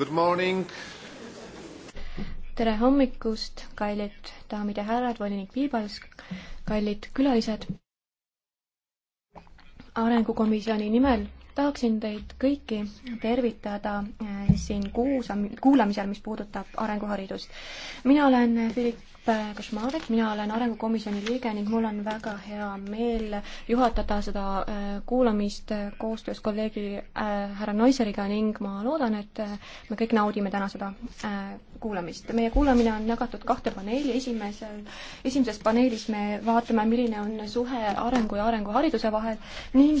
Good morning! tere hommikust, kallid daamid ja härrad, volinik Piibals, kallid külalised! arengukomisjoni nimel tahaksin teid kõiki tervitada eh, siin kuusa, kuulamisel, mis puudutab arenguharidust. mina olen Philip Kašmarek, mina olen Arengukomisjoni liige ning mul on väga hea meel juhatada seda äh, kuulamist äh, koostöös kolleegi äh, härra Noiseriga ning ma loodan, et me kõik naudime täna seda kuulamist. meie kuulamine on jagatud kahte paneeli, esimesel, esimeses paneelis me vaatame, milline on suhe arengu ja arenguhariduse vahel ning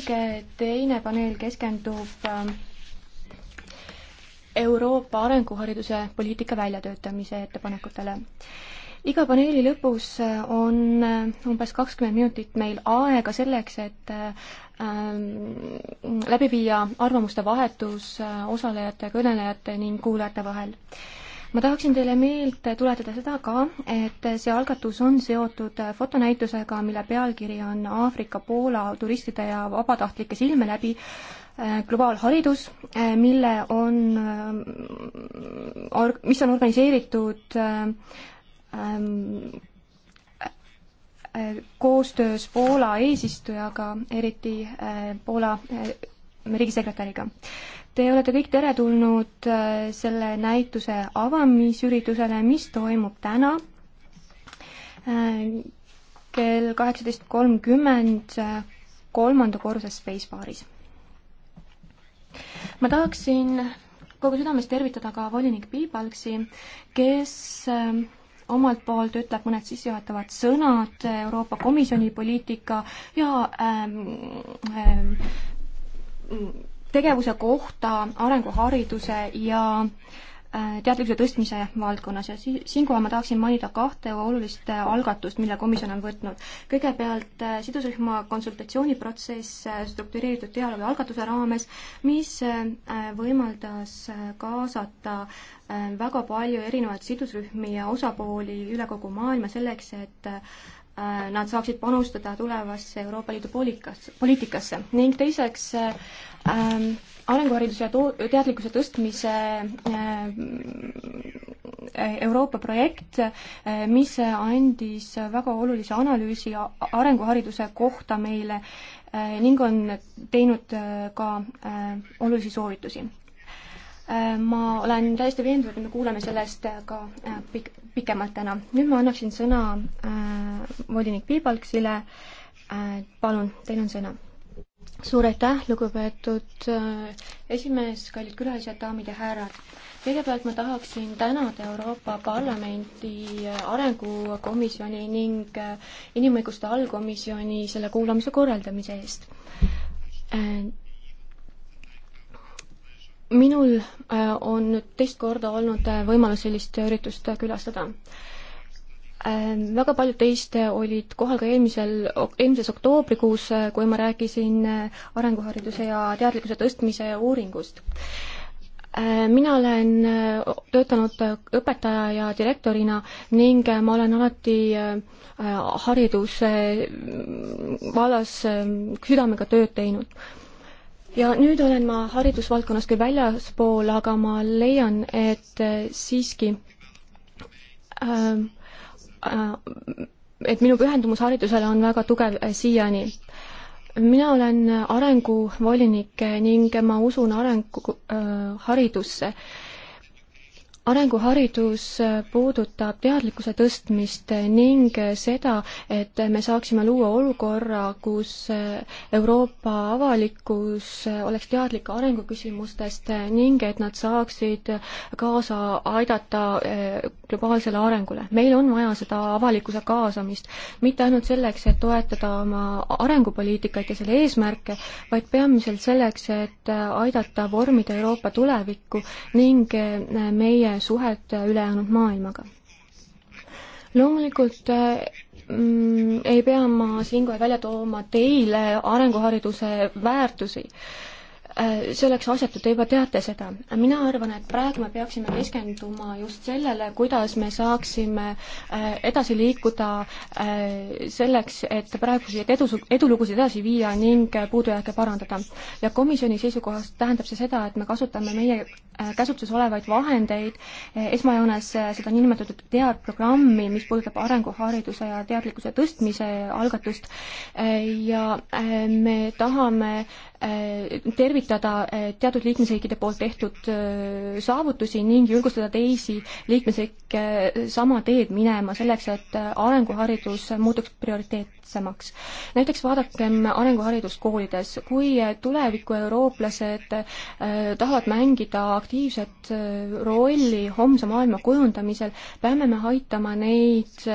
teine paneel keskendub Euroopa arenguhariduse poliitika väljatöötamise ettepanekutele iga paneeli lõpus äh, on äh, umbes kakskümmend minutit meil aega selleks, et ähm, läbi viia arvamuste vahetus äh, osalejate, kõnelejate ning kuulajate vahel. ma tahaksin teile meelde tuletada seda ka, et see algatus on seotud fotonäitusega, mille pealkiri on Aafrika-Poola turistide ja vabatahtlike silme läbi globaalharidus, mille on, mis on organiseeritud äh, Ähm, äh, koostöös Poola eesistujaga, eriti äh, Poola äh, riigisekretäriga. Te olete kõik teretulnud selle näituse avamisüritusele, mis toimub täna kell kaheksateist kolmkümmend kolmanda korruse Space baaris. ma tahaksin kogu südamest tervitada ka volinik Piibalksi, kes omalt poolt ütleb mõned sissejuhatavad sõnad Euroopa Komisjoni poliitika ja ähm, ähm, tegevuse kohta arenguhariduse ja äh, Äh, teadlikkuse tõstmise valdkonnas ja si-, siinkohal ma tahaksin mainida kahte olulist äh, algatust, mille komisjon on võtnud. kõigepealt äh, sidusrühma konsultatsiooniprotsess struktureeritud dialoogi algatuse raames, mis võimaldas kaasata väga palju erinevaid sidusrühmi ja osapooli üle kogu maailma selleks, et Äh, nad saaksid panustada tulevasse Euroopa Liidu poolikasse, poliitikasse ning teiseks ähm, arenguhariduse ja to-, teadlikkuse tõstmise äh, Euroopa projekt äh,, mis andis väga olulise analüüsi arenguhariduse kohta meile äh, ning on teinud äh, ka äh, olulisi soovitusi Äh, ma olen täiesti veendunud, et me kuuleme sellest äh, ka äh, pik-, pikemalt täna. nüüd ma annaksin sõna äh, volinik Piibalksile äh,. palun, teil on sõna. suur aitäh, lugupeetud äh, esimees, kallid külalised, daamid ja härrad kõigepealt ma tahaksin tänada Euroopa Parlamendi Arengukomisjoni ning Inimõiguste allkomisjoni selle kuulamise korraldamise eest minul äh, on nüüd teist korda olnud äh, võimalus sellist üritust külastada. Ähm, väga paljud teist olid kohal ka eelmisel, eelmises oktoobrikuus, äh, kui ma rääkisin arenguhariduse ja teadlikkuse tõstmise uuringust. mina olen töötanud õpetaja ja direktorina ning ma olen alati hariduse vallas südamega tööd teinud ja nüüd olen ma haridusvaldkonnast küll väljaspool, aga ma leian, et äh, siiski äh, äh, et minu pühendumus haridusele on väga tugev äh, siiani. mina olen arenguvolinik ning ma usun arengu äh,, haridusse äh, arenguharidus puudutab teadlikkuse tõstmist ning seda, et me saaksime luua olukorra, kus Euroopa avalikkus oleks teadlik arenguküsimustest ning et nad saaksid kaasa aidata eh, globaalsele arengule. meil on vaja seda avalikkuse kaasamist, mitte ainult selleks, et toetada oma arengupoliitikaid ja selle eesmärke, vaid peamiselt selleks, et aidata vormida Euroopa tulevikku ning eh, meie suhet ülejäänud maailmaga. loomulikult äh, mm, ei pea ma siinkohal välja tooma teile arenguhariduse väärtusi Äh, see oleks asjatu, te juba teate seda. mina arvan, et praegu me peaksime keskenduma just sellele, kuidas me saaksime äh, edasi liikuda äh, selleks, et praeguseid edu, edulugusid edasi viia ning puudujääke parandada. ja komisjoni seisukohast tähendab see seda, et me kasutame meie käsutuses olevaid vahendeid, esmajoones seda niinimetatud teadprogrammi, mis puudutab arenguhariduse ja teadlikkuse tõstmise algatust ja me tahame Äh, tervitada äh, teatud liikmesriikide poolt tehtud äh, saavutusi ning julgustada teisi liikmesriike sama teed minema selleks, et arenguharidus muutuks prioriteetsemaks. näiteks vaadakem arenguharidust koolides. kui tuleviku eurooplased tahavad mängida aktiivset rolli homse maailma kujundamisel, peame me aitama neid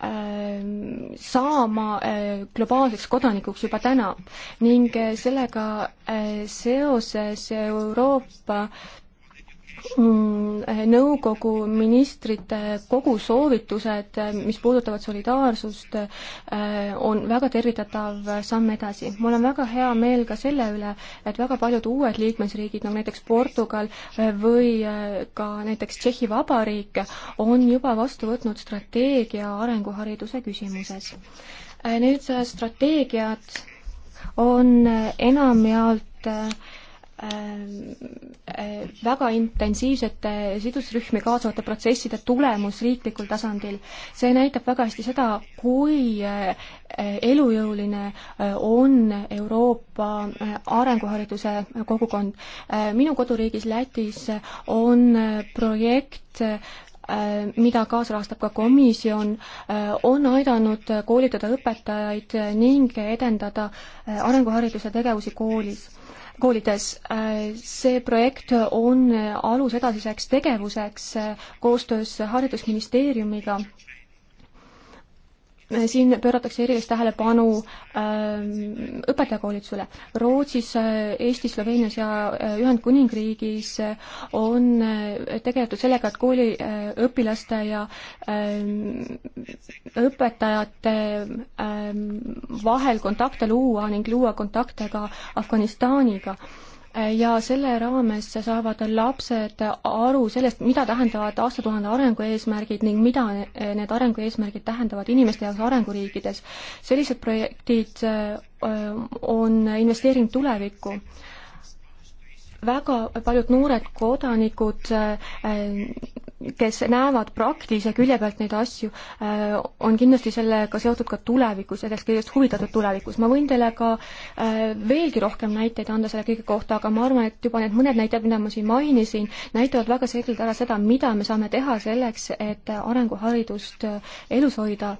Ähm, saama äh, globaalseks kodanikuks juba täna ning äh, sellega äh, seoses Euroopa Mm, nõukogu ministrite kogu soovitused, mis puudutavad solidaarsust, äh, on väga tervitatav samm edasi. mul on väga hea meel ka selle üle, et väga paljud uued liikmesriigid, nagu näiteks Portugal äh, või äh, ka näiteks Tšehhi Vabariik, on juba vastu võtnud strateegia arenguhariduse küsimuses. Need strateegiad on enamjaolt Ehm, väga intensiivsete sidusrühmi kaasavate protsesside tulemus riiklikul tasandil, see näitab väga hästi seda, kui eh, elujõuline eh, on Euroopa eh, arenguhariduse kogukond. minu koduriigis Lätis on projekt mida kaasrahastab ka komisjon, on aidanud koolitada õpetajaid ning edendada arenguhariduse tegevusi koolis koolides. see projekt on alus edasiseks tegevuseks koostöös Haridusministeeriumiga Äh, siin pööratakse erilist tähelepanu ähm, õpetajakoolitusele. Rootsis, äh, Eestis, Sloveenias ja äh, Ühendkuningriigis on tegeletud sellega, et kooliõpilaste ja ähm, õpetajate ähm, vahel kontakte luua ning luua kontakte ka Afganistaniga äh, ja selle raames saavad lapsed aru sellest, mida tähendavad aastatuhande arengueesmärgid ning mida need arengueesmärgid tähendavad inimeste jaoks arenguriikides. sellised projektid äh, on investeering tulevikku väga paljud noored kodanikud äh, kes näevad praktilise külje pealt neid asju, äh, on kindlasti sellega seotud ka tulevikus ja sellest kõigest huvitatud tulevikus. ma võin teile ka äh, veelgi rohkem näiteid anda selle kõige kohta, aga ma arvan, et juba need mõned näited, mida ma siin mainisin, näitavad väga selgelt ära seda, mida me saame teha selleks, et arenguharidust äh, elus hoida.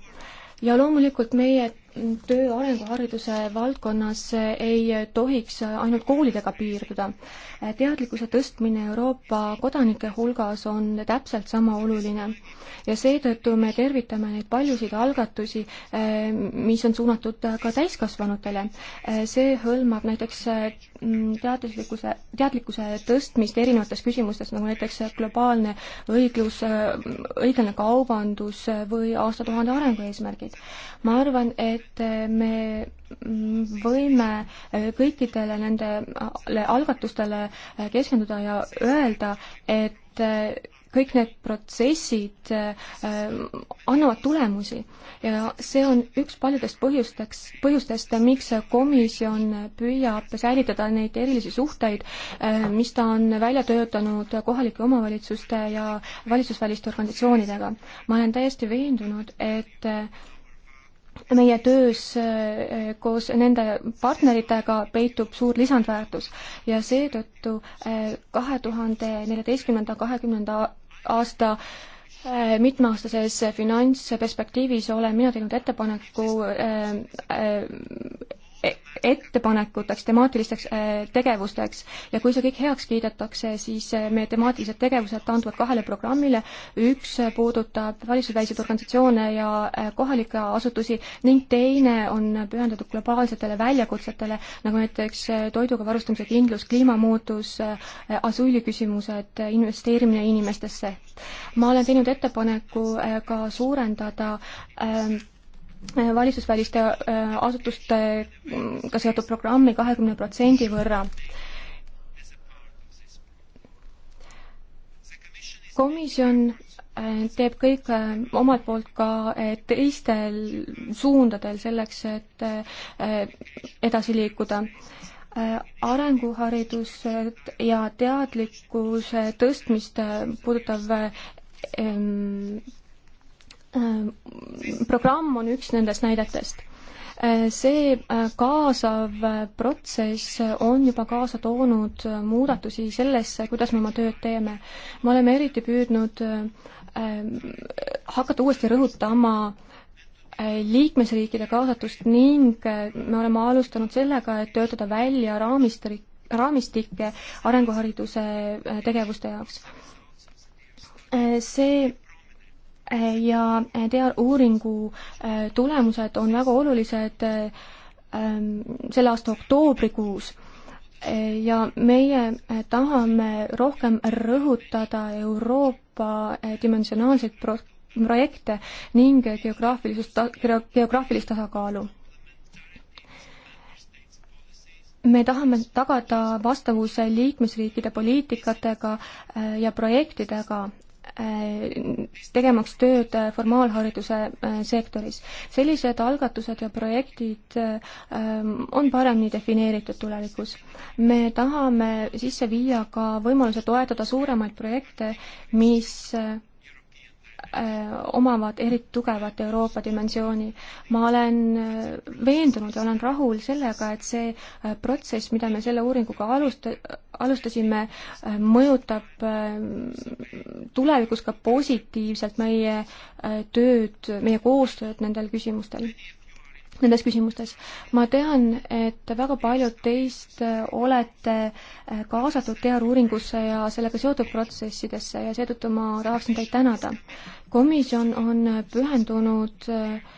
ja loomulikult meie töö arenguhariduse valdkonnas ei tohiks ainult koolidega piirduda. teadlikkuse tõstmine Euroopa kodanike hulgas on täpselt sama oluline ja seetõttu me tervitame neid paljusid algatusi, mis on suunatud ka täiskasvanutele. see hõlmab näiteks mm, teaduslikkuse, teadlikkuse tõstmist erinevates küsimustes, nagu näiteks globaalne õiglus, õiglane kaubandus või aastatuhande arengueesmärgid. ma arvan, et et me võime kõikidele nendele algatustele keskenduda ja öelda, et kõik need protsessid äh, annavad tulemusi ja see on üks paljudest põhjusteks, põhjustest, miks komisjon püüab säilitada neid erilisi suhteid, äh, mis ta on välja töötanud kohalike omavalitsuste ja valitsusväliste organisatsioonidega. ma olen täiesti veendunud, et äh, meie töös äh, koos nende partneritega peitub suur lisandväärtus ja seetõttu äh, kahe tuhande neljateistkümnenda, kahekümnenda aasta äh, mitmeaastases finantsperspektiivis olen mina teinud ettepaneku E-, ettepanekuteks, temaatilisteks e, tegevusteks ja kui see kõik heaks kiidetakse, siis e, meie temaatilised tegevused taanduvad kahele programmile, üks puudutab valitsusväliseid organisatsioone ja kohalikke asutusi ning teine on pühendatud globaalsetele väljakutsetele, nagu näiteks toiduga varustamise kindlus, kliimamuutus, asüüliküsimused, investeerimine inimestesse. ma olen teinud ettepaneku ka suurendada valitsusväliste äh, asutustega seotud programmi kahekümne protsendi võrra. komisjon äh, teeb kõik äh, omalt poolt ka teistel suundadel selleks, et edasi liikuda arenguharidus ja teadlikkuse tõstmist puudutav Ehm, programm on üks nendest näidetest. Ehm, see äh, kaasav äh, protsess on juba kaasa toonud äh, muudatusi sellesse, kuidas me oma tööd teeme. me oleme eriti püüdnud ehm, hakata uuesti rõhutama liikmesriikide kaasatust ning me oleme alustanud sellega, et töötada välja raamistik, raamistikke arenguhariduse tegevuste jaoks. see ja eh, tea-, uuringu eh, tulemused on väga olulised ehm, selle aasta oktoobrikuus eh, ja meie tahame rohkem rõhutada Euroopa dimensionaalseid pro-, projekte ning geograafilisust ta-, geograafilist tasakaalu. me tahame tagada vastavuse liikmesriikide poliitikatega ja projektidega Äh, tegemaks tööd äh, formaalhariduse äh, sektoris. sellised algatused ja projektid on paremini defineeritud tulevikus. me tahame sisse viia ka võimaluse toetada suuremaid projekte, mis Äh, omavad eriti tugevat Euroopa dimensiooni. ma olen äh, veendunud ja olen rahul sellega, et see äh, protsess, mida me selle uuringuga alusta-, alustasime, mõjutab tulevikus ka positiivselt meie tööd, meie koostööd nendel küsimustel nendes küsimustes. ma tean, et väga paljud teist äh, olete äh, kaasatud teadusuuringusse ja sellega seotud protsessidesse ja seetõttu ma tahaksin teid tänada. komisjon on pühendunud äh,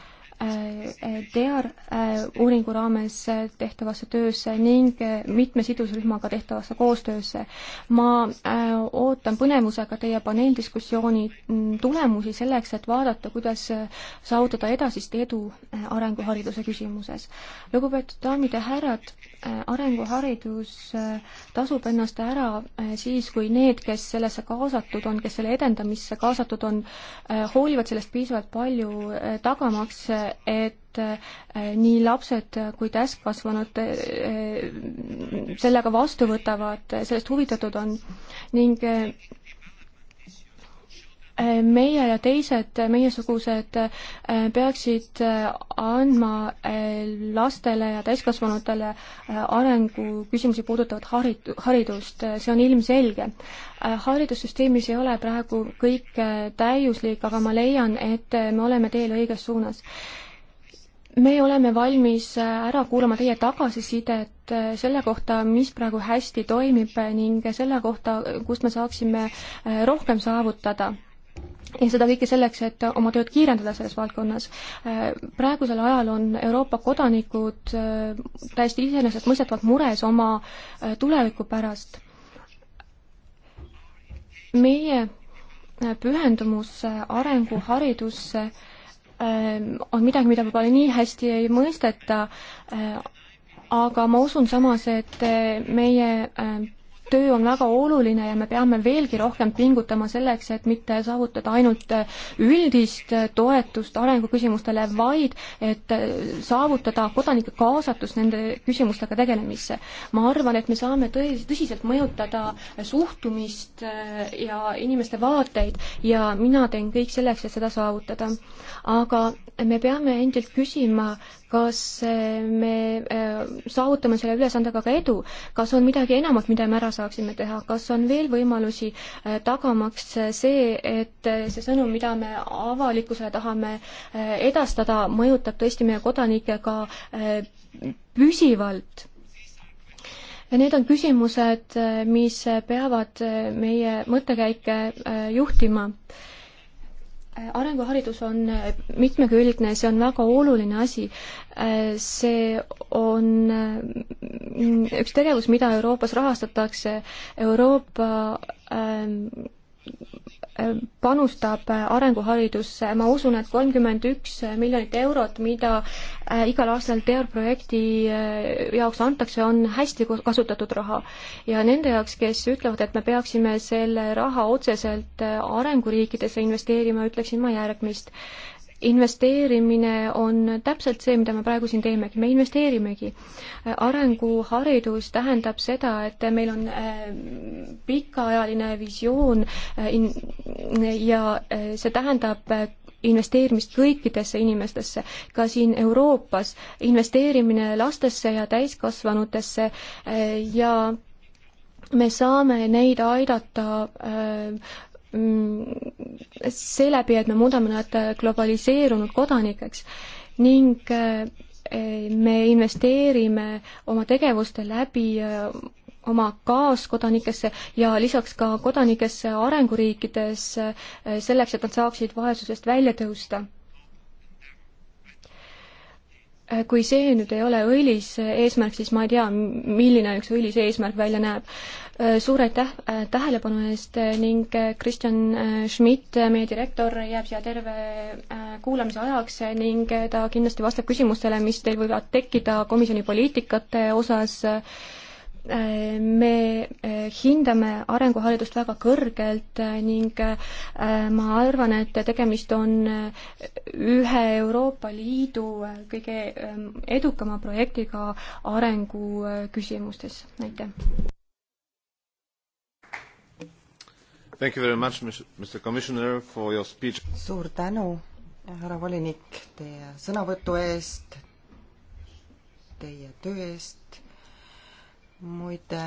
DEAR äh, uuringu raames äh, tehtavasse töösse ning äh, mitme sidusrühmaga tehtavasse koostöösse. ma ootan põnevusega teie paneeldiskussiooni mm, tulemusi selleks, et vaadata, kuidas saavutada edasist edu arenguhariduse küsimuses. lugupeetud daamid ja härrad, Äh, arenguharidus äh, tasub ennast ära äh, siis, kui need, kes sellesse kaasatud on, kes selle edendamisse kaasatud on, hoolivad sellest piisavalt palju, tagamaks, et nii lapsed kui täiskasvanud sellega vastu võtavad, sellest huvitatud on ning meie ja teised meiesugused äh, peaksid äh, andma äh, lastele ja täiskasvanutele arenguküsimusi puudutavat harit-, haridust, see on ilmselge. haridussüsteemis ei ole praegu kõik täiuslik, aga ma leian, et me oleme teel õiges suunas me oleme valmis ära kuulama teie tagasisidet selle kohta, mis praegu hästi toimib ning selle kohta, kust me saaksime rohkem saavutada ja seda kõike selleks, et oma tööd kiirendada selles valdkonnas. Äh, praegusel ajal on Euroopa kodanikud äh, täiesti iseenesestmõistetavalt mures oma äh, tuleviku pärast. meie pühendumus arengu, haridusse on midagi, mida võib-olla nii hästi ei mõisteta, aga ma usun samas, et meie töö on väga oluline ja me peame veelgi rohkem pingutama selleks, et mitte saavutada ainult üldist toetust arenguküsimustele, vaid et saavutada kodanike kaasatust nende küsimustega tegelemisse. ma arvan, et me saame tões-, tõsiselt mõjutada suhtumist äh, ja inimeste vaateid ja mina teen kõik selleks, et seda saavutada. aga me peame endilt küsima, kas eh, me eh, saavutame selle ülesandega ka edu, kas on midagi enamat, mida me ära saaksime teha, kas on veel võimalusi eh, tagamaks see, et see sõnum, mida me avalikkusele tahame edastada, mõjutab tõesti meie kodanikke ka püsivalt ja need on küsimused, mis peavad meie mõttekäike juhtima arenguharidus on mitmekülgne, see on väga oluline asi. see on mm, üks tegevus, mida Euroopas rahastatakse Euroopa ähm, panustab arenguharidusse, ma usun, et kolmkümmend üks miljonit eurot, mida äh, igal aastal TEOR projekti äh, jaoks antakse, on hästi kasutatud raha. ja nende jaoks, kes ütlevad, et me peaksime selle raha otseselt äh, arenguriikidesse investeerima, ütleksin ma järgmist investeerimine on täpselt see, mida me praegu siin teemegi, me investeerimegi. arenguharidus tähendab seda, et meil on äh, pikaajaline visioon äh, ja äh, see tähendab investeerimist kõikidesse inimestesse, ka siin Euroopas, investeerimine lastesse ja täiskasvanutesse ja me saame neid aidata Mm, seeläbi, et me muudame nad äh, globaliseerunud kodanikeks ning äh, äh, me investeerime oma tegevuste läbi oma kaaskodanikesse ja lisaks ka kodanikesse arenguriikides selleks, et nad saaksid vaesusest välja tõusta. kui see nüüd ei ole õilis eesmärk, siis ma ei tea, milline üks õilis eesmärk välja näeb. Äh, suur aitäh äh, tähelepanu eest äh, ning Kristjan Schmidt, meie direktor, jääb siia terve kuulamise ajaks ning ta kindlasti vastab küsimustele, mis teil võivad tekkida komisjoni poliitikate osas. me hindame arenguharidust väga kõrgelt ning ma arvan, et tegemist on ühe Euroopa Liidu kõige ähm, edukama projektiga arengu küsimustes. aitäh! Thank you very much, Mr Commissioner, for your speech. suur tänu, härra volinik, teie sõnavõtu eest, teie töö eest. muide,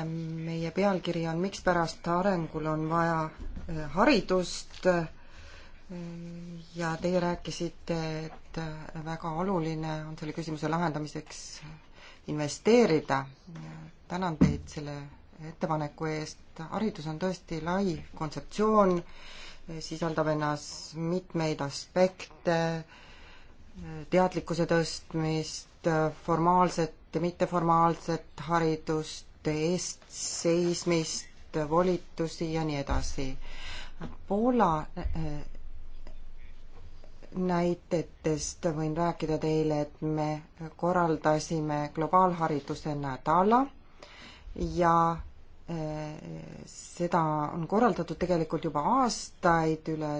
meie pealkiri on Mikspärast arengul on vaja eh, haridust ja teie rääkisite, et eh, väga oluline on selle küsimuse lahendamiseks investeerida. tänan teid selle ettepaneku eest, haridus on tõesti lai kontseptsioon, sisaldab ennast mitmeid aspekte, teadlikkuse tõstmist, formaalset ja mitteformaalset haridust, eest seismist, volitusi ja nii edasi. Poola eh, näitetest võin rääkida teile, et me korraldasime globaalhariduse nädala ja äh, seda on korraldatud tegelikult juba aastaid, üle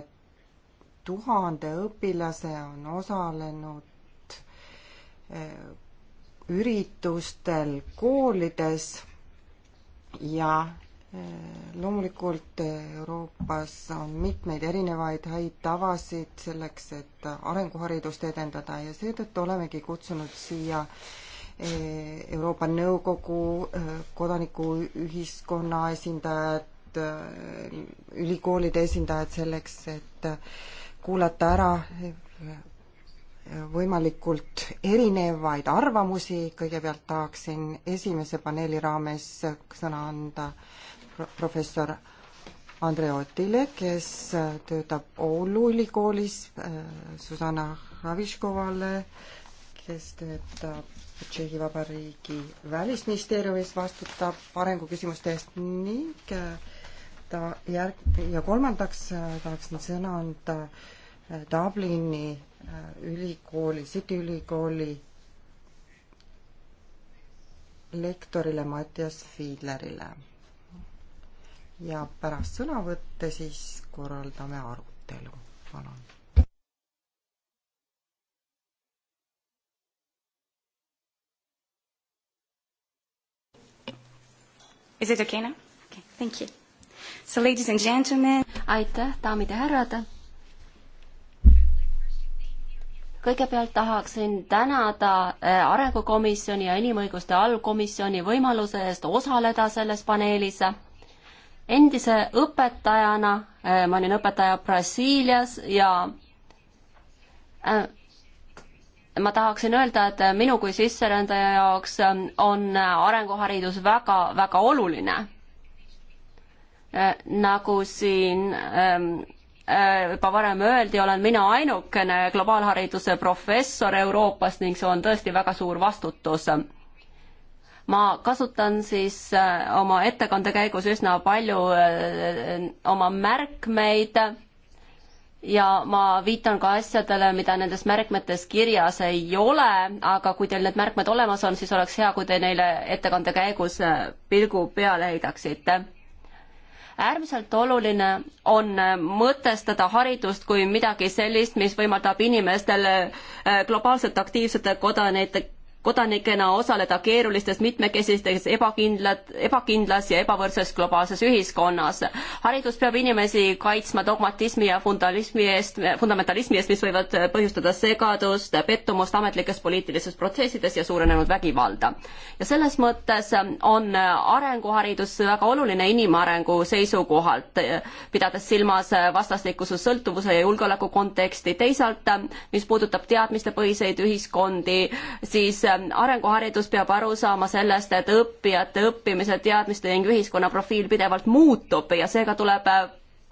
tuhande õpilase on osalenud äh, üritustel koolides ja äh, loomulikult Euroopas on mitmeid erinevaid häid tavasid selleks, et arenguharidust edendada ja seetõttu olemegi kutsunud siia äh, Eh, Euroopa Nõukogu, eh, kodanikuühiskonna esindajad, eh, ülikoolide esindajad selleks, et kuulata ära võimalikult erinevaid arvamusi, kõigepealt tahaksin esimese paneeli raames sõna anda professor Andre Otile, kes töötab Oulu ülikoolis, Susanna Raviškovale, kes töötab Tšehhi Vabariigi välisministeeriumis vastutab arenguküsimuste eest ning äh, ta järg- ja kolmandaks äh, tahaksin sõna anda äh, Dublini ülikooli, City ülikooli lektorile Mattias Fiedlerile. ja pärast sõnavõtte siis korraldame arutelu, palun Is it okay now? Okay, thank you. So ladies and gentlemen. aitäh, daamid ja härrad. kõigepealt tahaksin tänada äh, Arengukomisjoni ja Inimõiguste allkomisjoni võimaluse eest osaleda selles paneelis. endise õpetajana, äh, ma olin õpetaja Brasiilias ja äh, ma tahaksin öelda, et minu kui sisserändaja jaoks ähm, on arenguharidus väga, väga oluline. Äh, nagu siin ähm, äh, juba varem öeldi, olen mina ainukene globaalhariduse professor Euroopas ning see on tõesti väga suur vastutus. ma kasutan siis äh, oma ettekande käigus üsna palju oma märkmeid ja ma viitan ka asjadele, mida nendes märkmetes kirjas ei ole, aga kui teil need märkmed olemas on, siis oleks hea, kui te neile ettekande käigus äh, pilgu peale heidaksite äärmiselt oluline on äh, mõtestada haridust kui midagi sellist, mis võimaldab inimestel äh, globaalselt aktiivsete kodanike kodanikena osaleda keerulistes, mitmekesistes, ebakindlad, ebakindlas ja ebavõrdses globaalses ühiskonnas. haridus peab inimesi kaitsma dogmatismi ja fundalismi eest, fundamentalismi eest, mis võivad põhjustada segadust, pettumust ametlikes poliitilistes protsessides ja suurenenud vägivalda. ja selles mõttes on arenguharidus väga oluline inimarengu seisukohalt, pidades silmas vastastikususe sõltuvuse ja julgeoleku konteksti, teisalt mis puudutab teadmistepõhiseid ühiskondi, siis arenguharidus peab aru saama sellest, et õppijate õppimise, teadmiste ning ühiskonna profiil pidevalt muutub ja seega tuleb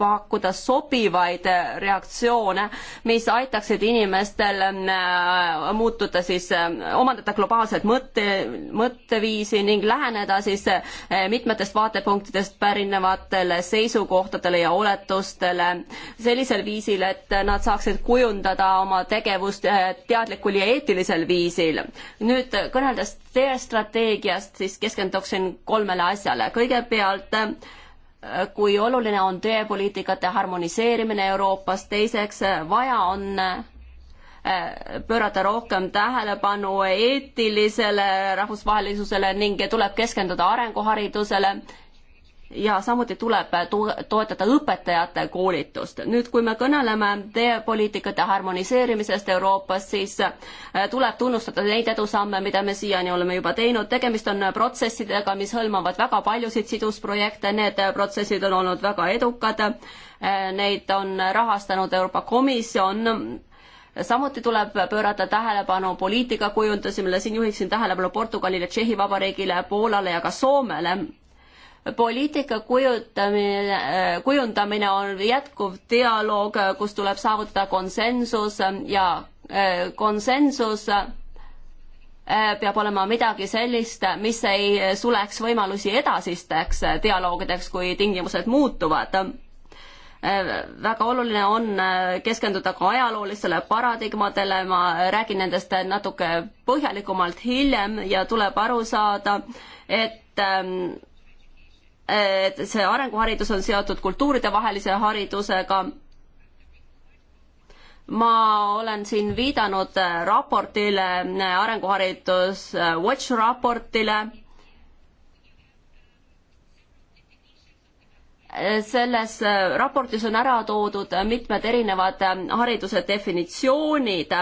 pakkuda sobivaid reaktsioone, mis aitaksid inimestel äh, muutuda siis, äh, omandada globaalset mõtte, mõtteviisi ning läheneda siis äh, mitmetest vaatepunktidest pärinevatele seisukohtadele ja oletustele sellisel viisil, et nad saaksid kujundada oma tegevust teadlikul ja eetilisel viisil. nüüd kõneldes strateegiast, siis keskenduksin kolmele asjale. kõigepealt kui oluline on tööpoliitikate harmoniseerimine Euroopas, teiseks vaja on äh, pöörata rohkem tähelepanu eetilisele rahvusvahelisusele ning tuleb keskenduda arenguharidusele ja samuti tuleb toetada õpetajate koolitust. nüüd, kui me kõneleme teie poliitikate harmoniseerimisest Euroopas, siis äh, tuleb tunnustada neid edusamme, mida me siiani oleme juba teinud. tegemist on äh, protsessidega, mis hõlmavad väga paljusid sidusprojekte, need äh, protsessid on olnud väga edukad. Neid on rahastanud Euroopa Komisjon samuti tuleb pöörata tähelepanu poliitikakujundusele, siin juhiksin tähelepanu Portugalile, Tšehhi Vabariigile, Poolale ja ka Soomele poliitika kujutamine, kujundamine on jätkuv dialoog, kus tuleb saavutada konsensus ja eh, konsensus eh, peab olema midagi sellist, mis ei suleks võimalusi edasisteks dialoogideks, kui tingimused muutuvad. Eh, väga oluline on keskenduda ka ajaloolistele paradigmadele, ma räägin nendest natuke põhjalikumalt hiljem ja tuleb aru saada, et ehm, et see arenguharidus on seotud kultuuridevahelise haridusega. ma olen siin viidanud raportile, arenguharidus Watch raportile. selles raportis on ära toodud mitmed erinevad hariduse definitsioonid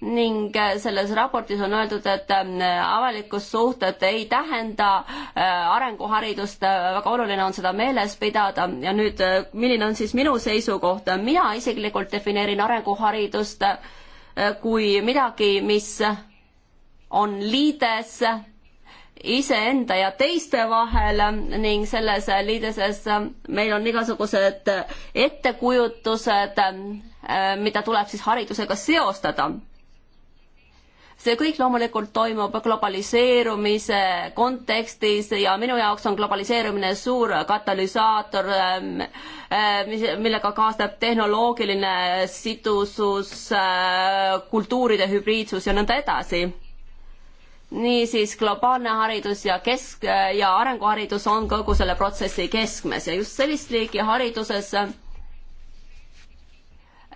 ning äh, selles raportis on öeldud, et ähm, avalikussuhted ei tähenda äh, arenguharidust, väga oluline on seda meeles pidada ja nüüd, äh, milline on siis minu seisukoht, mina isiklikult defineerin arenguharidust kui midagi, mis on liides iseenda ja teiste vahel ning selles liideses meil on igasugused ettekujutused, mida tuleb siis haridusega seostada see kõik loomulikult toimub globaliseerumise kontekstis ja minu jaoks on globaliseerumine suur katalüsaator, ähm, äh, mis, millega kaasneb tehnoloogiline sidusus, äh, kultuuride hübriidsus ja nõnda edasi niisiis globaalne haridus ja kesk- ja arenguharidus on kogu selle protsessi keskmes ja just sellist liiki hariduses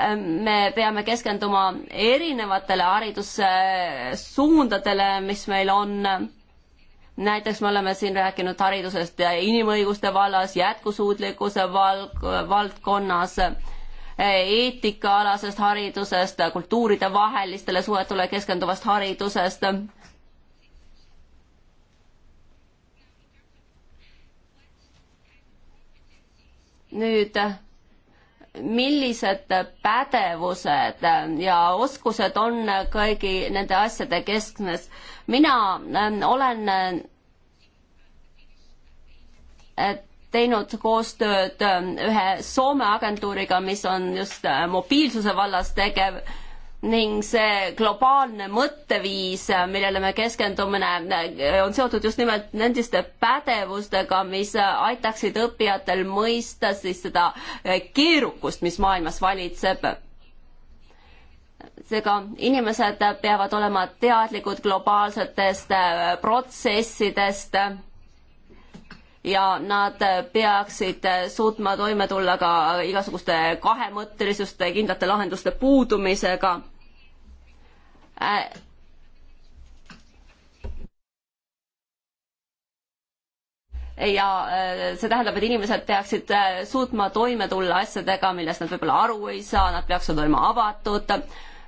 Ehm, me peame keskenduma erinevatele haridussuundadele, mis meil on. näiteks me oleme siin rääkinud haridusest inimõiguste vallas, jätkusuutlikkuse val-, valdkonnas, eetikaalasest haridusest, kultuuride vahelistele suhetele keskenduvast haridusest nüüd millised pädevused ja oskused on kõigi nende asjade keskmes. mina ähm, olen äh, teinud koostööd ähm, ühe Soome agentuuriga, mis on just äh, mobiilsuse vallas tegev ning see globaalne mõtteviis, millele me keskendume, on seotud just nimelt nendiste pädevustega, mis aitaksid õppijatel mõista siis seda keerukust, mis maailmas valitseb. seega inimesed peavad olema teadlikud globaalsetest äh, protsessidest ja nad peaksid äh, suutma toime tulla ka igasuguste kahemõttelisuste, kindlate lahenduste puudumisega. Äh, ja äh, see tähendab, et inimesed peaksid äh, suutma toime tulla asjadega, millest nad võib-olla aru ei saa, nad peaksid olema avatud.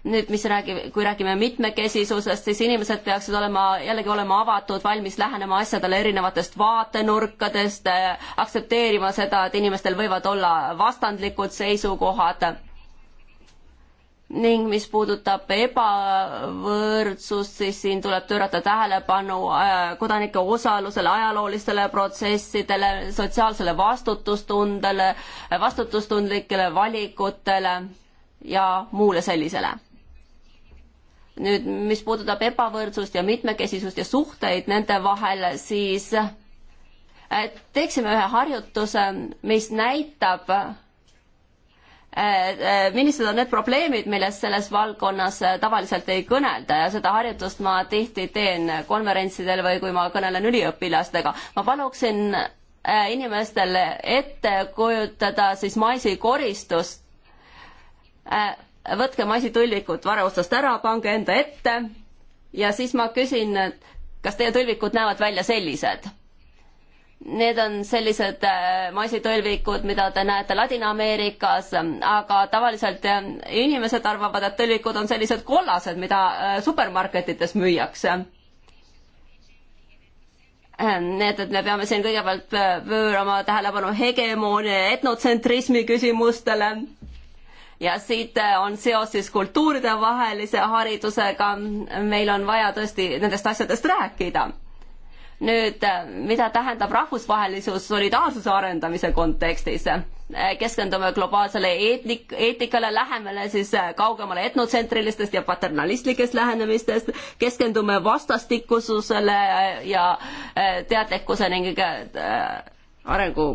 nüüd, mis räägib, kui räägime mitmekesisusest, siis inimesed peaksid olema, jällegi olema avatud, valmis lähenema asjadele erinevatest vaatenurkadest, aktsepteerima seda, et inimestel võivad olla vastandlikud seisukohad ning mis puudutab ebavõrdsust, siis siin tuleb pöörata tähelepanu äh, kodanike osalusele, ajaloolistele protsessidele, sotsiaalsele vastutustundele, vastutustundlikele valikutele ja muule sellisele. nüüd, mis puudutab ebavõrdsust ja mitmekesisust ja suhteid nende vahel, siis äh, teeksime ühe harjutuse, mis näitab, Äh, äh, millised on need probleemid, millest selles valdkonnas äh, tavaliselt ei kõnelda ja seda harjutust ma tihti teen konverentsidel või kui ma kõnelen üliõpilastega. ma paluksin inimestel ette kujutada siis maisikoristust. võtke maisitõlvikud varaotsast ära, pange enda ette ja siis ma küsin, kas teie tõlvikud näevad välja sellised Need on sellised äh, maisitõlvikud, mida te näete Ladina-Ameerikas, ähm, aga tavaliselt ähm, inimesed arvavad, et tõlvikud on sellised kollased, mida äh, supermarketites müüakse. Ähm, nii et, et me peame siin kõigepealt äh, pöörama tähelepanu hegemoonia etnotsentrismi küsimustele ja siit on seos siis kultuuride vahelise haridusega, meil on vaja tõesti nendest asjadest rääkida nüüd, äh, mida tähendab rahvusvahelisus solidaarsuse arendamise kontekstis? Äh, keskendume globaalsele eetnik-, eetikale, lähemale siis äh, kaugemale etnotsentrilistest ja paternalistlikest lähenemistest, keskendume vastastikususele ja teadlikkuse ning arengu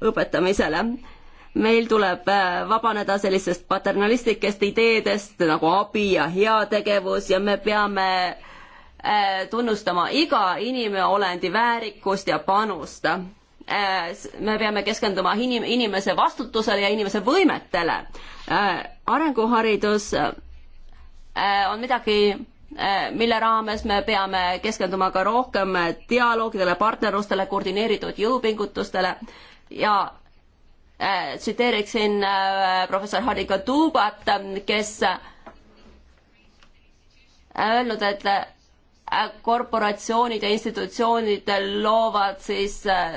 õpetamisele meil tuleb vabaneda sellisest paternalistlikest ideedest nagu abi ja heategevus ja me peame Äh, tunnustama iga inimolendi väärikust ja panust. Äh, me peame keskenduma inim-, inimese vastutusele ja inimese võimetele. Äh, arenguharidus on midagi, mille raames me peame keskenduma ka rohkem dialoogidele, partnerlustele, koordineeritud jõupingutustele ja tsiteeriksin professor Harika Tuubat, kes öelnud, et korporatsioonid ja institutsioonid loovad siis äh,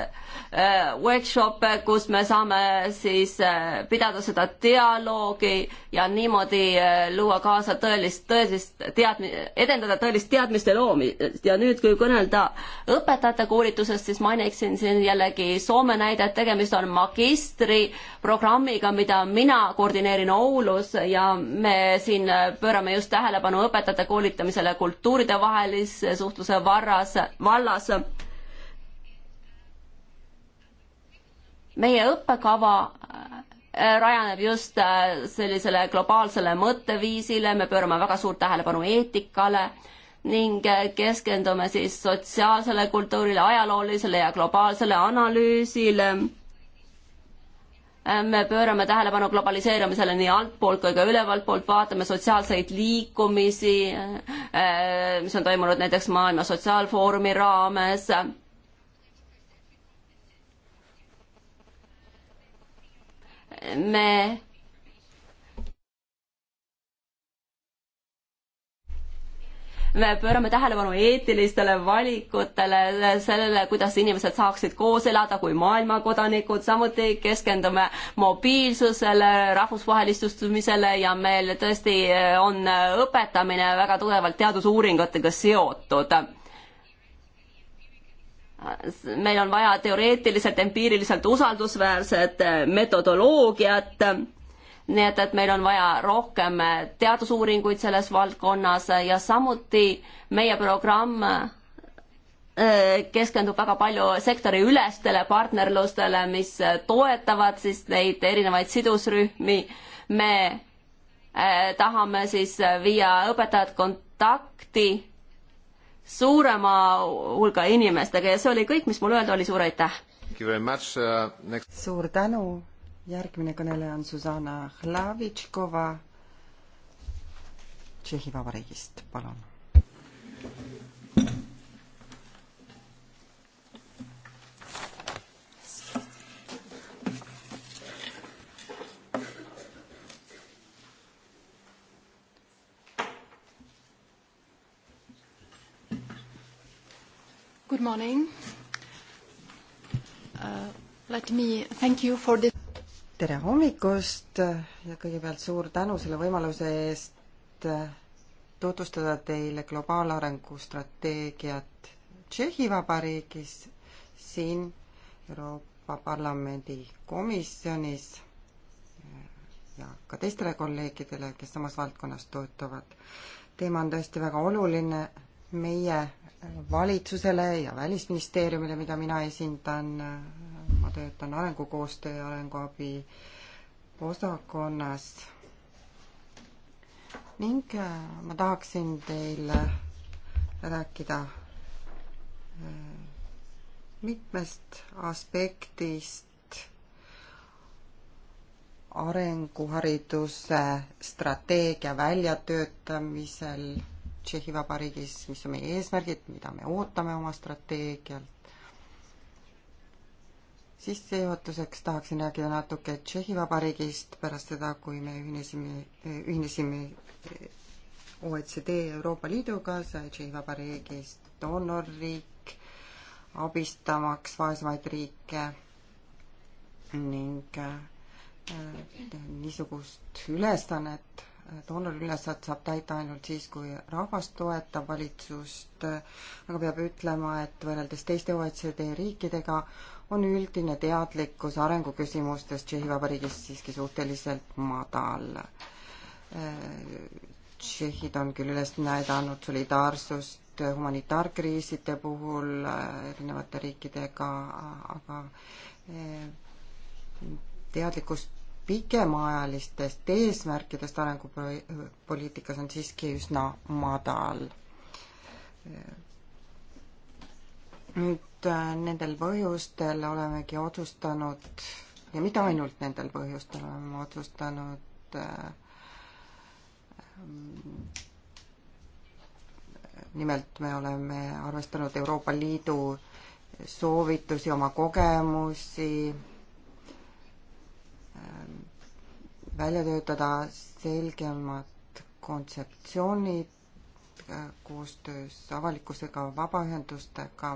Äh, workshop'e, kus me saame siis äh, pidada seda dialoogi ja niimoodi äh, luua kaasa tõelist, tõelist teadmi-, edendada tõelist teadmiste loomist ja nüüd, kui kõnelda õpetajate koolitusest, siis mainiksin siin jällegi Soome näidet, tegemist on magistriprogrammiga, mida mina koordineerin Oulus ja me siin pöörame just tähelepanu õpetajate koolitamisele kultuuride vahelise suhtluse varras, vallas meie õppekava äh, rajaneb just äh, sellisele globaalsele mõtteviisile, me pöörame väga suurt tähelepanu eetikale ning äh, keskendume siis sotsiaalsele kultuurile, ajaloolisele ja globaalsele analüüsile. me pöörame tähelepanu globaliseerumisele nii altpoolt kui ka ülevalt poolt, vaatame sotsiaalseid liikumisi, mis on toimunud näiteks Maailma Sotsiaalfoorumi raames me me pöörame tähelepanu eetilistele valikutele, sellele, kuidas inimesed saaksid koos elada kui maailmakodanikud, samuti keskendume mobiilsusele, rahvusvahelistustumisele ja meil tõesti on õpetamine väga tugevalt teadusuuringutega seotud meil on vaja teoreetiliselt, empiiriliselt usaldusväärset eh, metodoloogiat, nii et, et meil on vaja rohkem eh, teadusuuringuid selles valdkonnas ja samuti meie programm eh, keskendub väga palju sektoriülestele partnerlustele, mis toetavad siis neid erinevaid sidusrühmi. me tahame siis viia õpetajad kontakti suurema hulga inimestega ja see oli kõik, mis mul öelda oli, suur aitäh! Uh, suur tänu, järgmine kõneleja on Susanna Hlavitškova Tšehhi Vabariigist, palun Good morning uh,. Let me thank you for this. tere hommikust ja kõigepealt suur tänu selle võimaluse eest äh, tutvustada teile globaalarengu strateegiat Tšehhi Vabariigis siin Euroopa Parlamendi komisjonis äh, ja ka teistele kolleegidele, kes samas valdkonnas töötavad. teema on tõesti väga oluline, meie valitsusele ja Välisministeeriumile, mida mina esindan, ma töötan arengukoostöö ja arenguabi osakonnas ning äh, ma tahaksin teile rääkida äh, mitmest aspektist arenguhariduse strateegia väljatöötamisel Tšehhi Vabariigis, mis on meie eesmärgid, mida me ootame oma strateegialt. sissejuhatuseks tahaksin rääkida natuke Tšehhi Vabariigist pärast seda, kui me ühinesime, ühinesime OECD Euroopa Liiduga, sai Tšehhi Vabariigis doonorriik, abistamaks vaesemaid riike ning äh, niisugust ülesannet dollari ülesannet saab täita ainult siis, kui rahvas toetab valitsust, aga peab ütlema, et võrreldes teiste OECD riikidega on üldine teadlikkus arenguküsimustes Tšehhi Vabariigis siiski suhteliselt madal. Tšehhid on küll üles näidanud solidaarsust humanitaarkriiside puhul äh, erinevate riikidega, aga äh, teadlikkust pikemaajalistest eesmärkidest arengupoliitikas on siiski üsna madal. nüüd äh, nendel põhjustel olemegi otsustanud ja mitte ainult nendel põhjustel oleme otsustanud äh, nimelt me oleme arvestanud Euroopa Liidu soovitusi, oma kogemusi välja töötada selgemad kontseptsioonid äh, koostöös avalikkusega, vabaühendustega.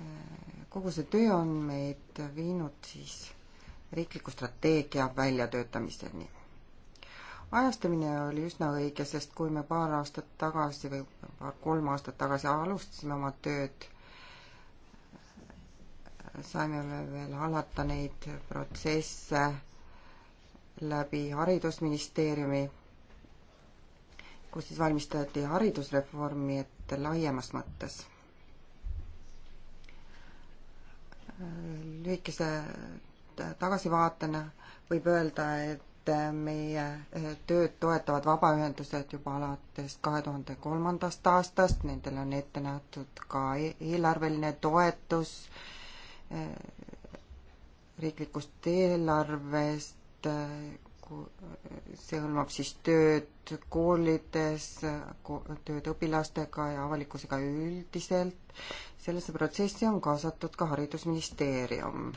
Äh, kogu see töö on meid viinud siis riikliku strateegia väljatöötamiseni. ajastamine oli üsna õige, sest kui me paar aastat tagasi või paar-kolm aastat tagasi alustasime oma tööd, äh, saime me veel hallata neid protsesse läbi Haridusministeeriumi, kus siis valmistati haridusreformi ette laiemas mõttes. lühikese tagasivaatena võib öelda, et meie tööd toetavad vabaühendused juba alates kahe tuhande kolmandast aastast, nendel on ette nähtud ka e-, eelarveline toetus eh, riiklikust eelarvest see hõlmab siis tööd koolides, tööd õpilastega ja avalikkusega üldiselt. sellesse protsessi on kaasatud ka Haridusministeerium.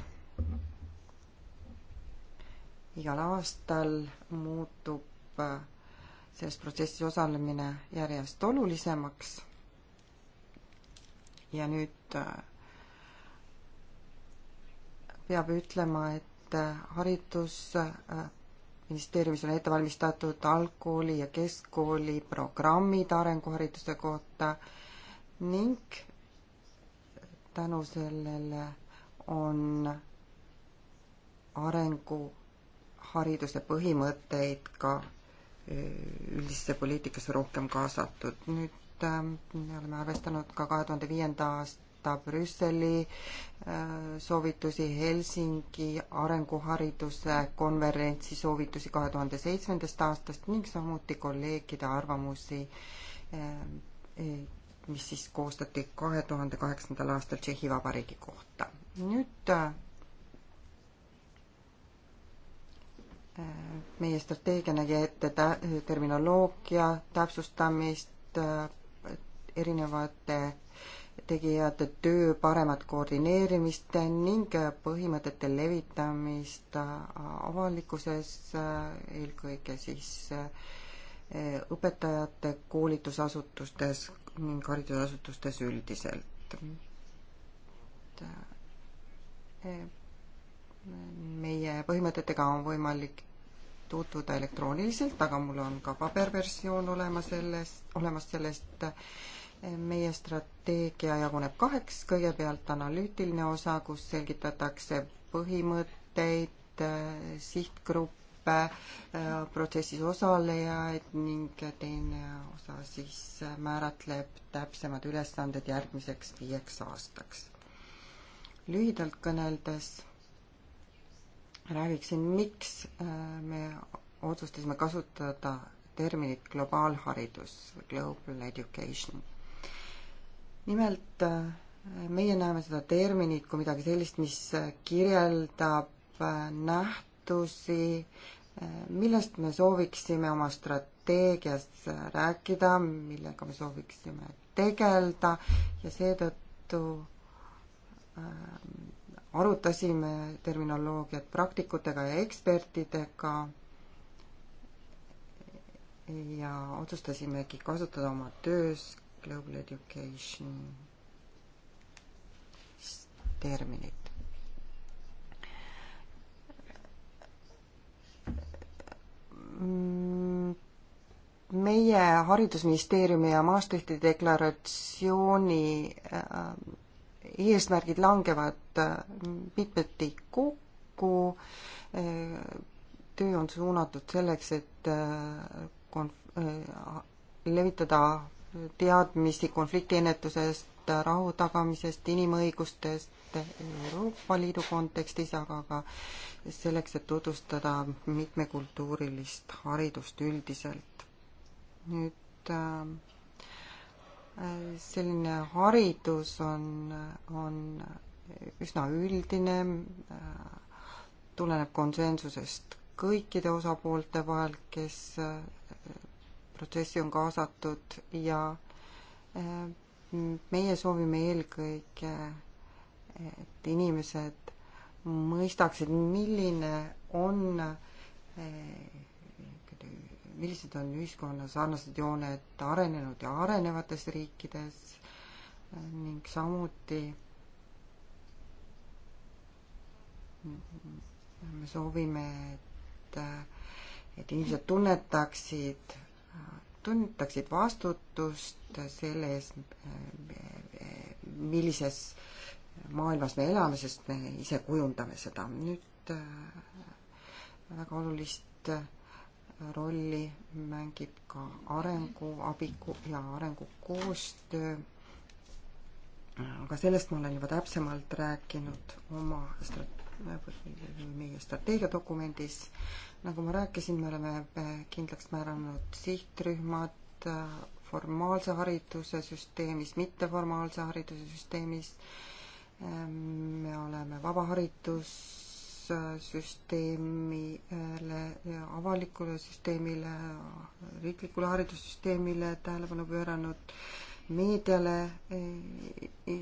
igal aastal muutub äh, selles protsessis osalemine järjest olulisemaks. ja nüüd äh, peab ütlema, et et äh, haridusministeeriumis äh, on ette valmistatud algkooli ja keskkooli programmid arenguhariduse kohta ning tänu sellele on arenguhariduse põhimõtteid ka äh, üldisse poliitikasse rohkem kaasatud. nüüd ähm, me oleme arvestanud ka kahe tuhande viienda aasta kohta, Brüsseli äh, soovitusi, Helsingi arenguhariduse konverentsi soovitusi kahe tuhande seitsmendast aastast ning samuti kolleegide arvamusi, äh, mis siis koostati kahe tuhande kaheksandal aastal Tšehhi Vabariigi kohta. nüüd äh, meie strateegia nägi ette tä-, terminoloogia täpsustamist, erinevate tegijate töö paremat koordineerimist ning põhimõtete levitamist äh, avalikkuses, äh, eelkõige siis äh, õpetajate koolitusasutustes ning haridusasutustes üldiselt. meie põhimõtetega on võimalik tutvuda elektrooniliselt, aga mul on ka paberversioon olemas sellest, olemas sellest äh, meie strateegia jaguneb kaheks, kõigepealt analüütiline osa, kus selgitatakse põhimõtteid, äh, sihtgruppe, äh, protsessis osalejaid ning teine osa siis äh, määratleb täpsemad ülesanded järgmiseks viieks aastaks. lühidalt kõneldes räägiksin, miks me otsustasime kasutada terminit globaalharidus või global education nimelt äh, meie näeme seda terminit kui midagi sellist, mis kirjeldab äh, nähtusi, äh, millest me sooviksime oma strateegias rääkida, millega me sooviksime tegeleda ja seetõttu arutasime terminoloogiat praktikutega ja ekspertidega ja otsustasimegi kasutada oma töös global education terminit. meie Haridusministeeriumi ja Maastrichti deklaratsiooni äh, eesmärgid langevad äh, mitmeti kokku. Äh, töö on suunatud selleks, et konf-, levitada teadmisi konfliktiennetusest, rahu tagamisest, inimõigustest Euroopa Liidu kontekstis, aga ka selleks, et tutvustada mitmekultuurilist haridust üldiselt. nüüd äh, selline haridus on, on üsna üldine, äh, tuleneb konsensusest kõikide osapoolte vahel, kes protsessi on kaasatud ja eh, meie soovime eelkõige, et inimesed mõistaksid, milline on, eh, millised on ühiskonna sarnased jooned arenenud ja arenevates riikides ning samuti me soovime, et, eh, et inimesed tunnetaksid tuntaksid vastutust selle eest, millises maailmas me elame, sest me ise kujundame seda. nüüd äh, väga olulist äh, rolli mängib ka arengu, abiku ja arengukoostöö. aga sellest ma olen juba täpsemalt rääkinud oma strate-, meie strateegiadokumendis. nagu ma rääkisin, me oleme äh, kindlaks määranud sihtrühmad äh, formaalse hariduse süsteemis, mitteformaalse hariduse süsteemis. Ehm, me oleme vaba haridussüsteemile, äh, avalikule süsteemile, riiklikule haridussüsteemile tähelepanu pööranud, meediale e, e,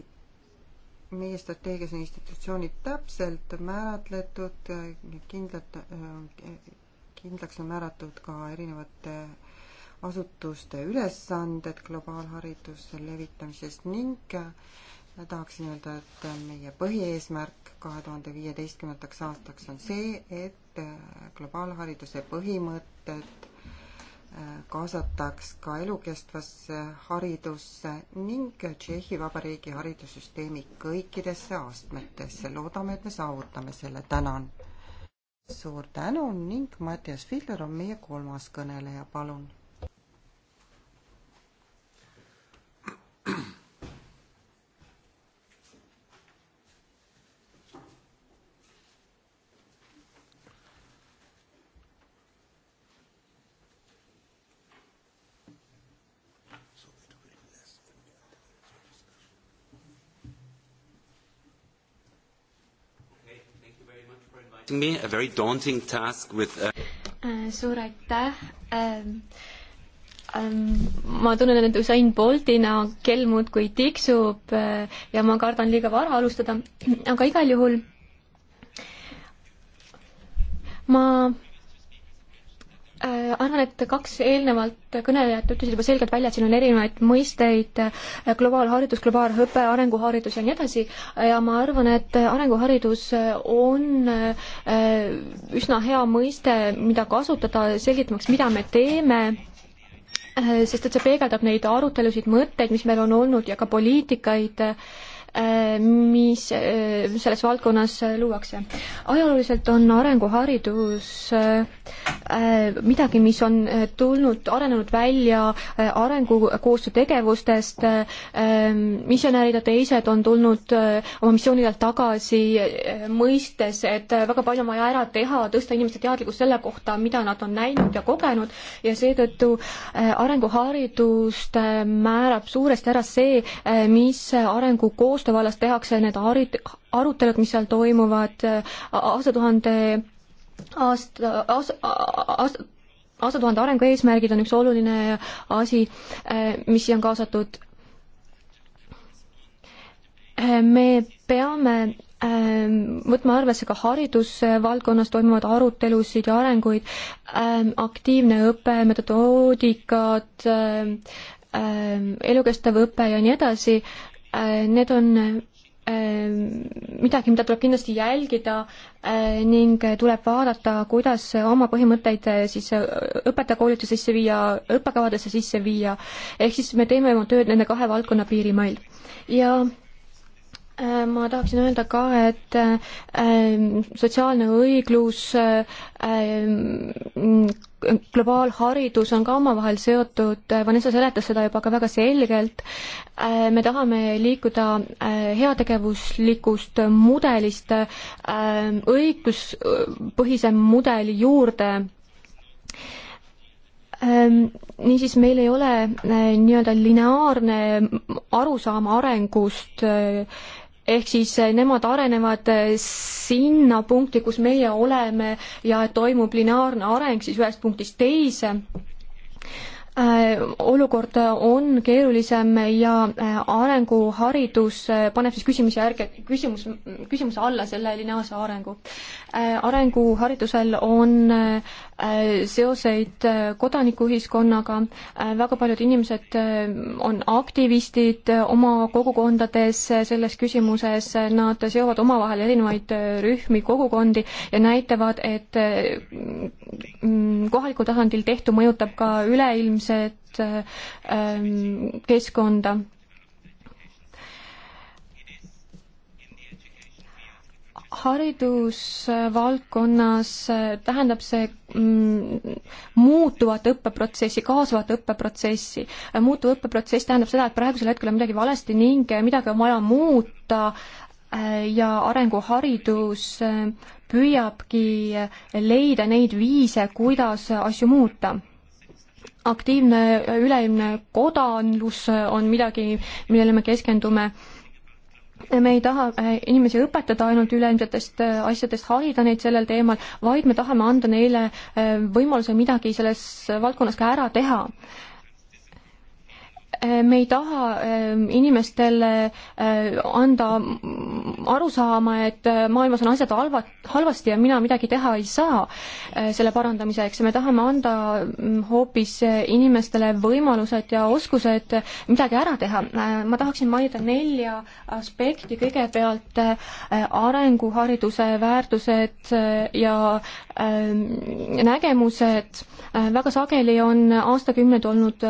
meie strateegias on institutsioonid täpselt määratletud, kindlad, kindlaks on määratud ka erinevate asutuste ülesanded globaalhariduse levitamises ning tahaksin öelda, et meie põhieesmärk kahe tuhande viieteistkümnendaks aastaks on see, et globaalhariduse põhimõtted kaasataks ka elukestvasse haridusse ning Tšehhi Vabariigi haridussüsteemi kõikidesse astmetesse. loodame, et me saavutame selle. tänan! suur tänu ning Mattias Filler on meie kolmas kõneleja, palun! inviting me, a very daunting task with uh... Äh, suur aitäh um, ma tunnen end Usain Boltina, kell muudkui tiksub äh, ja ma kardan liiga vara alustada, aga igal juhul ma Äh, arvan, et kaks eelnevalt kõnelejat ütlesid juba selgelt välja, et siin on erinevaid mõisteid, äh, globaalharidus, globaalõpe, arenguharidus ja nii edasi, ja ma arvan, et arenguharidus äh, on üsna hea mõiste, mida kasutada selgitamaks, mida me teeme, sest et see peegeldab neid arutelusid, mõtteid, mis meil on olnud ja ka poliitikaid äh, Äh, mis äh, selles valdkonnas äh, luuakse. ajalooliselt on arenguharidus midagi, mis on tulnud, arenenud välja arengukoostöö tegevustest, missionärid ja teised on tulnud oma missioonidelt tagasi, mõistes, et väga palju on vaja ära teha, tõsta inimeste teadlikkust selle kohta, mida nad on näinud ja kogenud ja seetõttu arenguharidust määrab suuresti ära see, mis arengukoostöö koostöö vallas tehakse, need arit-, arutelud, mis seal toimuvad, aastatuhande aasta, aasta, aasta, aastatuhande arengu eesmärgid on üks oluline asi, mis siia on kaasatud. me peame ähm, võtma arvesse ka haridusvaldkonnas toimuvaid arutelusid ja arenguid, ähm, aktiivne õpe, metodoodikad, ähm, elukestev õpe ja nii edasi, Äh, need on äh, midagi, mida tuleb kindlasti jälgida äh, ning tuleb vaadata, kuidas oma põhimõtteid siis õpetajakoolituse sisse viia, õppekavadesse sisse viia, ehk siis me teeme oma tööd nende kahe valdkonna piirimail. ja Äh, ma tahaksin öelda ka, et äh, sotsiaalne õiglus, äh, globaalharidus on ka omavahel seotud, Vanessa seletas seda juba ka väga selgelt, me tahame liikuda heategevuslikust mudelist õiguspõhise mudeli juurde ähm, Niisiis, meil ei ole nii-öelda lineaarne arusaam arengust ehk siis eh, nemad arenevad eh, sinna punkti, kus meie oleme ja toimub lineaarne areng siis ühest punktist teise. Eh, olukord on keerulisem ja arenguharidus paneb siis küsimise järgi, küsimus, mm, küsimuse alla selle lineaarse arengu. arenguharidusel on Äh, seoseid äh, kodanikuühiskonnaga, äh, väga paljud inimesed on aktivistid oma kogukondades selles küsimuses, nad seovad omavahel erinevaid rühmi, kogukondi ja näitavad, et mm, kohalikul tasandil tehtu mõjutab ka üleilmset ähm, keskkonda haridusvaldkonnas eh, tähendab see mm, muutuvat õppeprotsessi, kaasavat õppeprotsessi. muutuv õppeprotsess tähendab seda, et praegusel hetkel on midagi valesti ning midagi on vaja muuta eh, ja arenguharidus eh, püüabki leida neid viise, kuidas asju muuta aktiivne üleilmne kodanlus on midagi, millele me keskendume me ei taha äh, inimesi õpetada ainult üleilmsetest äh, asjadest, harida neid sellel teemal, vaid me tahame anda neile äh, võimaluse midagi selles valdkonnas ka ära teha me ei taha ähm, inimestele äh, anda arusaama, et äh, maailmas on asjad halvad, halvasti ja mina midagi teha ei saa äh, selle parandamiseks ja me tahame anda mm, hoopis inimestele võimalused ja oskused midagi ära teha. ma tahaksin mainida nelja aspekti, kõigepealt arenguhariduse väärtused ja ähm, nägemused, väga sageli on aastakümneid olnud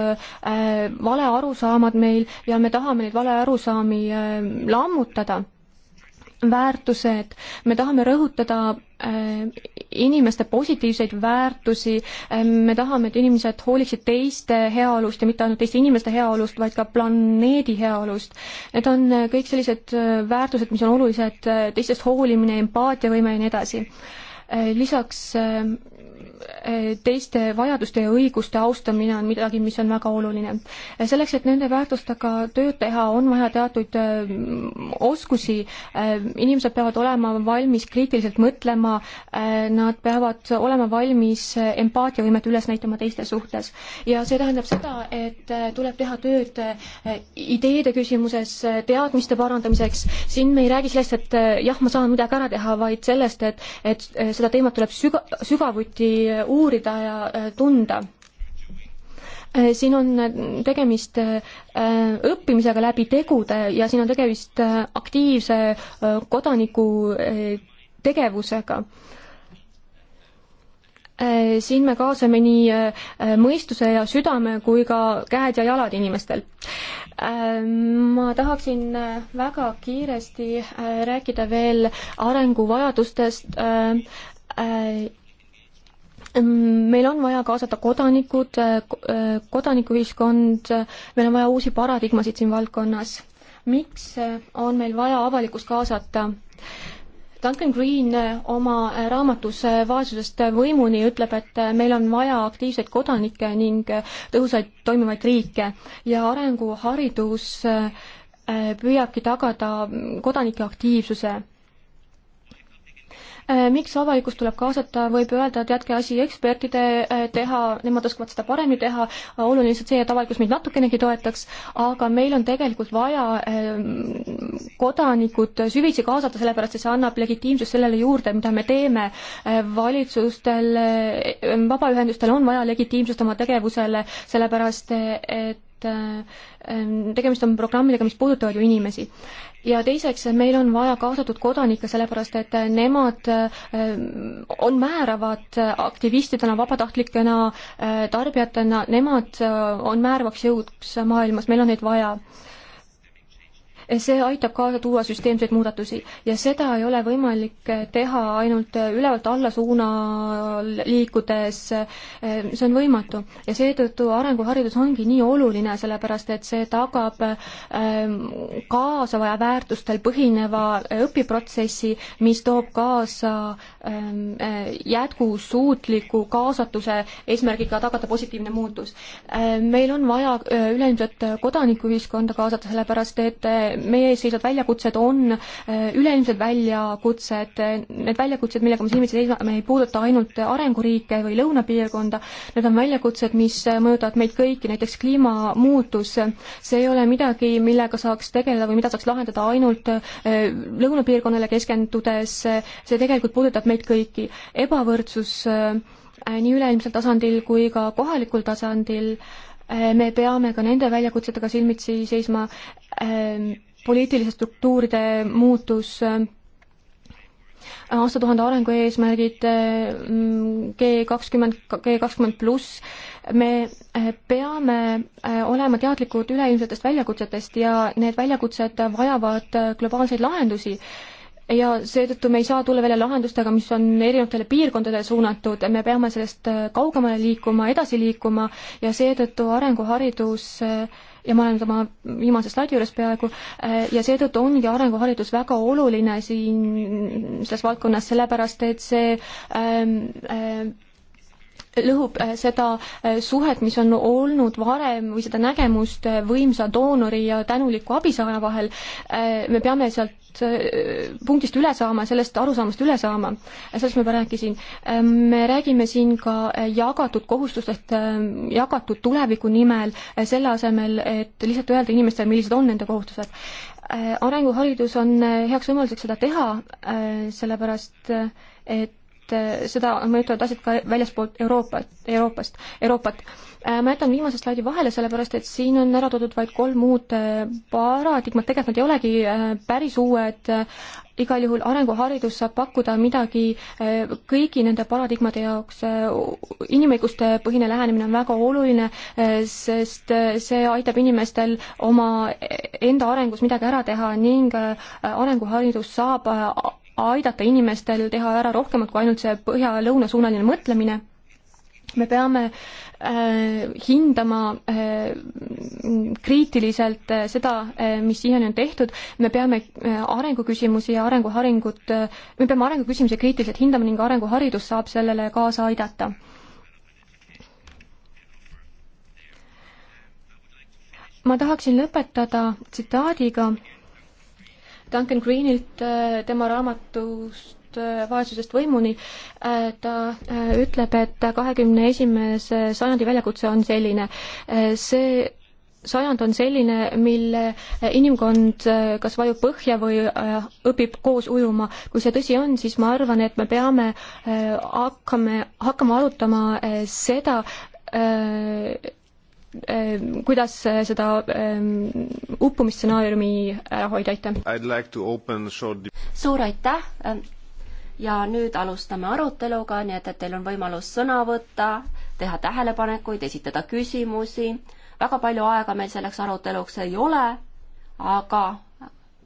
vale aru valearusaamad meil ja me tahame neid valearusaami äh, lammutada väärtused, me tahame rõhutada äh, inimeste positiivseid väärtusi äh,, me tahame, et inimesed hooliksid teiste heaolust ja mitte ainult teiste inimeste heaolust, vaid ka planeedi heaolust. Need on äh, kõik sellised äh, väärtused, mis on olulised äh,, teistest hoolimine, empaatiavõime ja nii edasi äh,. lisaks äh, teiste vajaduste ja õiguste austamine on midagi, mis on väga oluline. selleks, et nende väärtustega tööd teha, on vaja teatud mm, oskusi, inimesed peavad olema valmis kriitiliselt mõtlema, nad peavad olema valmis empaatiavõimet üles näitama teiste suhtes. ja see tähendab seda, et tuleb teha tööd ideede küsimuses, teadmiste parandamiseks, siin me ei räägi sellest, et jah, ma saan midagi ära teha, vaid sellest, et, et seda teemat tuleb süga-, sügavuti uurida ja äh, tunda äh, siin on äh, tegemist õppimisega läbi tegude ja siin on tegemist aktiivse kodaniku tegevusega. siin me kaasame nii mõistuse ja südame kui ka käed ja jalad inimestel. Ma tahaksin väga kiiresti rääkida veel arenguvajadustest meil on vaja kaasata kodanikud, eh, eh, kodanikuühiskond, eh, meil on vaja uusi paradigmasid siin valdkonnas. miks on meil vaja avalikkust kaasata? Duncan Green oma raamatus Vaesusest võimuni ütleb, et meil on vaja aktiivseid kodanikke ning tõhusaid toimivaid riike ja arenguharidus püüabki tagada mm, kodanike aktiivsuse Äh, miks avalikkust tuleb kaasata, võib öelda, et jätke asi ekspertide äh, teha, nemad oskavad seda paremini teha, äh, oluline lihtsalt see, et avalikkus meid natukenegi toetaks, aga meil on tegelikult vaja ähm, kodanikud süvitsi kaasata, sellepärast et see annab legitiimsust sellele juurde, mida me teeme. valitsustel, vabaühendustel on vaja legitiimsust oma tegevusele, sellepärast et ähm, tegemist on programmidega, mis puudutavad ju inimesi ja teiseks, meil on vaja kaasatud kodanikke, sellepärast et nemad äh, on määravad aktivistidena, vabatahtlikena, äh, tarbijatena, nemad äh, on määravaks jõuks maailmas, meil on neid vaja see aitab kaasa tuua süsteemseid muudatusi ja seda ei ole võimalik teha ainult ülevalt alla suunal liikudes, see on võimatu. ja seetõttu arenguharidus ongi nii oluline, sellepärast et see tagab ähm, kaasava ja väärtustel põhineva õpiprotsessi, mis toob kaasa ähm, jätkusuutliku kaasatuse eesmärgiga tagada positiivne muutus. Ähm, meil on vaja äh, üleilmset kodanikuühiskonda kaasata, sellepärast et äh, meie ees seisvad väljakutsed on äh, üleilmsed väljakutsed, need väljakutsed, millega me silmitsi seisame, ei puuduta ainult arenguriike või lõunapiirkonda, need on väljakutsed, mis mõjutavad meid kõiki, näiteks kliimamuutus, see ei ole midagi, millega saaks tegeleda või mida saaks lahendada ainult äh, lõunapiirkonnale keskendudes, see tegelikult puudutab meid kõiki. ebavõrdsus äh, nii üleilmsel tasandil kui ka kohalikul tasandil, me peame ka nende väljakutsetega silmitsi seisma ähm, poliitiliste struktuuride muutus, aastatuhande arengu eesmärgid, mm, G kakskümmend, G kakskümmend pluss, me eh, peame eh, olema teadlikud üleilmsetest väljakutsetest ja need väljakutsed vajavad eh, globaalseid lahendusi ja seetõttu me ei saa tulla välja lahendustega, mis on erinevatele piirkondadele suunatud, me peame sellest kaugemale liikuma, edasi liikuma ja seetõttu arenguharidus äh, ja ma olen ka oma viimase slaidi juures peaaegu, ja seetõttu ongi arenguharidus väga oluline siin selles valdkonnas, sellepärast et see ähm, äh, lõhub äh, seda äh, suhet, mis on olnud varem või seda nägemust äh, võimsa doonori ja tänuliku abisaaja vahel. me peame sealt punktist üle saama, sellest arusaamast üle saama. sellest ma juba rääkisin. me räägime siin ka jagatud kohustustest, jagatud tuleviku nimel, selle asemel, et lihtsalt öelda inimestele, millised on nende kohustused. arenguharidus on heaks võimaluseks seda teha, sellepärast et et äh, seda mõjutavad asjad ka väljaspoolt Euroopat, Euroopast, Euroopat. Äh, ma jätan viimase slaidi vahele, sellepärast et siin on ära toodud vaid kolm uut äh, paradigmat, tegelikult nad ei olegi päris uued, igal juhul arenguharidus saab pakkuda midagi kõigi nende paradigmade jaoks. inimõiguste põhine lähenemine on väga oluline, sest see aitab inimestel oma e-, enda arengus midagi ära teha ning arenguharidus saab aidata inimestel teha ära rohkemat kui ainult see põhja-lõunasuunaline mõtlemine. me peame äh, hindama äh, kriitiliselt äh, seda äh,, mis siiani on tehtud, me peame äh, arenguküsimusi ja arenguharingut äh,, me peame arenguküsimusi kriitiliselt hindama ning arenguharidus saab sellele kaasa aidata ma tahaksin lõpetada tsitaadiga Duncan Greenilt äh, tema raamatust äh, Vaesusest võimuni. Äh, ta ütleb, et kahekümne esimese sajandi väljakutse on selline. see sajand on selline, mil inimkond kas vajub põhja või õpib koos ujuma. kui see tõsi on, siis ma arvan, et me peame hakkame, hakkama arutama seda, Ehm, kuidas eh, seda ehm, uppumisstsenaariumi ära hoida, aitäh like! suur aitäh! Ehm, ja nüüd alustame aruteluga, nii et, et teil on võimalus sõna võtta, teha tähelepanekuid, esitada küsimusi. väga palju aega meil selleks aruteluks ei ole, aga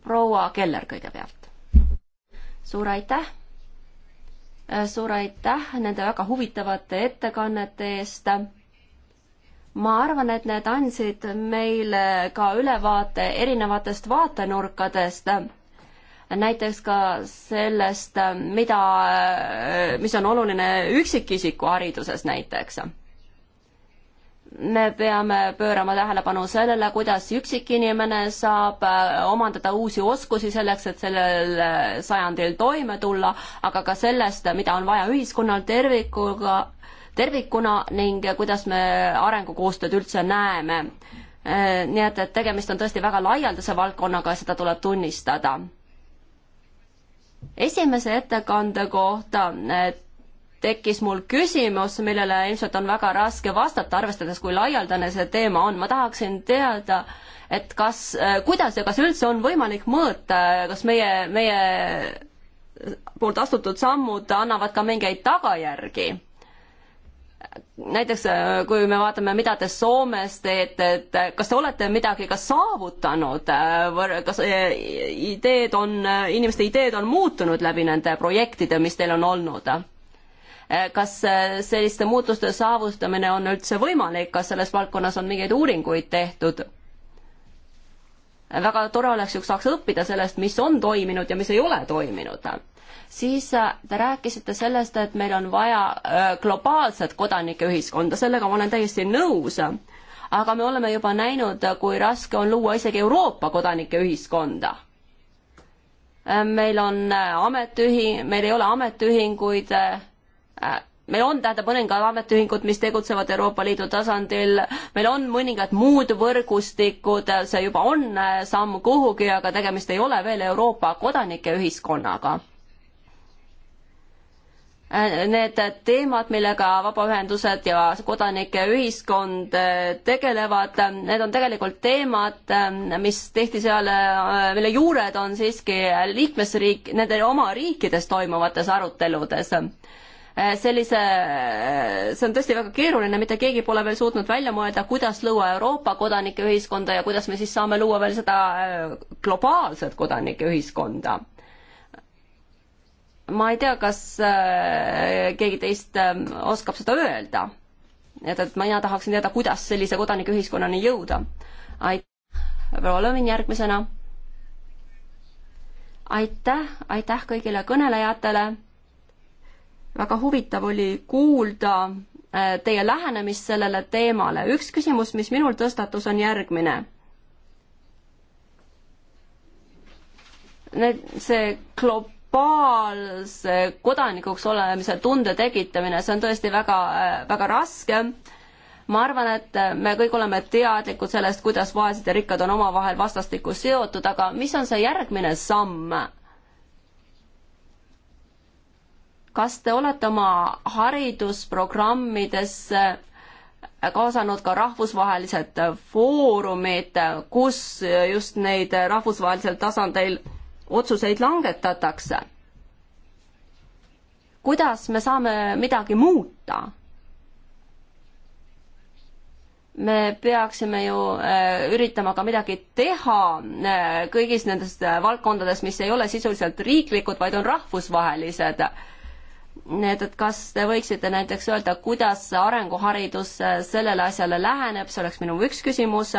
proua Keller kõigepealt. suur aitäh! suur aitäh nende väga huvitavate ettekannete eest ma arvan, et need andsid meile ka ülevaate erinevatest vaatenurkadest, näiteks ka sellest, mida, mis on oluline üksikisiku hariduses näiteks. me peame pöörama tähelepanu sellele, kuidas üksikinimene saab äh, omandada uusi oskusi selleks, et sellel äh, sajandil toime tulla, aga ka sellest, mida on vaja ühiskonnal tervikuga tervikuna ning kuidas me arengukoostööd üldse näeme. Äh, nii et, et tegemist on tõesti väga laialdase valdkonnaga ja seda tuleb tunnistada. esimese ettekande kohta äh, tekkis mul küsimus, millele ilmselt on väga raske vastata, arvestades, kui laialdane see teema on. ma tahaksin teada, et kas, äh, kuidas ja kas üldse on võimalik mõõta, kas meie, meie poolt astutud sammud annavad ka mingeid tagajärgi näiteks äh, kui me vaatame, mida te Soomes teete, et kas te olete midagi ka saavutanud, äh, kas äh, ideed on, inimeste ideed on muutunud läbi nende projektide, mis teil on olnud? kas selliste muutuste saavutamine on üldse võimalik, kas selles valdkonnas on mingeid uuringuid tehtud? väga tore oleks ju, saaks õppida sellest, mis on toiminud ja mis ei ole toiminud siis äh, te rääkisite sellest, et meil on vaja äh, globaalset kodanikeühiskonda, sellega ma olen täiesti nõus. aga me oleme juba näinud, äh, kui raske on luua isegi Euroopa kodanikeühiskonda. meil on ametiühing, meil ei ole ametiühinguid, meil on, tähendab, mõningad ametiühingud, mis tegutsevad Euroopa Liidu tasandil, meil on mõningad muud võrgustikud, see juba on samm kuhugi, aga tegemist ei ole veel Euroopa kodanikeühiskonnaga Äh, need teemad, millega vabaühendused ja kodanike ühiskond äh, tegelevad, äh, need on tegelikult teemad, mis tihti seal, mille juured on siiski liikmesriik, nende oma riikides toimuvates aruteludes. sellise, see on tõesti väga keeruline, mitte keegi pole veel suutnud välja mõelda, kuidas luua Euroopa kodanike ühiskonda ja kuidas me siis saame luua veel seda globaalset kodanike ühiskonda ma ei tea, kas äh, keegi teist ähm, oskab seda öelda. et, et mina tahaksin teada, kuidas sellise kodanikuühiskonnani jõuda. aitäh, proua Lõvin järgmisena. aitäh, aitäh kõigile kõnelejatele. väga huvitav oli kuulda äh, teie lähenemist sellele teemale. üks küsimus, mis minul tõstatus, on järgmine need, see glob-, globaalse kodanikuks olemise tunde tekitamine, see on tõesti väga, väga raske. ma arvan, et me kõik oleme teadlikud sellest, kuidas vaesed ja rikkad on omavahel vastastikku seotud, aga mis on see järgmine samm? kas te olete oma haridusprogrammidesse kaasanud ka rahvusvahelised foorumid, kus just neid rahvusvahelisel tasandil otsuseid langetatakse. kuidas me saame midagi muuta? me peaksime ju äh, üritama ka midagi teha äh, kõigis nendes äh, valdkondades, mis ei ole sisuliselt riiklikud, vaid on rahvusvahelised. nii et, et kas te võiksite näiteks öelda, kuidas arenguharidus sellele asjale läheneb, see oleks minu üks küsimus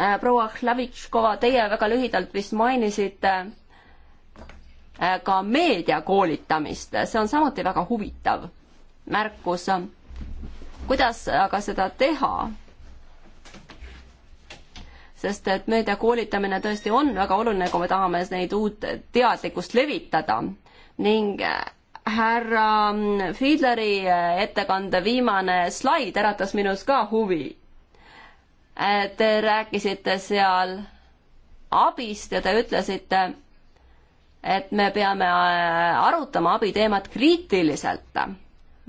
Äh, proua Hlavitškova, teie väga lühidalt vist mainisite äh, ka meedia koolitamist, see on samuti väga huvitav märkus. kuidas aga seda teha? sest et meedia koolitamine tõesti on väga oluline, kui me tahame neid uut teadlikkust levitada ning äh, härra Fiedleri ettekande viimane slaid äratas minus ka huvi Te rääkisite seal abist ja te ütlesite, et me peame äh, arutama abiteemat kriitiliselt.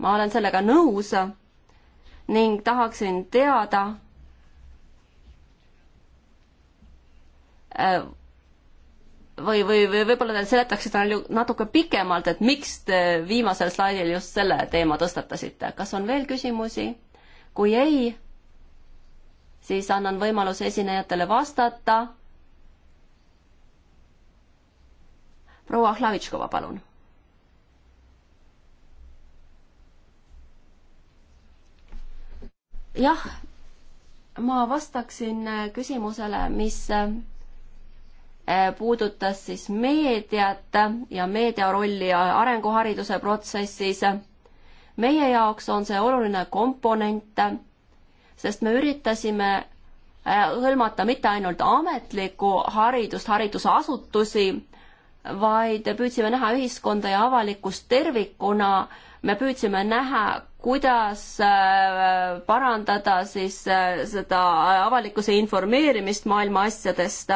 ma olen sellega nõus ning tahaksin teada, äh, või, või, või võib-olla te seletaksite natuke pikemalt, et miks te viimasel slaidil just selle teema tõstatasite, kas on veel küsimusi? kui ei, siis annan võimaluse esinejatele vastata. proua Hlavitškova, palun. jah, ma vastaksin küsimusele, mis eh, puudutas siis meediat ja meedia rolli arenguhariduse protsessis. meie jaoks on see oluline komponent sest me üritasime äh, hõlmata mitte ainult ametlikku haridust, haridusasutusi, vaid püüdsime näha ühiskonda ja avalikkust tervikuna. me püüdsime näha, kuidas äh, parandada siis äh, seda avalikkuse informeerimist maailma asjadest.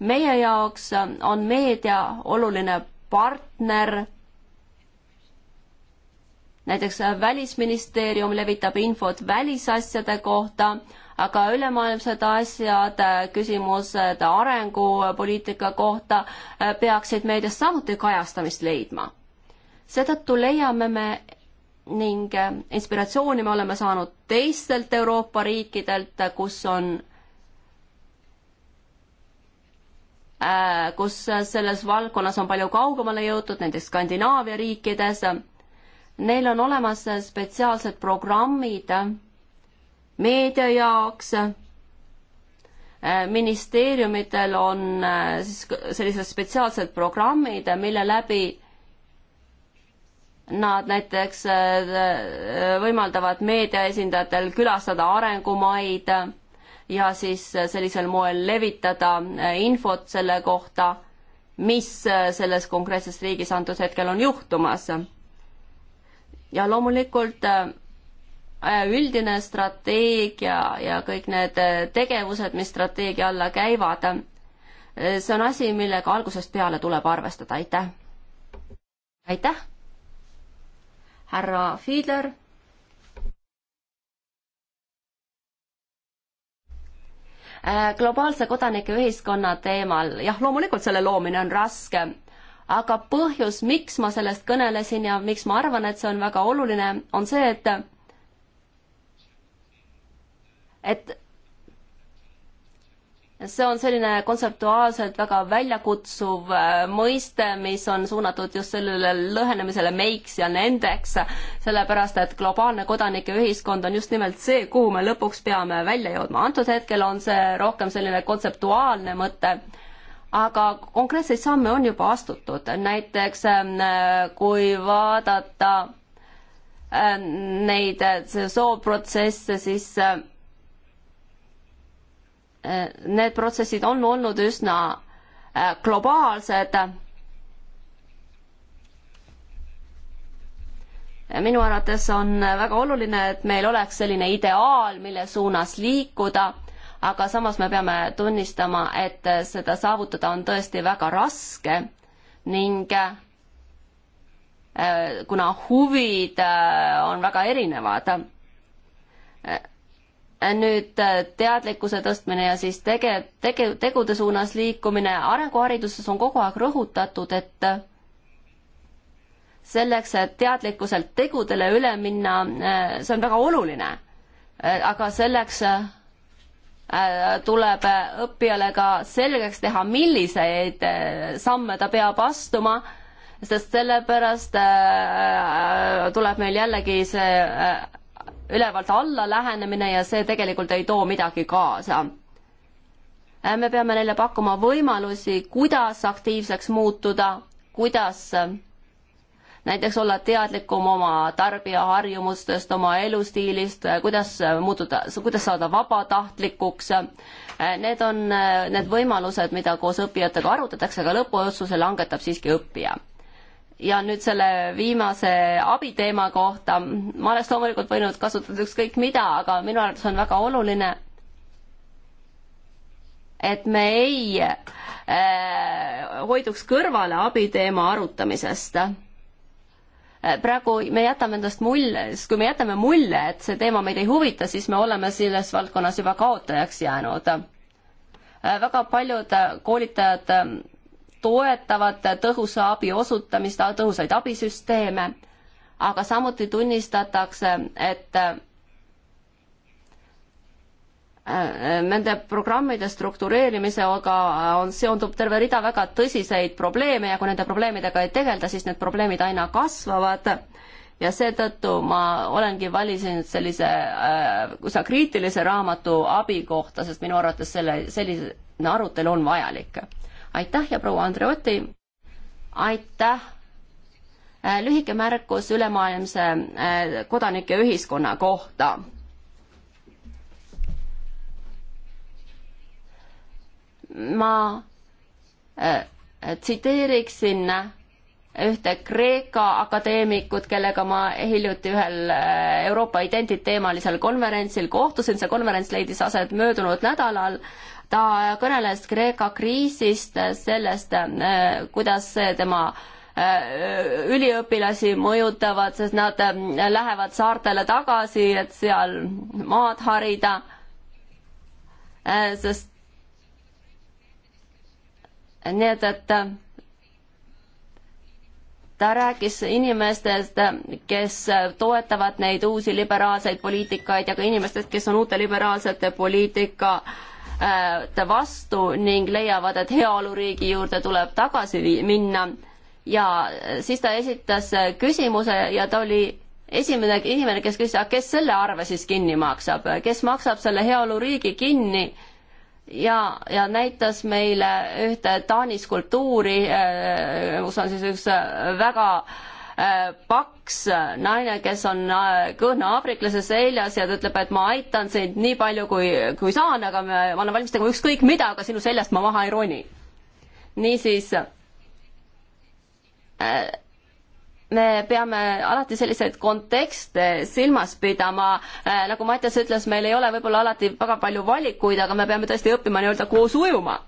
meie jaoks on meedia oluline partner näiteks äh, Välisministeerium levitab infot välisasjade kohta, aga ülemaailmsed asjad, äh, küsimused arengupoliitika kohta äh, peaksid meedias samuti kajastamist leidma. seetõttu leiame me ning inspiratsiooni me oleme saanud teistelt Euroopa riikidelt, kus on kus selles valdkonnas on palju kaugemale jõutud, näiteks Skandinaavia riikides neil on olemas spetsiaalsed programmid meedia jaoks, ministeeriumidel on äh, siis sellised spetsiaalsed programmid, mille läbi nad näiteks äh, äh, võimaldavad meedia esindajatel külastada arengumaid ja siis sellisel moel levitada infot selle kohta, mis selles konkreetses riigis antud hetkel on juhtumas ja loomulikult äh, üldine strateegia ja kõik need äh, tegevused, mis strateegia alla käivad, äh, see on asi, millega algusest peale tuleb arvestada, aitäh. aitäh, härra Fiedler. globaalse kodanike ühiskonna teemal, jah, loomulikult selle loomine on raske aga põhjus, miks ma sellest kõnelesin ja miks ma arvan, et see on väga oluline, on see, et et see on selline kontseptuaalselt väga väljakutsuv äh, mõiste, mis on suunatud just sellele lõhenemisele meiks ja nendeks, sellepärast et globaalne kodanike ühiskond on just nimelt see, kuhu me lõpuks peame välja jõudma. antud hetkel on see rohkem selline kontseptuaalne mõte aga konkreetseid samme on juba astutud, näiteks ähm, kui vaadata ähm, neid äh, sooprotsesse, siis äh, need protsessid on olnud üsna äh, globaalsed. minu arvates on väga oluline, et meil oleks selline ideaal, mille suunas liikuda aga samas me peame tunnistama, et seda saavutada on tõesti väga raske ning äh, kuna huvid äh, on väga erinevad, äh, nüüd teadlikkuse tõstmine ja siis tege-, tege-, tegude suunas liikumine, arenguhariduses on kogu aeg rõhutatud, et selleks, et teadlikkuselt tegudele üle minna, see on väga oluline. aga selleks Äh, tuleb õppijale ka selgeks teha, milliseid äh, samme ta peab astuma, sest sellepärast äh, tuleb meil jällegi see ülevalt alla lähenemine ja see tegelikult ei too midagi kaasa me peame neile pakkuma võimalusi, kuidas aktiivseks muutuda, kuidas näiteks olla teadlikum oma tarbijaharjumustest, oma elustiilist, kuidas muutuda, kuidas saada vabatahtlikuks. Need on need võimalused, mida koos õppijatega arutatakse, aga lõpuotsuse langetab siiski õppija ja nüüd selle viimase abiteema kohta, ma oleks loomulikult võinud kasutada ükskõik mida, aga minu arvates on väga oluline, et me ei äh, hoiduks kõrvale abiteema arutamisest Eh, praegu me jätame endast mulje, sest kui me jätame mulje, et see teema meid ei huvita, siis me oleme selles valdkonnas juba kaotajaks jäänud. Eh, väga paljud eh, koolitajad toetavad tõhusa abi osutamist, tõhusaid abisüsteeme, aga samuti tunnistatakse, et Äh, nende programmide struktureerimisega äh, on, seondub terve rida väga tõsiseid probleeme ja kui nende probleemidega ei tegelda, siis need probleemid aina kasvavad ja seetõttu ma olengi valinud sellise äh, üsna kriitilise raamatu abi kohta, sest minu arvates selle, selline arutelu on vajalik. aitäh ja proua Andre Oti, aitäh! Äh, lühike märkus ülemaailmse kodanike ühiskonna kohta ma äh, tsiteeriksin ühte Kreeka akadeemikut, kellega ma hiljuti ühel äh, Euroopa identiteemalisel konverentsil kohtusin, see konverents leidis aset möödunud nädalal, ta kõneles Kreeka kriisist, äh, sellest, kuidas tema üliõpilasi mõjutavad, sest nad lähevad saartele tagasi, et seal maad harida, sest nii et, et äh, ta rääkis inimestest, kes toetavad neid uusi liberaalseid poliitikaid ja ka inimestest, kes on uute liberaalsete poliitika äh, vastu ning leiavad, et heaoluriigi juurde tuleb tagasi minna. ja siis ta esitas äh, küsimuse ja ta oli esimene inimene, kes küsis, aga kes selle arve siis kinni maksab, kes maksab selle heaoluriigi kinni ja, ja näitas meile ühte Taani skulptuuri, eh, kus on siis üks eh, väga eh, paks naine, kes on kõhna aafriklase seljas ja ta ütleb, et ma aitan sind nii palju, kui, kui saan, aga me, ma olen valmis tegema ükskõik mida, aga sinu seljast ma maha ei roni. niisiis äh, me peame alati selliseid kontekste silmas pidama, äh, nagu Mattias ütles, meil ei ole võib-olla alati väga palju valikuid, aga me peame tõesti õppima nii-öelda koos ujuma.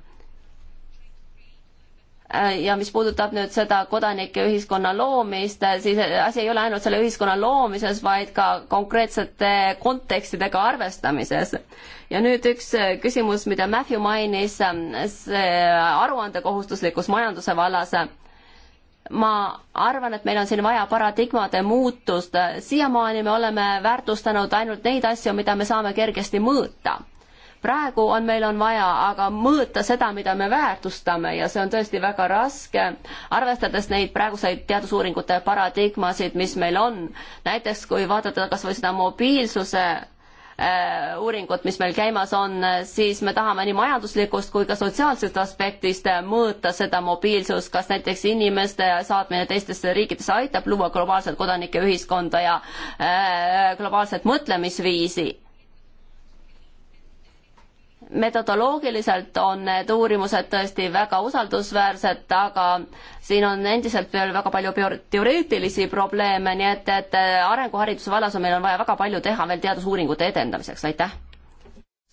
Äh, ja mis puudutab nüüd seda kodanike ühiskonna loomist, äh, siis asi ei ole ainult selle ühiskonna loomises, vaid ka konkreetsete kontekstidega arvestamises. ja nüüd üks küsimus, mida Matthew mainis, see aruandekohustuslikkus majanduse vallas ma arvan, et meil on siin vaja paradigmade muutust, siiamaani me oleme väärtustanud ainult neid asju, mida me saame kergesti mõõta. praegu on, meil on vaja aga mõõta seda, mida me väärtustame ja see on tõesti väga raske, arvestades neid praeguseid teadusuuringute paradigmasid, mis meil on. näiteks kui vaadata kas või seda mobiilsuse Äh, uuringut, mis meil käimas on, siis me tahame nii majanduslikust kui ka sotsiaalsest aspektist mõõta seda mobiilsust, kas näiteks inimeste saatmine teistesse riikidesse aitab luua globaalset kodanike ühiskonda ja äh, globaalset mõtlemisviisi metodoloogiliselt on need uurimused tõesti väga usaldusväärsed, aga siin on endiselt veel väga palju teoreetilisi probleeme, nii et, et arenguhariduse vallas on meil on vaja väga palju teha veel teadusuuringute edendamiseks, aitäh!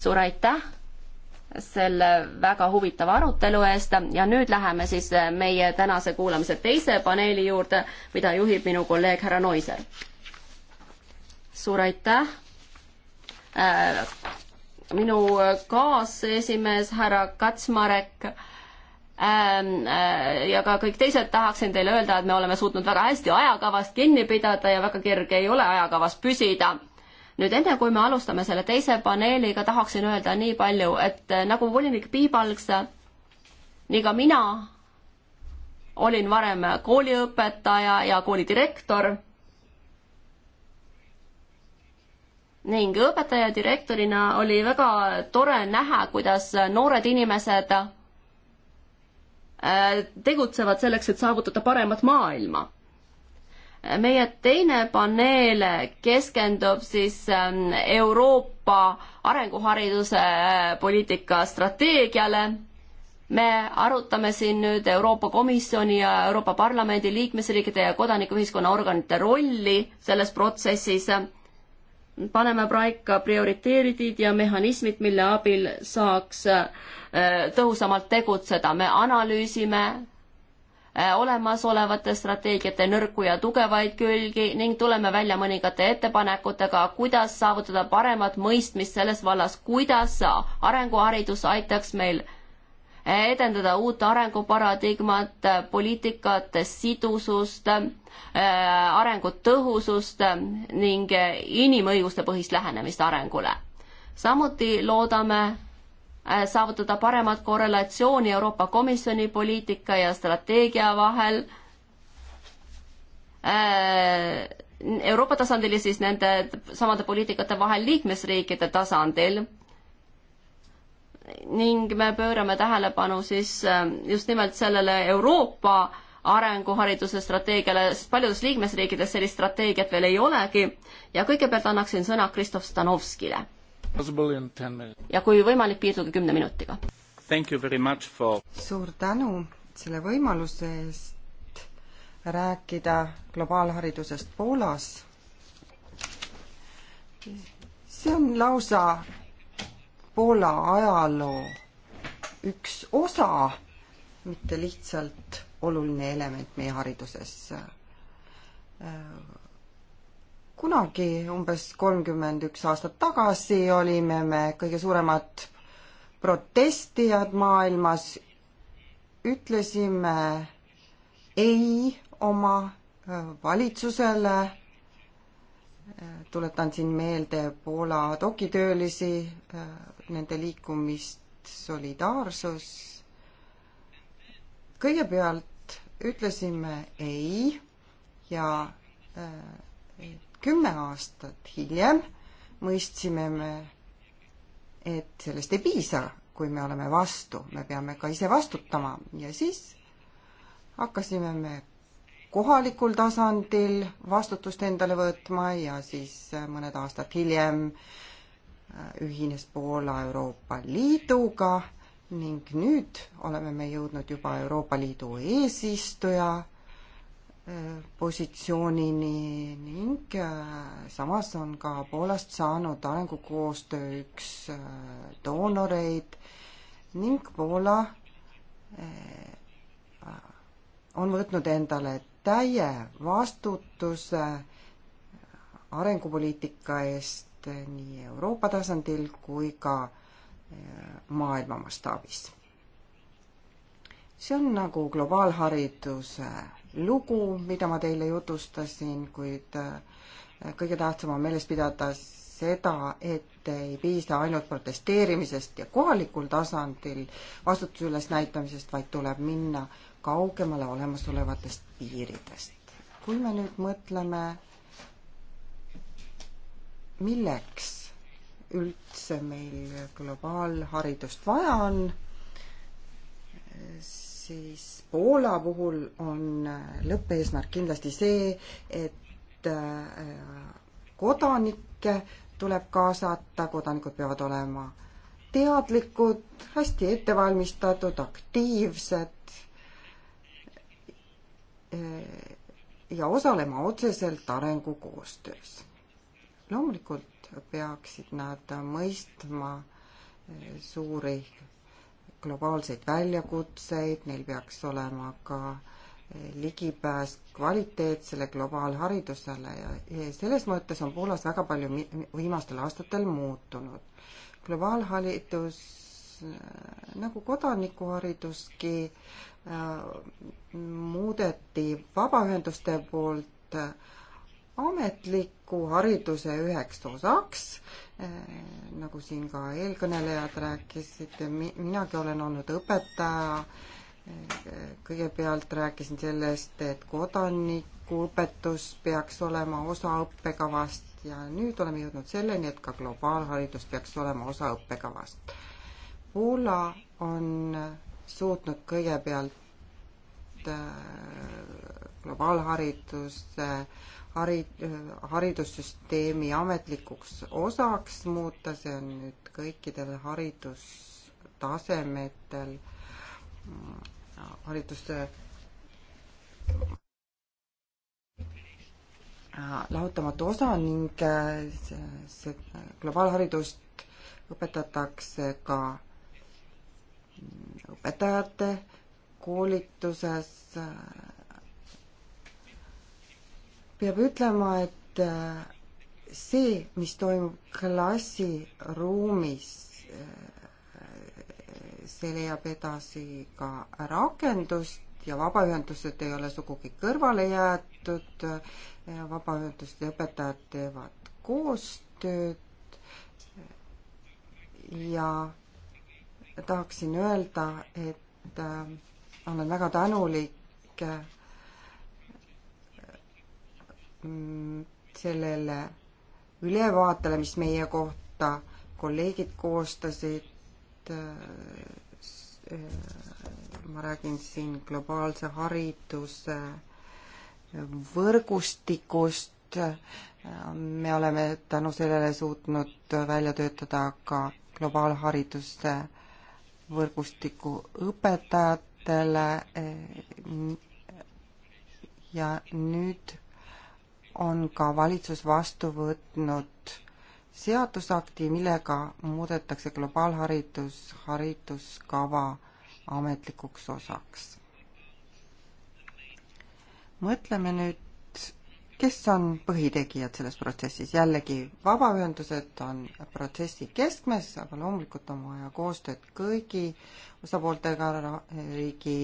suur aitäh selle väga huvitava arutelu eest ja nüüd läheme siis meie tänase kuulamise teise paneeli juurde, mida juhib minu kolleeg härra Noiser. suur aitäh äh,! minu äh, kaasesimees härra Katsmarek ähm, äh, ja ka kõik teised tahaksin teile öelda, et me oleme suutnud väga hästi ajakavast kinni pidada ja väga kerge ei ole ajakavas püsida. nüüd enne, kui me alustame selle teise paneeliga, tahaksin öelda nii palju, et äh, nagu volinik Piibalks, nii ka mina olin varem kooliõpetaja ja koolidirektor ning õpetaja direktorina oli väga tore näha, kuidas noored inimesed äh, tegutsevad selleks, et saavutada paremat maailma. meie teine paneel keskendub siis ähm, Euroopa arenguhariduse äh, poliitika strateegiale. me arutame siin nüüd Euroopa Komisjoni ja Euroopa Parlamendi liikmesriikide ja kodanikuühiskonna organite rolli selles protsessis paneme paika prioriteedid ja mehhanismid, mille abil saaks äh, tõhusamalt tegutseda. me analüüsime äh, olemasolevate strateegiate nõrku ja tugevaid külgi ning tuleme välja mõningate ettepanekutega, kuidas saavutada paremat mõistmist selles vallas, kuidas arenguharidus aitaks meil äh, edendada uut arenguparadigmat, poliitikate sidusust, äh, arengut tõhusust ning inimõiguste põhist lähenemist arengule. samuti loodame äh, saavutada paremat korrelatsiooni Euroopa Komisjoni poliitika ja strateegia vahel äh, Euroopa tasandil ja siis nende samade poliitikate vahel liikmesriikide tasandil ning me pöörame tähelepanu siis äh, just nimelt sellele Euroopa arenguhariduse strateegiale, sest paljudes liikmesriikides sellist strateegiat veel ei olegi ja kõigepealt annaksin sõna Kristof Stanovskile. ja kui võimalik, piirduge kümne minutiga. For... suur tänu selle võimaluse eest rääkida globaalharidusest Poolas. see on lausa Poola ajaloo üks osa, mitte lihtsalt oluline element meie hariduses. kunagi umbes kolmkümmend üks aastat tagasi olime me kõige suuremad protestijad maailmas, ütlesime ei oma valitsusele, tuletan siin meelde Poola dokitöölisi, nende liikumist Solidaarsus. kõigepealt ütlesime ei ja äh, kümme aastat hiljem mõistsime me, et sellest ei piisa, kui me oleme vastu, me peame ka ise vastutama ja siis hakkasime me kohalikul tasandil vastutust endale võtma ja siis äh, mõned aastad hiljem äh, Äh, ühines Poola Euroopa Liiduga ning nüüd oleme me jõudnud juba Euroopa Liidu eesistuja äh, positsioonini ning äh, samas on ka Poolast saanud arengukoostöö üks doonoreid ning Poola on võtnud endale täie vastutuse arengupoliitika eest tegevust nii Euroopa tasandil kui ka eh, maailma mastaabis. see on nagu globaalhariduse lugu, mida ma teile jutustasin, kuid eh, kõige tähtsam on meeles pidada seda, et ei piisa ainult protesteerimisest ja kohalikul tasandil vastutuse ülesnäitamisest, vaid tuleb minna kaugemale olemasolevatest piiridest. kui me nüüd mõtleme milleks üldse meil globaalharidust vaja on, siis Poola puhul on lõppeesmärk kindlasti see, et äh, kodanikke tuleb kaasata, kodanikud peavad olema teadlikud, hästi ettevalmistatud, aktiivsed äh, ja osalema otseselt arengukoostöös loomulikult peaksid nad mõistma eh, suuri globaalseid väljakutseid, neil peaks olema ka eh, ligipääs kvaliteetsele globaalharidusele ja selles mõttes on Poolas väga palju viimastel aastatel muutunud. globaalharidus eh, nagu kodanikuhariduski muudeti vabaühenduste poolt äh, ametliku hariduse üheks osaks, eh, nagu siin ka eelkõnelejad rääkisid, minagi olen olnud õpetaja, eh, kõigepealt rääkisin sellest, et kodanikuõpetus peaks olema osa õppekavast ja nüüd oleme jõudnud selleni, et ka globaalharidus peaks olema osa õppekavast. Poola on suutnud kõigepealt eh, globaalhariduse hari, haridussüsteemi ametlikuks osaks muuta, see on nüüd kõikidel haridustasemetel, hariduse lahutamatu osa ning äh, see, see globaalharidust õpetatakse ka õpetajate koolituses peab ütlema, et äh, see, mis toimub klassiruumis, äh, see leiab edasi ka rakendust ja vabaühendused ei ole sugugi kõrvale jäetud, äh, vabaühenduste õpetajad teevad koostööd ja tahaksin öelda, et olen väga tänulik Mm, sellele ülevaatele, mis meie kohta kolleegid koostasid. Äh, äh, ma räägin siin globaalse hariduse võrgustikust. me oleme tänu sellele suutnud välja töötada ka globaalhariduse võrgustiku õpetajatele. Äh, ja nüüd on ka valitsus vastu võtnud seadusakti, millega muudetakse globaalharidus hariduskava ametlikuks osaks. mõtleme nüüd, kes on põhitegijad selles protsessis, jällegi vabaühendused on protsessi keskmes, aga loomulikult on vaja koostööd kõigi osapooltega, riigi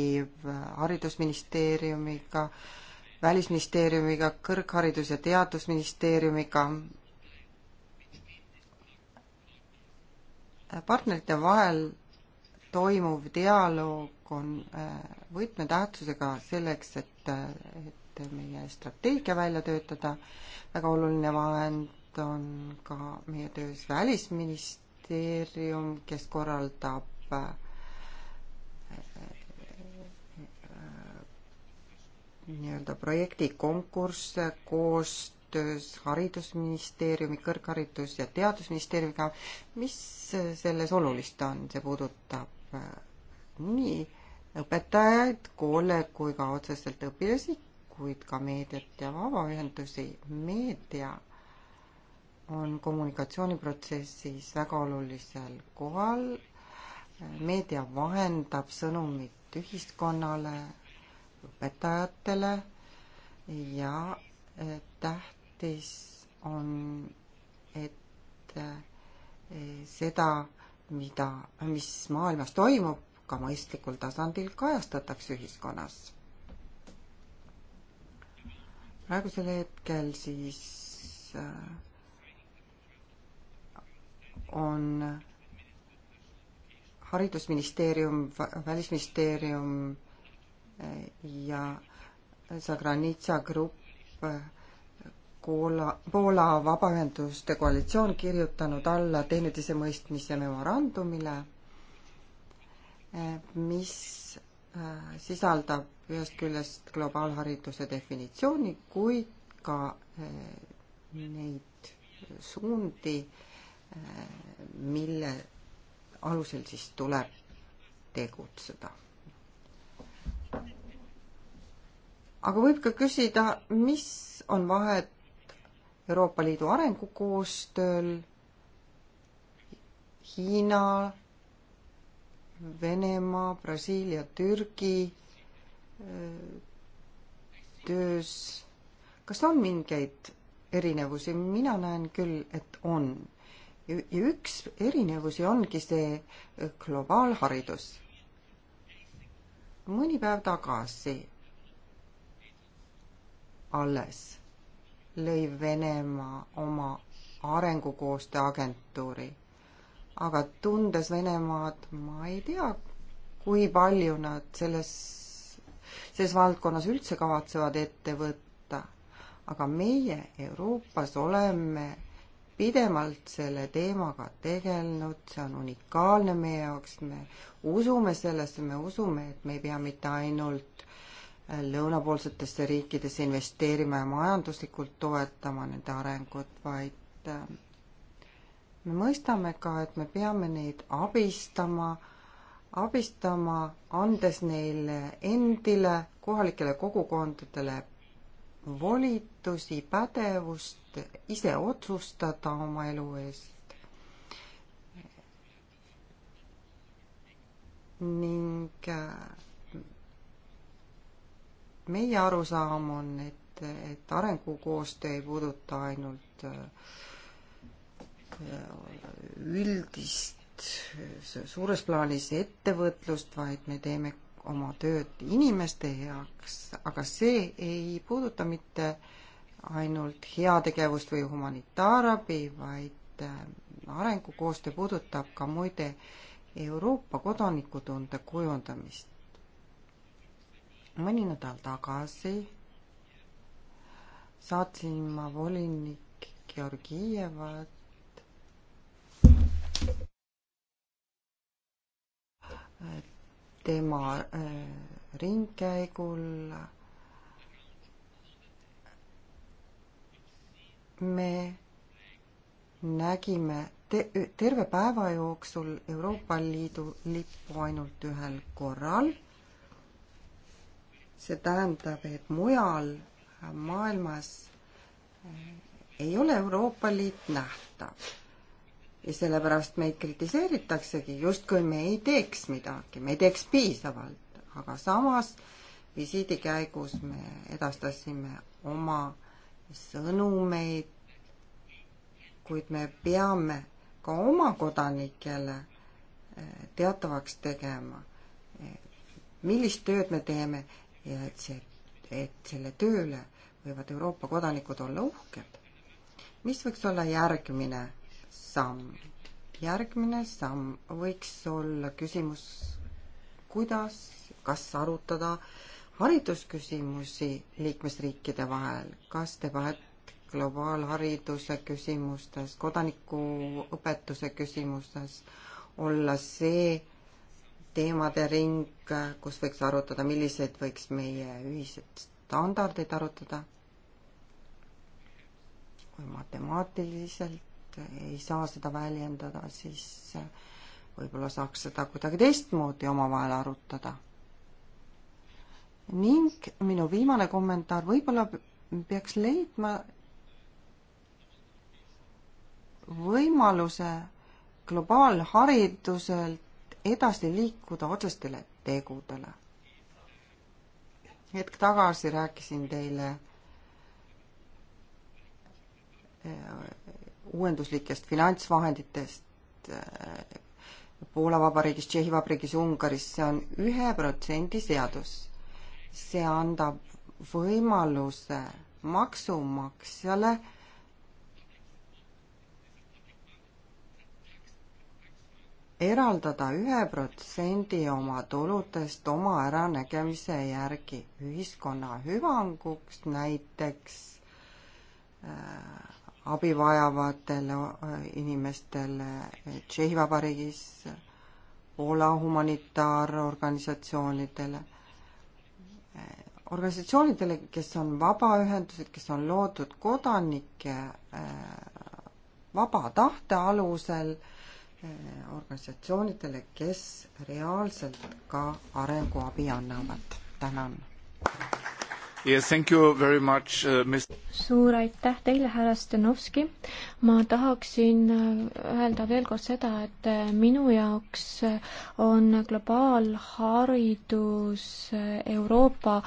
haridusministeeriumiga äh,, Välisministeeriumiga, Kõrgharidus- ja Teadusministeeriumiga. partnerite vahel toimuv dialoog on äh, võtmetähtsusega selleks, et, äh, et meie strateegia välja töötada. väga oluline vahend on ka meie töös Välisministeerium, kes korraldab äh, nii-öelda projekti konkursse koostöös Haridusministeeriumi, Kõrgharidus- ja Teadusministeeriumiga. mis selles olulist on, see puudutab äh, nii õpetajaid, koole kui ka otseselt õpilasi, kuid ka meediat ja vabaühendusi. meedia on kommunikatsiooniprotsessis väga olulisel kohal. meedia vahendab sõnumit ühiskonnale õpetajatele ja eh, tähtis on, et eh, seda, mida, mis maailmas toimub, ka mõistlikul tasandil kajastatakse ühiskonnas. praegusel hetkel siis eh, on haridusministeerium, välisministeerium ja Zagranitsa grupp Poola, Poola Vabaühenduste Koalitsioon kirjutanud alla teineteise mõistmise memorandumile, mis äh, sisaldab ühest küljest globaalhariduse definitsiooni, kuid ka äh, neid suundi, äh, mille alusel siis tuleb tegutseda aga võib ka küsida, mis on vahet Euroopa Liidu arengukoostööl Hiina, Venemaa, Brasiilia, Türgi äh, töös. kas on mingeid erinevusi? mina näen küll, et on. ja üks erinevusi ongi see globaalharidus. mõni päev tagasi alles, lõi Venemaa oma arengukoostöö agentuuri. aga tundes Venemaad, ma ei tea, kui palju nad selles, selles valdkonnas üldse kavatsevad ette võtta. aga meie Euroopas oleme pidevalt selle teemaga tegelenud, see on unikaalne meie jaoks, me usume sellesse, me usume, et me ei pea mitte ainult lõunapoolsetesse riikidesse investeerima ja majanduslikult toetama nende arengut, vaid äh, me mõistame ka, et me peame neid abistama, abistama, andes neile endile, kohalikele kogukondadele volitusi, pädevust ise otsustada oma elu eest. ning äh, et meie arusaam on, et, et arengukoostöö ei puuduta ainult äh, üldist suures plaanis ettevõtlust, vaid me teeme oma tööd inimeste heaks, aga see ei puuduta mitte ainult heategevust või humanitaarabi, vaid äh, arengukoostöö puudutab ka muide Euroopa kodanikutunde kujundamist mõni nädal tagasi saatsin ma volinik Georgievat tema äh, ringkäigul me nägime te-, terve päeva jooksul Euroopa Liidu lippu ainult ühel korral see tähendab, et mujal maailmas ei ole Euroopa Liit nähtav. ja sellepärast meid kritiseeritaksegi, justkui me ei teeks midagi, me ei teeks piisavalt, aga samas visiidi käigus me edastasime oma sõnumeid, kuid me peame ka oma kodanikele eh, teatavaks tegema, eh, millist tööd me teeme ja et see, et selle tööle võivad Euroopa kodanikud olla uhked. mis võiks olla järgmine samm? järgmine samm võiks olla küsimus, kuidas, kas arutada haridusküsimusi liikmesriikide vahel, kas debatt globaalhariduse küsimustes, kodanikuõpetuse küsimustes olla see, teemade ring, kus võiks arutada, millised võiks meie ühised standardid arutada. kui matemaatiliselt ei saa seda väljendada, siis võib-olla saaks seda kuidagi teistmoodi omavahel arutada. ning minu viimane kommentaar, võib-olla peaks leidma võimaluse globaalhariduselt edasi liikuda otsestele tegudele. hetk tagasi rääkisin teile eh, uuenduslikest finantsvahenditest eh, Poola Vabariigis, Tšehhi Vabariigis, Ungaris, see on ühe protsendi seadus. see andab võimaluse maksumaksjale äh, eraldada ühe protsendi oma tuludest oma äranägemise järgi ühiskonna hüvanguks, näiteks äh, abi vajavatele äh, inimestele Tšehhi Vabariigis, Poola humanitaarorganisatsioonidele äh,, organisatsioonidele, kes on vabaühendused, kes on loodud kodanike äh, vaba tahte alusel äh, Eh, organisatsioonidele, kes reaalselt ka arenguabi annavad. tänan. Yes, thank you very much uh,, eh, Miss. suur aitäh teile, härra Stenovski ma tahaksin äh, öelda veel kord seda, et äh, minu jaoks äh, on globaalharidus Euroopa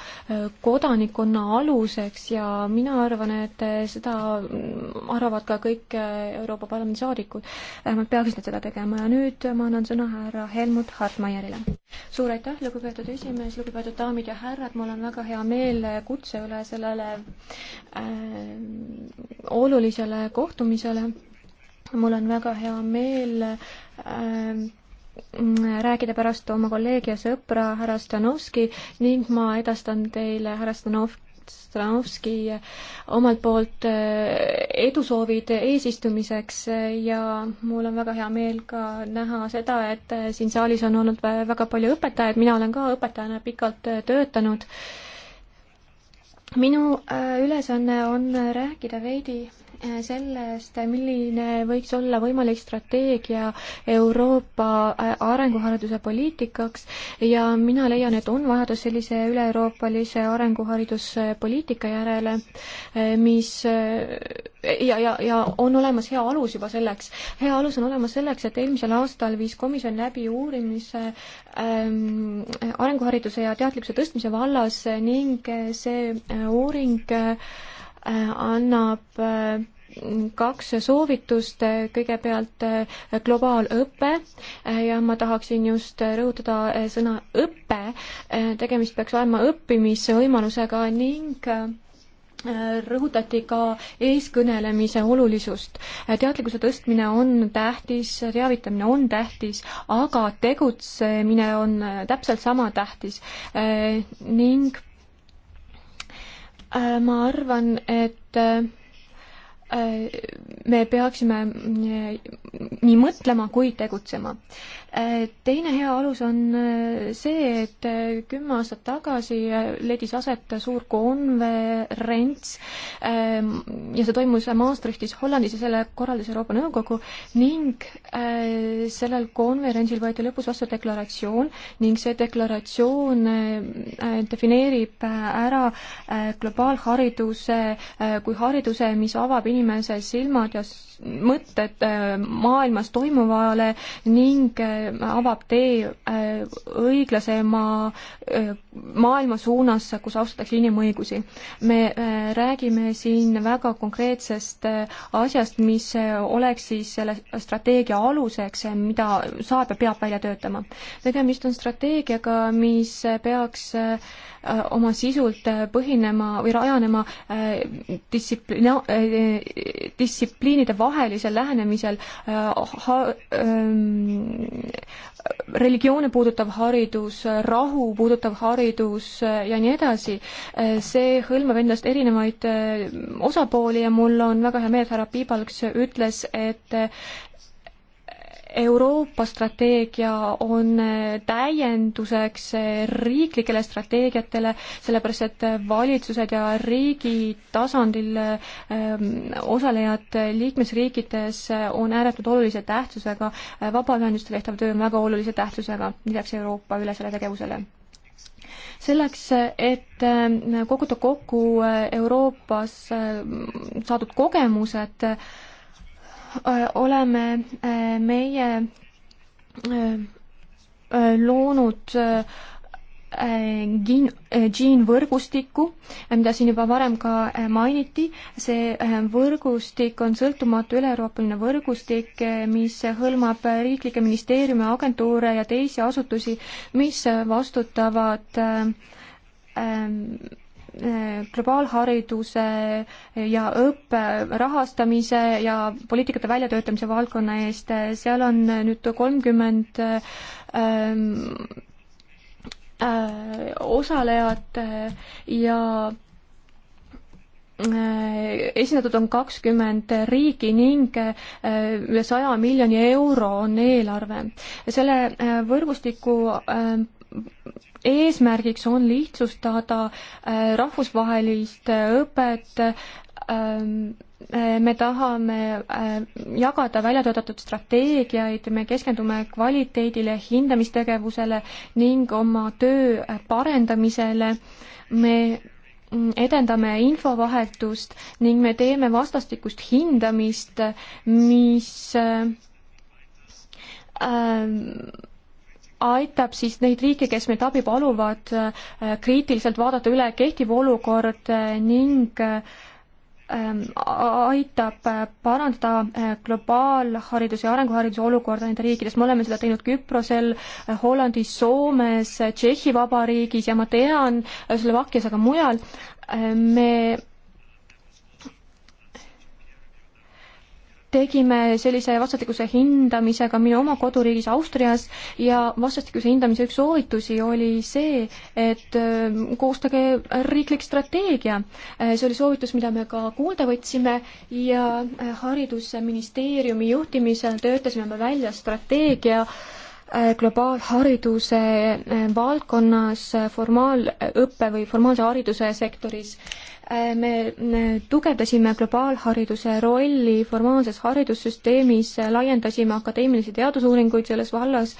kodanikkonna aluseks ja mina arvan, et seda mm, arvavad ka kõik Euroopa Parlamendi saadikud. Nad peaksid seda tegema ja nüüd ma annan sõna härra Helmut Hartmeierile. suur aitäh, lugupeetud esimees, lugupeetud daamid ja härrad, mul on väga hea meel kutse üle sellele äh, olulisele kohtumisele, kuulamisele. mul on väga hea meel äh, rääkida pärast oma kolleegi ja sõpra härra Stanovski ning ma edastan teile härra Stanov-, Stanovski äh, omalt poolt äh, edusoovid eesistumiseks äh, ja mul on väga hea meel ka näha seda, et siin saalis on olnud väga palju õpetajaid, mina olen ka õpetajana pikalt töötanud. minu ülesanne on rääkida veidi Äh, sellest, milline võiks olla võimalik strateegia Euroopa äh, arenguhariduse poliitikaks ja mina leian, et on vajadus sellise üle-euroopalise arenguhariduspoliitika järele, äh, mis ja, ja, ja on olemas hea alus juba selleks. hea alus on olemas selleks, et eelmisel aastal viis komisjon läbi uurimise ähm, arenguhariduse ja teadlikkuse tõstmise vallas ning see uuring äh, Äh, annab äh, kaks soovitust, äh, kõigepealt globaalõpe ja ma tahaksin just rõhutada sõna õpe, tegemist peaks olema õppimisvõimalusega ning rõhutati ka eeskõnelemise olulisust. teadlikkuse tõstmine on tähtis, teavitamine on tähtis, aga tegutsemine on täpselt sama tähtis ning Äh, ma arvan, et äh, me peaksime mm, nii mõtlema kui tegutsema. Äh, teine hea alus on äh, see, et äh, kümme aastat tagasi leidis aset suur konverents ja see toimus Maastrichtis Hollandis ja selle korraldas Euroopa Nõukogu ning sellel konverentsil võeti lõpus vastu deklaratsioon ning see deklaratsioon defineerib ära globaalhariduse kui hariduse, mis avab inimestele inimese silmad ja mõtted äh, maailmas toimuvale ning äh, avab tee äh, õiglasema maailma suunas, kus austatakse inimõigusi. me räägime siin väga konkreetsest asjast, mis oleks siis selle strateegia aluseks, mida saab ja peab välja töötama. tegemist on strateegiaga, mis peaks oma sisult põhinema või rajanema distsiplina-, distsipliinide vahelisel lähenemisel äh, ha, ähm, religioone puudutav haridus, rahu puudutav haridus äh, ja nii edasi. Äh, see hõlmab endast erinevaid osapooli ja mul on väga hea meel, et härra Piibalks ütles, et Euroopa strateegia on täienduseks riiklikele strateegiatele, sellepärast et valitsused ja riigi tasandil ähm, osalejad liikmesriikides on ääretult olulise tähtsusega, vabaühenduste tehtav töö on väga olulise tähtsusega lisaks Euroopa ülesele tegevusele selleks, et ähm, koguda kokku Euroopas ähm, saadud kogemused, Äh, oleme äh, meie äh, loonud Gene, Gene võrgustiku, mida siin juba varem ka mainiti, see võrgustik on sõltumatu üle-euroopaline võrgustik, mis hõlmab riiklikke ministeeriume, agentuure ja teisi asutusi, mis vastutavad ähm, globaalhariduse ja õppe rahastamise ja poliitikate väljatöötamise valdkonna eest, seal on nüüd kolmkümmend ähm, äh, osalejat äh, ja äh, esindatud on kakskümmend riigi ning üle saja miljoni euro on eelarve. selle võrgustiku eesmärgiks on lihtsustada äh, rahvusvahelist äh, õpet. Ähm, äh, me tahame jagada välja töötatud strateegiaid, me keskendume kvaliteedile, hindamistegevusele ning oma töö parendamisele. me mm, edendame infovahetust ning me teeme vastastikust hindamist, mis äh, ähm, aitab siis neid riike, kes meilt abi paluvad, äh, kriitiliselt vaadata üle kehtiv olukord äh, ning ähm, aitab äh, parandada globaalhariduse ja arenguhariduse olukorda nende riikides, me oleme seda teinud Küprosel, Hollandis, Soomes, Tšehhi Vabariigis ja ma tean, Slovakkias, aga mujal me tegime sellise vastastikuse hindamisega minu oma koduriigis Austrias ja vastastikuse hindamise üks soovitusi oli see, et äh, koostage riiklik strateegia. Äh, see oli soovitus, mida me ka kuulda võtsime ja äh, Haridusministeeriumi juhtimisel töötasime me välja strateegia globaalhariduse valdkonnas formaalõppe või formaalse hariduse sektoris me tugevdasime globaalhariduse rolli formaalses haridussüsteemis, laiendasime akadeemilisi teadusuuringuid selles vallas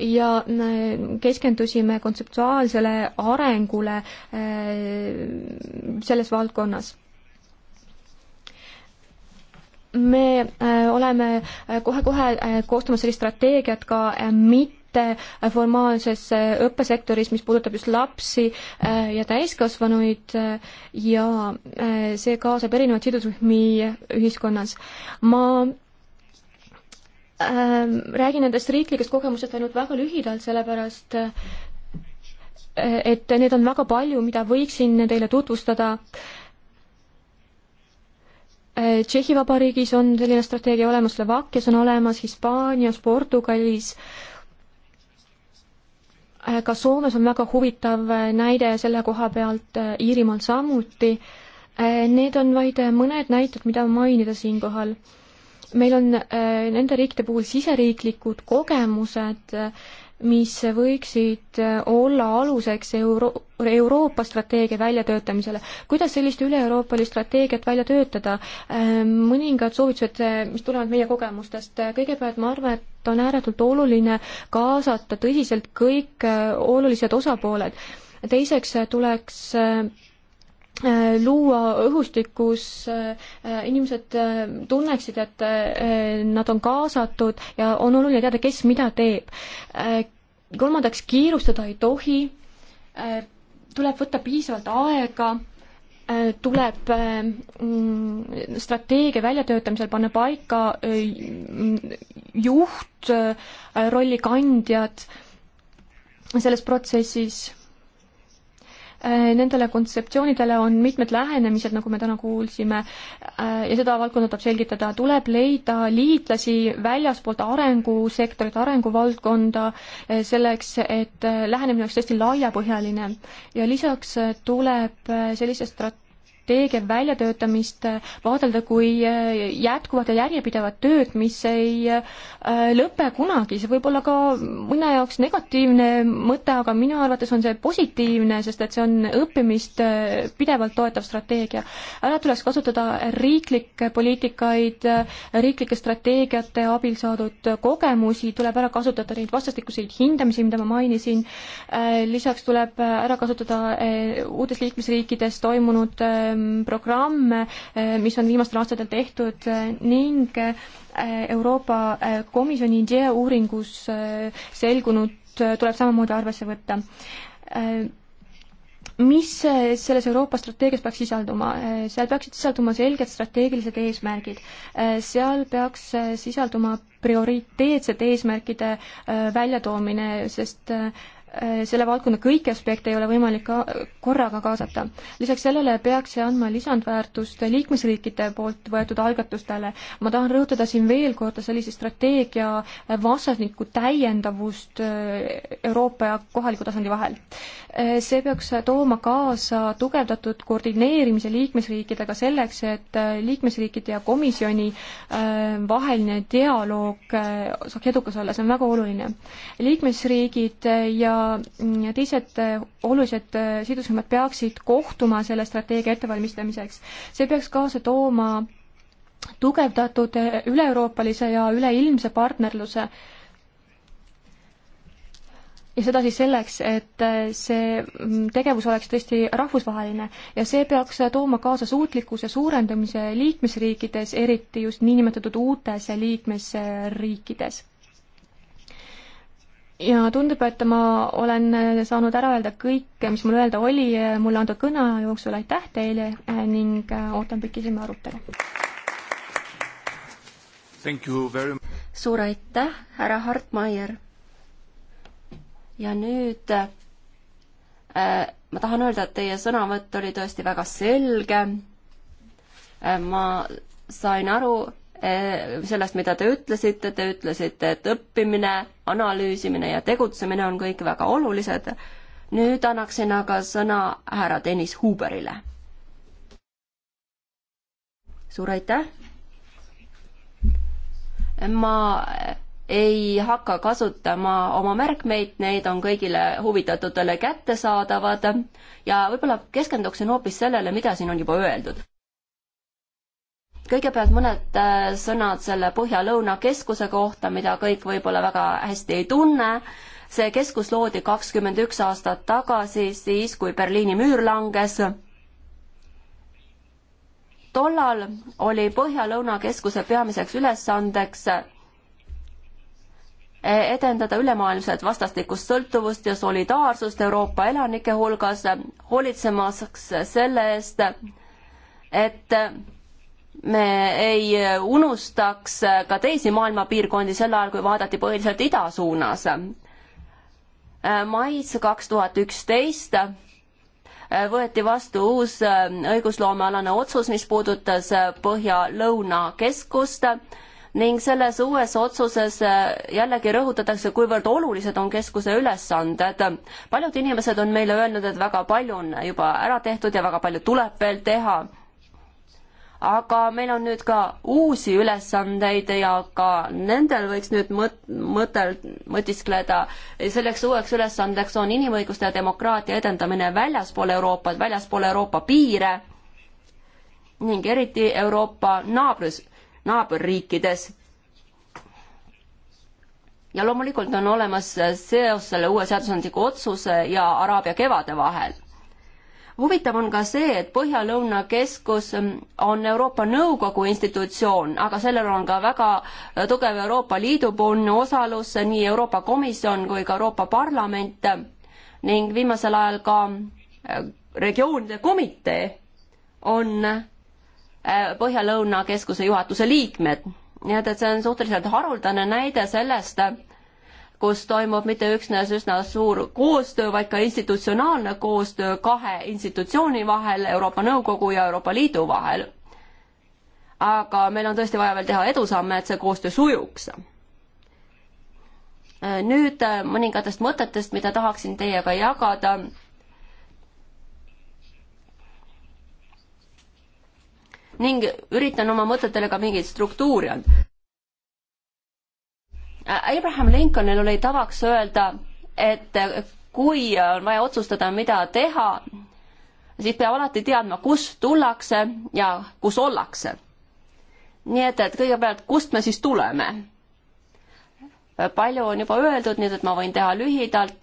ja äh, keskendusime kontseptuaalsele arengule äh, selles valdkonnas me äh, oleme kohe-kohe koostamas sellist strateegiat ka mit-, mitteformaalses äh, õppesektoris, mis puudutab just lapsi äh, ja täiskasvanuid äh, ja see kaasab erinevaid sidusrühmi ühiskonnas. ma ähm, räägin nendest riiklikest kogemustest ainult väga lühidalt, sellepärast et neid on väga palju, mida võiksin teile tutvustada Tšehhi Vabariigis on selline strateegia olemas, Slovakkias on olemas, Hispaanias, Portugalis Äh, ka Soomes on väga huvitav äh, näide selle koha pealt, äh, Iirimaal samuti. Need on vaid mõned näited, mida mainida siinkohal. meil on nende riikide puhul siseriiklikud kogemused äh, mis võiksid äh, olla aluseks Euro-, Euroopa strateegia väljatöötamisele. kuidas sellist üle-euroopalist strateegiat välja töötada? Ähm, mõningad soovitused, äh, mis tulevad meie kogemustest, äh, kõigepealt ma arvan, et on ääretult oluline kaasata tõsiselt kõik olulised osapooled. teiseks tuleks Äh, luua õhustik, kus äh, äh, inimesed tunneksid, et nad on kaasatud ja on oluline teada, kes mida teeb. kolmandaks, kiirustada ei tohi, tuleb võtta piisavalt aega, tuleb mm, strateegia väljatöötamisel panna paika juht, rollikandjad selles protsessis Äh, nendele kontseptsioonidele on mitmed lähenemised, nagu me täna kuulsime, äh, ja seda valdkonda tuleb selgitada, tuleb leida liitlasi väljaspoolt arengusektorit, arenguvaldkonda, äh, selleks et lähenemine oleks tõesti laiapõhjaline. ja lisaks tuleb sellise strat-, strateegia väljatöötamist vaadelda kui äh, jätkuvat ja järjepidevat tööd, mis ei äh, lõpe kunagi, see võib olla ka mõne jaoks negatiivne mõte, aga minu arvates on see positiivne, sest et see on õppimist äh, pidevalt toetav strateegia. ära tuleks kasutada riiklikke poliitikaid, riiklike strateegiate abil saadud kogemusi, tuleb ära kasutada neid vastastikuseid hindamisi, mida ma mainisin, lisaks tuleb ära kasutada uutes liikmesriikides toimunud Ähm, programme, äh, mis on viimastel aastatel tehtud äh, ning äh, Euroopa Komisjoni e uuringus selgunud tuleb samamoodi arvesse võtta mis selles Euroopa strateegias peaks sisalduma? seal peaksid sisalduma selged strateegilised eesmärgid, seal peaks sisalduma prioriteetsete eesmärkide väljatoomine, sest äh, Äh, selle valdkonna kõiki aspekte ei ole võimalik ka korraga kaasata. lisaks sellele peaks see andma lisandväärtust liikmesriikide poolt võetud algatustele. ma tahan rõhutada siin veel korda sellise strateegia vastasnikku täiendavust äh, Euroopa ja kohaliku tasandi vahel. Äh, see peaks tooma kaasa tugevdatud koordineerimise liikmesriikidega selleks, et liikmesriikide ja komisjoni vaheline dialoog saaks edukas olla, see on väga oluline. liikmesriigid ja teised äh, olulised äh, sidusrühmad peaksid kohtuma selle strateegia ettevalmistamiseks. see peaks kaasa tooma tugevdatud äh, üle-euroopalise ja üleilmse partnerluse ja seda siis selleks, et see mm, tegevus oleks tõesti rahvusvaheline ja see peaks tooma kaasa suutlikkuse suurendamise liikmesriikides, eriti just niinimetatud uutes liikmesriikides ja tundub, et ma olen saanud ära öelda kõike, mis mul öelda oli mulle antud kõne jooksul, aitäh teile eh, ning eh, ootan pikisilma arutelu. suur aitäh, härra Hartmaier. ja nüüd äh, ma tahan öelda, et teie sõnavõtt oli tõesti väga selge äh,. ma sain aru Eh, sellest, mida te ütlesite, te ütlesite, et õppimine, analüüsimine ja tegutsemine on kõik väga olulised. nüüd annaksin aga sõna härra Tõnis Huuberile. suur aitäh! ma ei hakka kasutama oma märkmeid, need on kõigile huvitatutele kättesaadavad ja võib-olla keskenduksin hoopis sellele, mida siin on juba öeldud kõigepealt mõned äh, sõnad selle Põhja-Lõuna keskuse kohta, mida kõik võib-olla väga hästi ei tunne. see keskus loodi kakskümmend üks aastat tagasi, siis kui Berliini müür langes. tollal oli Põhja-Lõuna keskuse peamiseks ülesandeks e, edendada ülemaailmset vastastikust sõltuvust ja solidaarsust Euroopa elanike hulgas, hoolitsemaks selle eest, et me ei unustaks ka teisi maailma piirkondi sel ajal, kui vaadati põhiliselt ida suunas. mais kaks tuhat üksteist võeti vastu uus õigusloomealane otsus, mis puudutas Põhja-Lõuna keskust ning selles uues otsuses jällegi rõhutatakse, kuivõrd olulised on keskuse ülesanded. paljud inimesed on meile öelnud, et väga palju on juba ära tehtud ja väga palju tuleb veel teha aga meil on nüüd ka uusi ülesandeid ja ka nendel võiks nüüd mõt-, mõtel, mõtiskleda. selleks uueks ülesandeks on inimõiguste ja demokraatia edendamine väljaspool Euroopat, väljaspool Euroopa piire ning eriti Euroopa naabrus, naaberriikides. ja loomulikult on olemas seos selle uue seadusandliku otsuse ja Araabia kevade vahel huvitav on ka see, et Põhja-Lõuna Keskus ähm, on Euroopa Nõukogu institutsioon, aga sellel on ka väga äh, tugev Euroopa Liidu poolne osalus, nii Euroopa Komisjon kui ka Euroopa Parlament äh, ning viimasel ajal ka äh, regioonide komitee on Põhja-Lõuna Keskuse juhatuse liikmed. nii et, et see on suhteliselt haruldane näide sellest, kus toimub mitte üksnes üsna suur koostöö, vaid ka institutsionaalne koostöö kahe institutsiooni vahel, Euroopa Nõukogu ja Euroopa Liidu vahel. aga meil on tõesti vaja veel teha edusamme, et see koostöö sujuks. nüüd äh, mõningatest mõtetest, mida tahaksin teiega jagada ning üritan oma mõtetele ka mingit struktuuri anda Äh, Abraham Lincolnil oli tavaks öelda, et kui on vaja otsustada, mida teha, siis peab alati teadma, kust tullakse ja kus ollakse. nii et, et kõigepealt, kust me siis tuleme? palju on juba öeldud, nii et ma võin teha lühidalt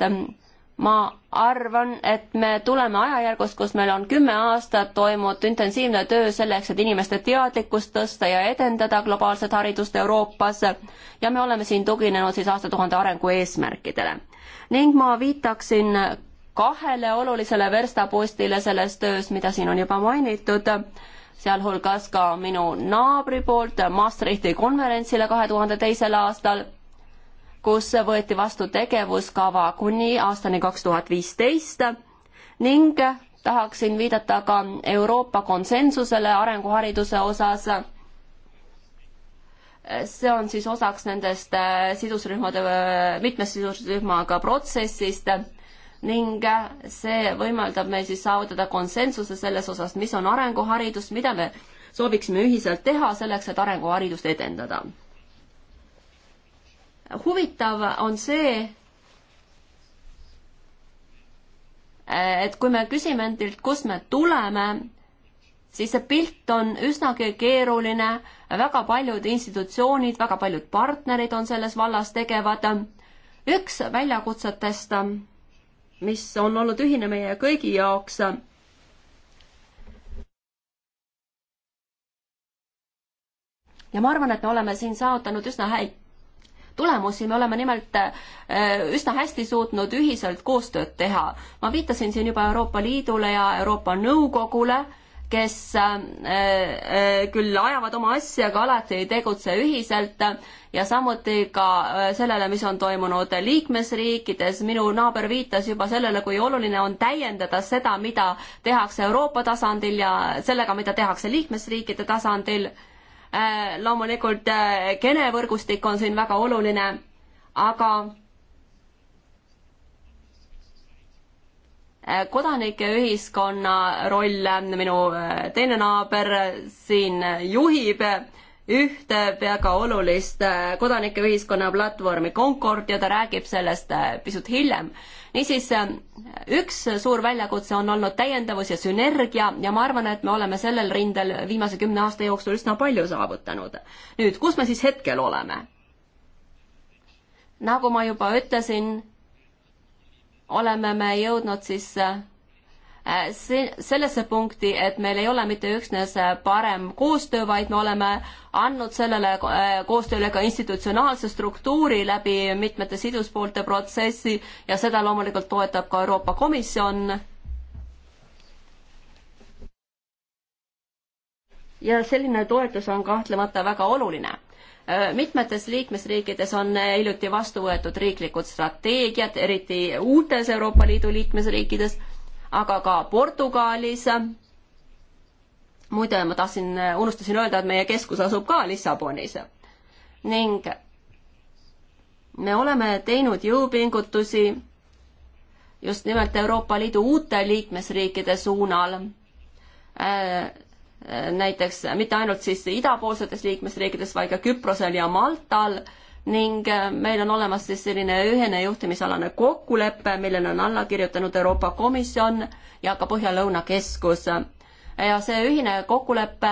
ma arvan, et me tuleme ajajärgust, kus meil on kümme aastat toimunud intensiivne töö selleks, et inimeste teadlikkust tõsta ja edendada globaalset haridust Euroopas ja me oleme siin tuginenud siis aastatuhande arengu eesmärkidele. ning ma viitaksin kahele olulisele verstapostile selles töös, mida siin on juba mainitud, sealhulgas ka minu naabri poolt Maastrichti konverentsile kahe tuhande teisel aastal kus võeti vastu tegevuskava kuni aastani kaks tuhat viisteist ning tahaksin viidata ka Euroopa konsensusele arenguhariduse osas. see on siis osaks nendest äh, sidusrühmade, äh, mitmest sidusrühmaga protsessist ning äh, see võimaldab meil siis saavutada konsensuse selles osas, mis on arenguharidus, mida me sooviksime ühiselt teha selleks, et arenguharidust edendada huvitav on see, et kui me küsime endilt, kust me tuleme, siis see pilt on üsnagi keeruline, väga paljud institutsioonid, väga paljud partnerid on selles vallas tegevad. üks väljakutsetest, mis on olnud ühine meie kõigi jaoks, ja ma arvan, et me oleme siin saavutanud üsna häid tulemusi, me oleme nimelt äh, üsna hästi suutnud ühiselt koostööd teha. ma viitasin siin juba Euroopa Liidule ja Euroopa Nõukogule, kes äh, äh, küll ajavad oma asja, aga alati ei tegutse ühiselt ja samuti ka sellele, mis on toimunud liikmesriikides. minu naaber viitas juba sellele, kui oluline on täiendada seda, mida tehakse Euroopa tasandil ja sellega, mida tehakse liikmesriikide tasandil Äh, loomulikult Kene äh, võrgustik on siin väga oluline, aga äh, kodanike ühiskonna roll, minu teine naaber siin juhib ühte väga olulist äh, kodanikeühiskonna platvormi Concord ja ta räägib sellest äh, pisut hiljem. niisiis, äh, üks suur väljakutse on olnud täiendavus ja sünergia ja ma arvan, et me oleme sellel rindel viimase kümne aasta jooksul üsna palju saavutanud. nüüd, kus me siis hetkel oleme? nagu ma juba ütlesin, oleme me jõudnud siis Äh, see, sellesse punkti, et meil ei ole mitte üksnes äh, parem koostöö, vaid me oleme andnud sellele äh, koostööle ka institutsionaalse struktuuri läbi mitmete siduspoolte protsessi ja seda loomulikult toetab ka Euroopa Komisjon. ja selline toetus on kahtlemata väga oluline mitmetes liikmesriikides on hiljuti vastu võetud riiklikud strateegiad, eriti uutes Euroopa Liidu liikmesriikides aga ka Portugalis. muide, ma tahtsin, unustasin öelda, et meie keskus asub ka Lissabonis ning me oleme teinud jõupingutusi just nimelt Euroopa Liidu uute liikmesriikide suunal äh, äh näiteks mitte ainult siis idapoolsetes liikmesriikides, vaid ka Küprosel ja Maltal äh, ning äh, meil on olemas siis selline ühene juhtimisalane kokkulepe, millele on alla kirjutanud Euroopa Komisjon ja ka Põhja-Lõuna Keskus. ja see ühine kokkulepe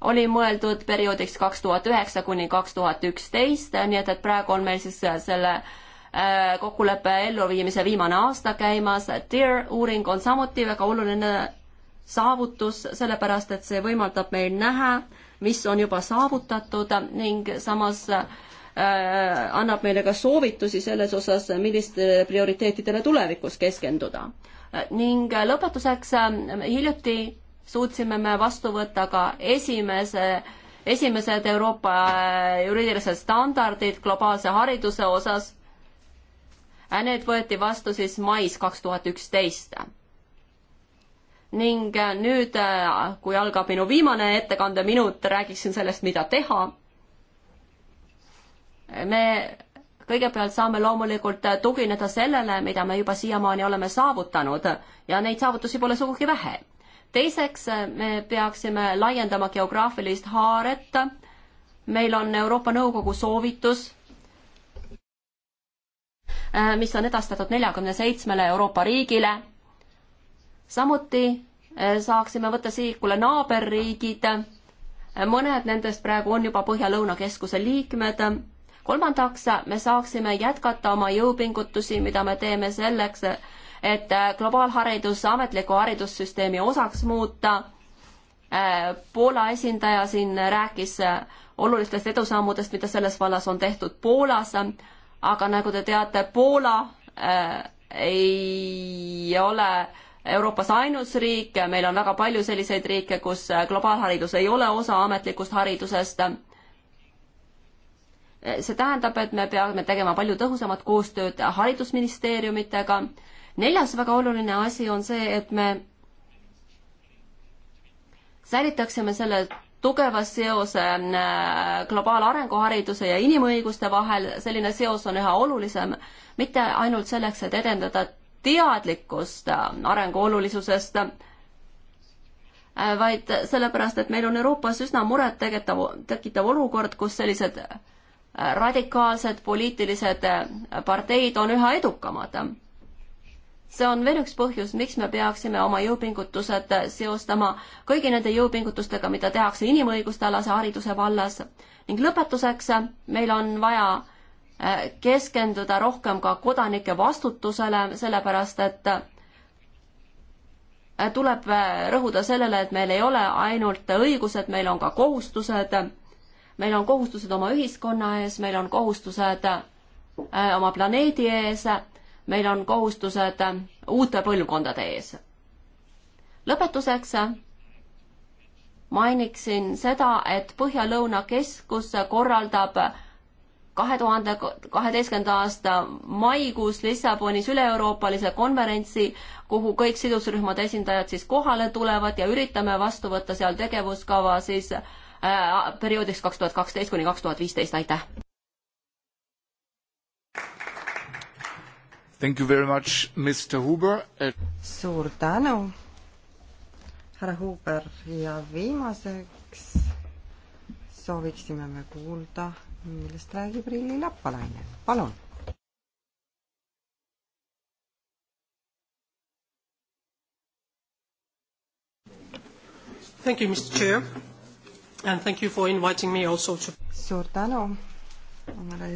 oli mõeldud perioodiks kaks tuhat üheksa kuni kaks tuhat üksteist, nii et, et praegu on meil siis äh, selle äh, kokkuleppe elluviimise viimane aasta käimas. DEAR uuring on samuti väga oluline saavutus, sellepärast et see võimaldab meil näha, mis on juba saavutatud ning samas äh, annab meile ka soovitusi selles osas, millistele prioriteetidele tulevikus keskenduda. ning lõpetuseks, äh, hiljuti suutsime me vastu võtta ka esimese esimesed Euroopa äh, juriidilised standardid globaalse hariduse osas. Need võeti vastu siis mais kaks tuhat üksteist ning äh, nüüd, äh, kui algab minu viimane ettekandeminut, räägiksin sellest, mida teha. me kõigepealt saame loomulikult äh, tugineda sellele, mida me juba siiamaani oleme saavutanud ja neid saavutusi pole sugugi vähe. teiseks, me peaksime laiendama geograafilist haaret. meil on Euroopa Nõukogu soovitus, mis on edastatud neljakümne seitsmele Euroopa riigile samuti äh, saaksime võtta sihikule naaberriigid, äh, mõned nendest praegu on juba Põhja-Lõuna Keskuse liikmed. kolmandaks, me saaksime jätkata oma jõupingutusi, mida me teeme selleks, et äh, globaalharidus ametliku haridussüsteemi osaks muuta. Poola esindaja siin rääkis olulistest edusammudest, mida selles vallas on tehtud Poolas, aga nagu te teate, Poola äh, ei ole äh, Euroopas ainus riik, meil on väga palju selliseid riike, kus äh, globaalharidus ei ole osa ametlikust haridusest. see tähendab, et me peame tegema palju tõhusamat koostööd haridusministeeriumitega. neljas väga oluline asi on see, et me säilitaksime selle tugeva seose äh, globaalarenguhariduse ja inimõiguste vahel, selline seos on üha olulisem, mitte ainult selleks, et edendada teadlikkust äh, arengu olulisusest, äh, vaid sellepärast, et meil on Euroopas üsna muret tegetav, tekitav olukord, kus sellised äh, radikaalsed poliitilised parteid on üha edukamad. see on veel üks põhjus, miks me peaksime oma jõupingutused seostama kõigi nende jõupingutustega, mida tehakse inimõiguste alase hariduse vallas. ning lõpetuseks, meil on vaja Äh, keskenduda rohkem ka kodanike vastutusele, sellepärast et äh, tuleb äh, rõhuda sellele, et meil ei ole ainult õigused, meil on ka kohustused. meil on kohustused oma ühiskonna ees, meil on kohustused oma planeedi ees, meil on kohustused uute põlvkondade ees. lõpetuseks mainiksin seda, et Põhja-Lõuna Keskus korraldab kahe tuhande kaheteistkümnenda aasta maikuus Lissabonis üle-euroopalise konverentsi, kuhu kõik sidusrühmade esindajad siis kohale tulevad ja üritame vastu võtta seal tegevuskava siis äh, perioodiks kaks tuhat kaksteist kuni kaks tuhat viisteist, aitäh! Thank you very much, Mr Huber. Uh, suur tänu, härra Huber ja viimaseks sooviksime me kuulda millest räägib Rilli Lappalainen, palun. Thank you, Mr Chair and thank you for inviting me also to suur tänu, härra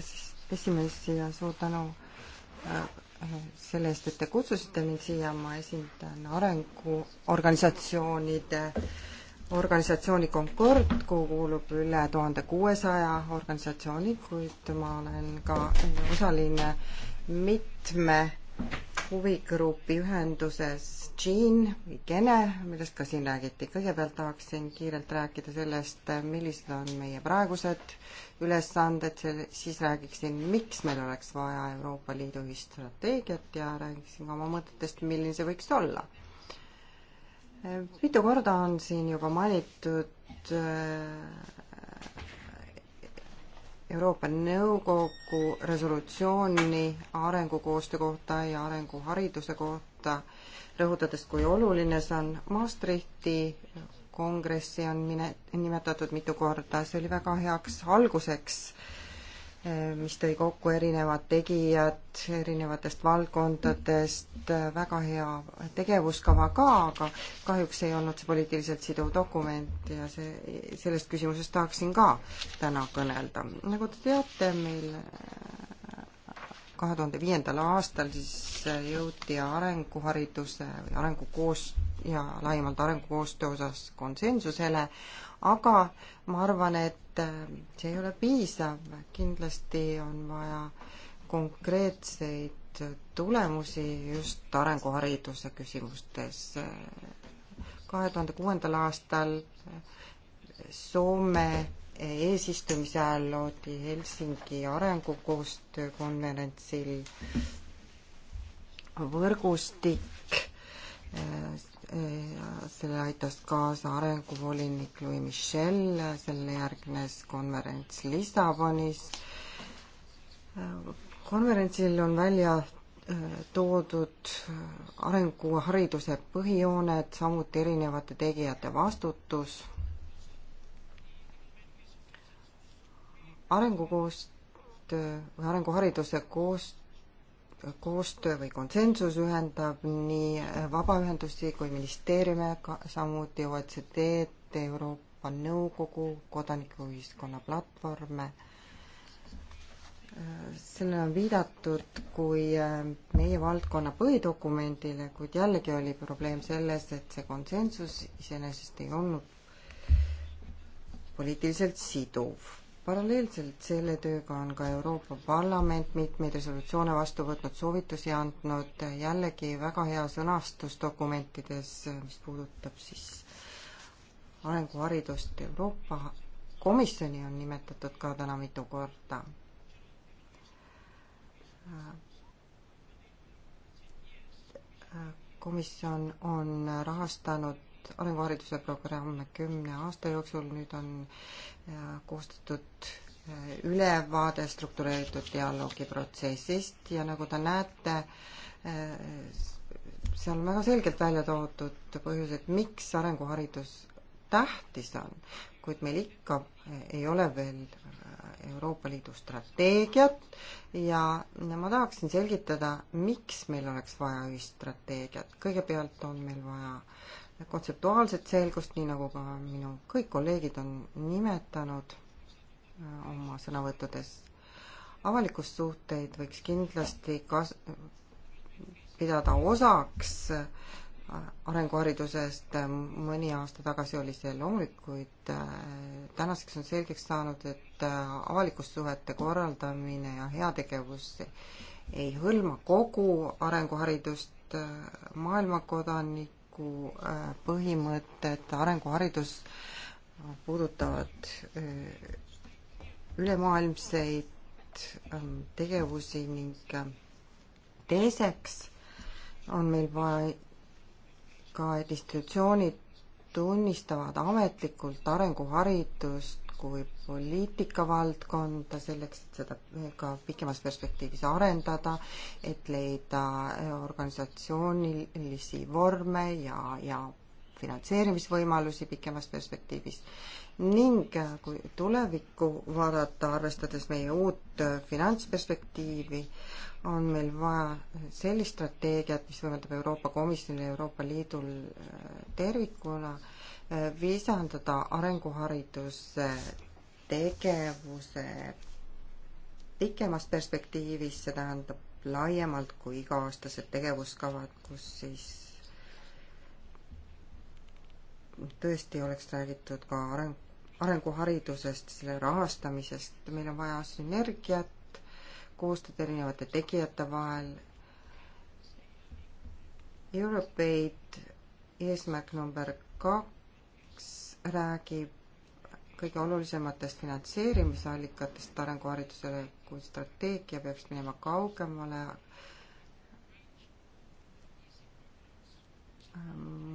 esimees ja suur tänu äh, selle eest, et te kutsusite mind siia, ma esindan arenguorganisatsioonide äh, organisatsiooni Concord, kuhu kuulub üle tuhande kuuesaja organisatsiooni, kuid ma olen ka osaline mitme huvigrupi ühenduses Jean või Gene, millest ka siin räägiti. kõigepealt tahaksin kiirelt rääkida sellest, millised on meie praegused ülesanded, siis räägiksin, miks meil oleks vaja Euroopa Liidu ühist strateegiat ja räägiksin ka oma mõtetest, milline see võiks olla mitu korda on siin juba mainitud äh, Euroopa Nõukogu resolutsiooni arengukoostöö kohta ja arenguhariduse kohta, rõhutades, kui oluline see on. Maastrichti kongressi on mine-, nimetatud mitu korda, see oli väga heaks alguseks äh, mis tõi kokku erinevad tegijad erinevatest valdkondadest, väga hea tegevuskava ka, aga kahjuks ei olnud see poliitiliselt siduv dokument ja see, sellest küsimusest tahaksin ka täna kõnelda. nagu te teate, meil äh, kahe tuhande viiendal aastal siis jõuti arenguhariduse või arengukoostöö ja laiemalt arengukoostöö osas konsensusele, aga ma arvan, et äh, see ei ole piisav, kindlasti on vaja konkreetseid tulemusi just arenguhariduse küsimustes. kahe tuhande kuuendal aastal Soome eesistumise ajal loodi Helsingi arengukoostöö konverentsil võrgustik sellele aitas kaasa arenguvolinik Louis Michel, sellele järgnes konverents Lissabonis. konverentsil on välja äh, toodud äh, arenguhariduse põhijooned, samuti erinevate tegijate vastutus. arengukoostöö või arenguhariduse koostöö koostöö või konsensus ühendab nii vabaühendusi kui ministeeriume, samuti OECD-d, Euroopa Nõukogu, kodanikuühiskonna platvorme. sellele on viidatud kui meie valdkonna põhidokumendile, kuid jällegi oli probleem selles, et see konsensus iseenesest ei olnud poliitiliselt siduv paralleelselt selle tööga on ka Euroopa Parlament mitmeid resolutsioone vastu võtnud, soovitusi andnud, jällegi väga hea sõnastus dokumentides, mis puudutab siis arenguharidust Euroopa Komisjoni on nimetatud ka täna mitu korda. komisjon on rahastanud arenguhariduse programm kümne aasta jooksul, nüüd on äh, koostatud äh, ülevaade struktureeritud dialoogi protsessist ja nagu te näete, äh, seal on väga selgelt välja toodud põhjused, miks arenguharidus tähtis on, kuid meil ikka ei ole veel Euroopa Liidu strateegiat ja ma tahaksin selgitada, miks meil oleks vaja ühist strateegiat. kõigepealt on meil vaja kontseptuaalset selgust, nii nagu ka minu kõik kolleegid on nimetanud äh, oma sõnavõttudes. avalikussuhteid võiks kindlasti kas-, pidada osaks äh, arenguharidusest, äh, mõni aasta tagasi oli see loomulik, kuid tänaseks on selgeks saanud, et avalikussuhete korraldamine ja heategevus ei hõlma kogu arenguharidust, maailmakodanik arengu äh, põhimõtted, arenguharidus puudutavad äh, ülemaailmseid ähm, tegevusi ning äh, teiseks on meil vaja ka, et institutsioonid tunnistavad ametlikult arenguharidust kui poliitikavaldkonda selleks, et seda eh, ka pikemas perspektiivis arendada, et leida eh, organisatsioonilisi vorme ja, ja finantseerimisvõimalusi pikemas perspektiivis ning eh, kui tulevikku vaadata, arvestades meie uut finantsperspektiivi, on meil vaja sellist strateegiat, mis võimaldab Euroopa Komisjonil ja Euroopa Liidul äh, tervikuna äh, visandada arenguhariduse tegevuse pikemas perspektiivis, see tähendab laiemalt kui iga-aastased tegevuskavad, kus siis tõesti oleks räägitud ka areng, arenguharidusest, selle rahastamisest, meil on vaja sünergiat, koostööd erinevate tegijate vahel. Europeid eesmärk number kaks räägib kõige olulisematest finantseerimisallikatest arenguharidusele, kui strateegia peaks minema kaugemale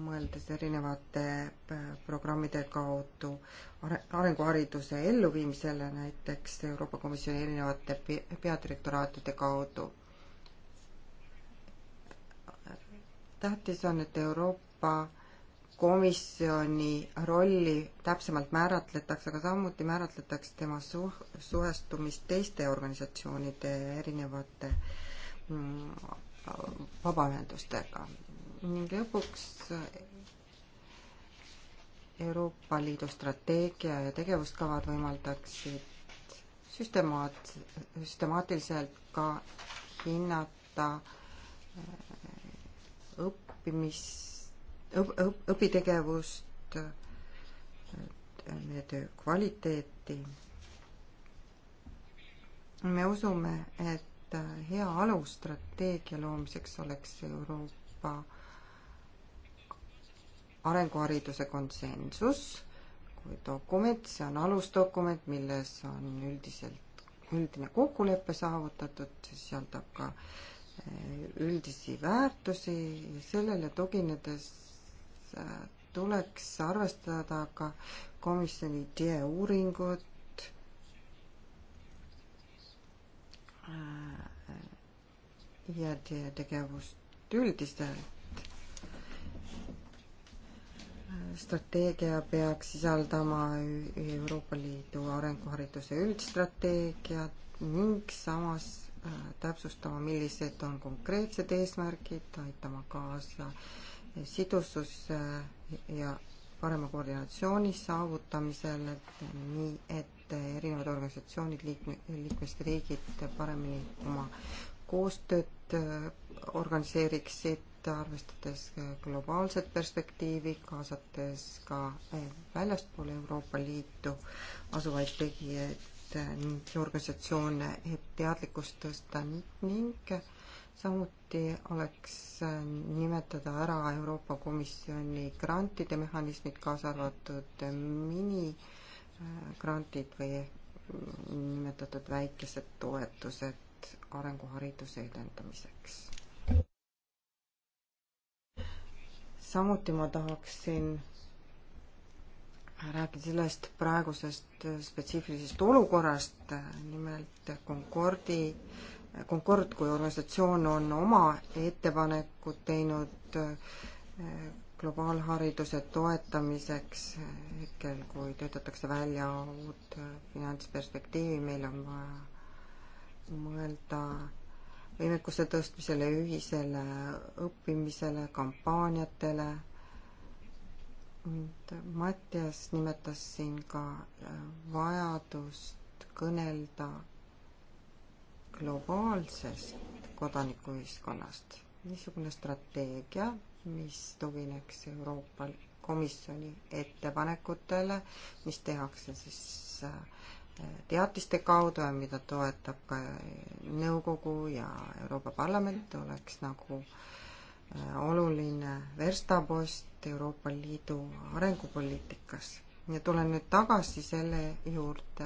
mõeldes erinevate äh, programmide kaudu arenguhariduse elluviimisele, näiteks Euroopa Komisjoni erinevate peadirektoraatide kaudu. tähtis on, et Euroopa komisjoni rolli täpsemalt määratletakse, aga samuti määratletakse tema suh-, suhestumist teiste organisatsioonide erinevate mm, vabaühendustega ning lõpuks Euroopa Liidu strateegia ja tegevuskavad võimaldaksid süstemaat-, süstemaatiliselt ka hinnata äh, õppimis, õp-, õp-, õpitegevust, äh, meie töö kvaliteeti. me usume, et äh, hea alus strateegia loomiseks oleks Euroopa arenguhariduse konsensus kui dokument, see on alusdokument, milles on üldiselt, üldine kokkulepe saavutatud, see sisaldab ka eh, üldisi väärtusi, sellele tuginedes eh, tuleks arvestada ka komisjoni TIE uuringut, eh, ja TIE tegevust üldiselt strateegia peaks sisaldama Euroopa Liidu arenguhariduse üldstrateegiat ning samas äh, täpsustama, millised on konkreetsed eesmärgid, aitama kaasa sidususe ja parema koordinatsiooni saavutamisele, nii et erinevad organisatsioonid, liikme, liikmesriigid paremini oma koostööd äh, organiseeriksid, arvestades äh, globaalset perspektiivi, kaasates ka äh, väljaspool Euroopa Liitu asuvaid tegijaid ning organisatsioone, et teadlikkust tõsta ning samuti oleks nimetada ära Euroopa Komisjoni grantide mehhanismid, kaasa arvatud minigrantid või nimetatud väikesed toetused vahendeid arenguhariduse edendamiseks. samuti ma tahaksin räägin sellest praegusest spetsiifilisest olukorrast, nimelt Concordi, Concord kui organisatsioon on oma ettepanekud teinud eh, globaalhariduse toetamiseks hetkel, kui töötatakse välja uut finantsperspektiivi, meil on vaja mõelda võimekuste tõstmisele, ühisele õppimisele, kampaaniatele. Mattias nimetas siin ka äh, vajadust kõnelda globaalsest kodanikuühiskonnast. niisugune strateegia, mis tugineks Euroopa Komisjoni ettepanekutele, mis tehakse siis äh, teatiste kaudu ja mida toetab ka nõukogu ja Euroopa Parlament, oleks nagu äh, oluline verstapost Euroopa Liidu arengupoliitikas. ja tulen nüüd tagasi selle juurde,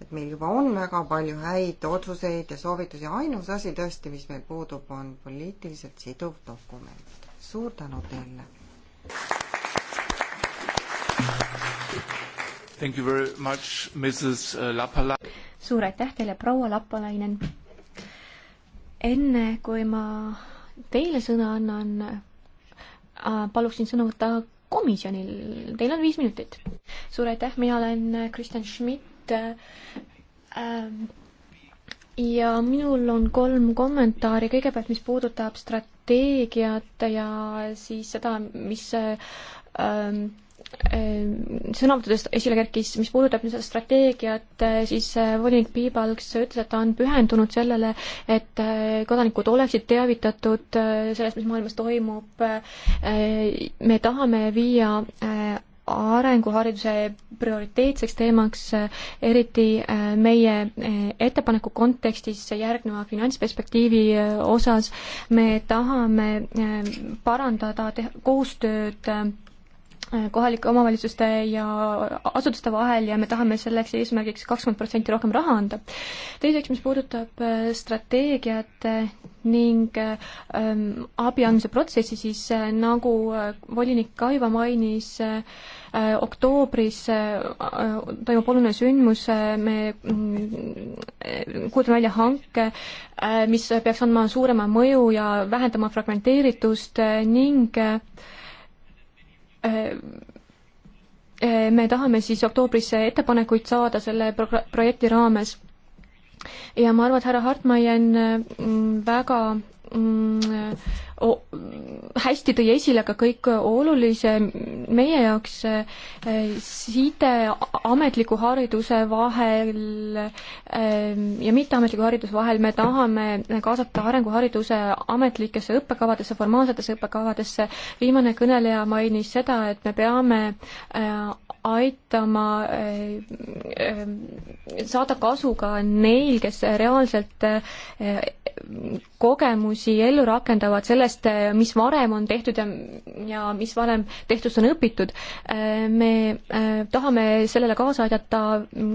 et meil juba on väga palju häid otsuseid ja soovitusi, ainus asi tõesti, mis meil puudub, on poliitiliselt siduv dokument. suur tänu teile! Thank you very much, Mrs uh, Lapala. suur aitäh teile, proua Lapalainen. enne kui ma teile sõna annan, äh, paluksin sõna võtta komisjonil, teil on viis minutit. suur aitäh, mina olen äh, Kristjan Schmidt ähm, ja minul on kolm kommentaari, kõigepealt mis puudutab strateegiat ja siis seda, mis ähm, Ehm, sõnavõttudest esile kerkis, mis puudutab nüüd seda strateegiat, eh, siis eh, volinik Piibalks ütles, et ta on pühendunud sellele, et eh, kodanikud oleksid teavitatud sellest, mis maailmas toimub. me tahame viia arenguhariduse prioriteetseks teemaks, eriti meie ettepaneku kontekstis järgneva finantsperspektiivi osas. me tahame parandada koostööd kohalike omavalitsuste ja asutuste vahel ja me tahame selleks eesmärgiks kakskümmend protsenti rohkem raha anda. teiseks, mis puudutab äh, strateegiat äh, ning ähm, abi andmise protsessi, siis äh, nagu äh, volinik Kaiva mainis äh,, oktoobris äh, toimub oluline sündmus äh,, me mm, kuulutame välja hanke äh,, mis peaks andma suurema mõju ja vähendama fragmenteeritust äh, ning äh, Äh, äh, me tahame siis oktoobris ettepanekuid saada selle pro-, projekti raames. ja ma arvan, et härra Hartmaien äh, väga hästi tõi esile ka kõik olulise meie jaoks eh, side ametliku hariduse vahel eh, ja mitteametliku hariduse vahel. me tahame kaasata arenguhariduse ametlikesse õppekavadesse, formaalsetesse õppekavadesse. viimane kõneleja mainis seda, et me peame eh, aitama saada kasu ka neil, kes reaalselt kogemusi ellu rakendavad selles sellest, äh, mis varem on tehtud ja, ja mis varem tehtust on õpitud. Äh, me äh, tahame sellele kaasa aidata,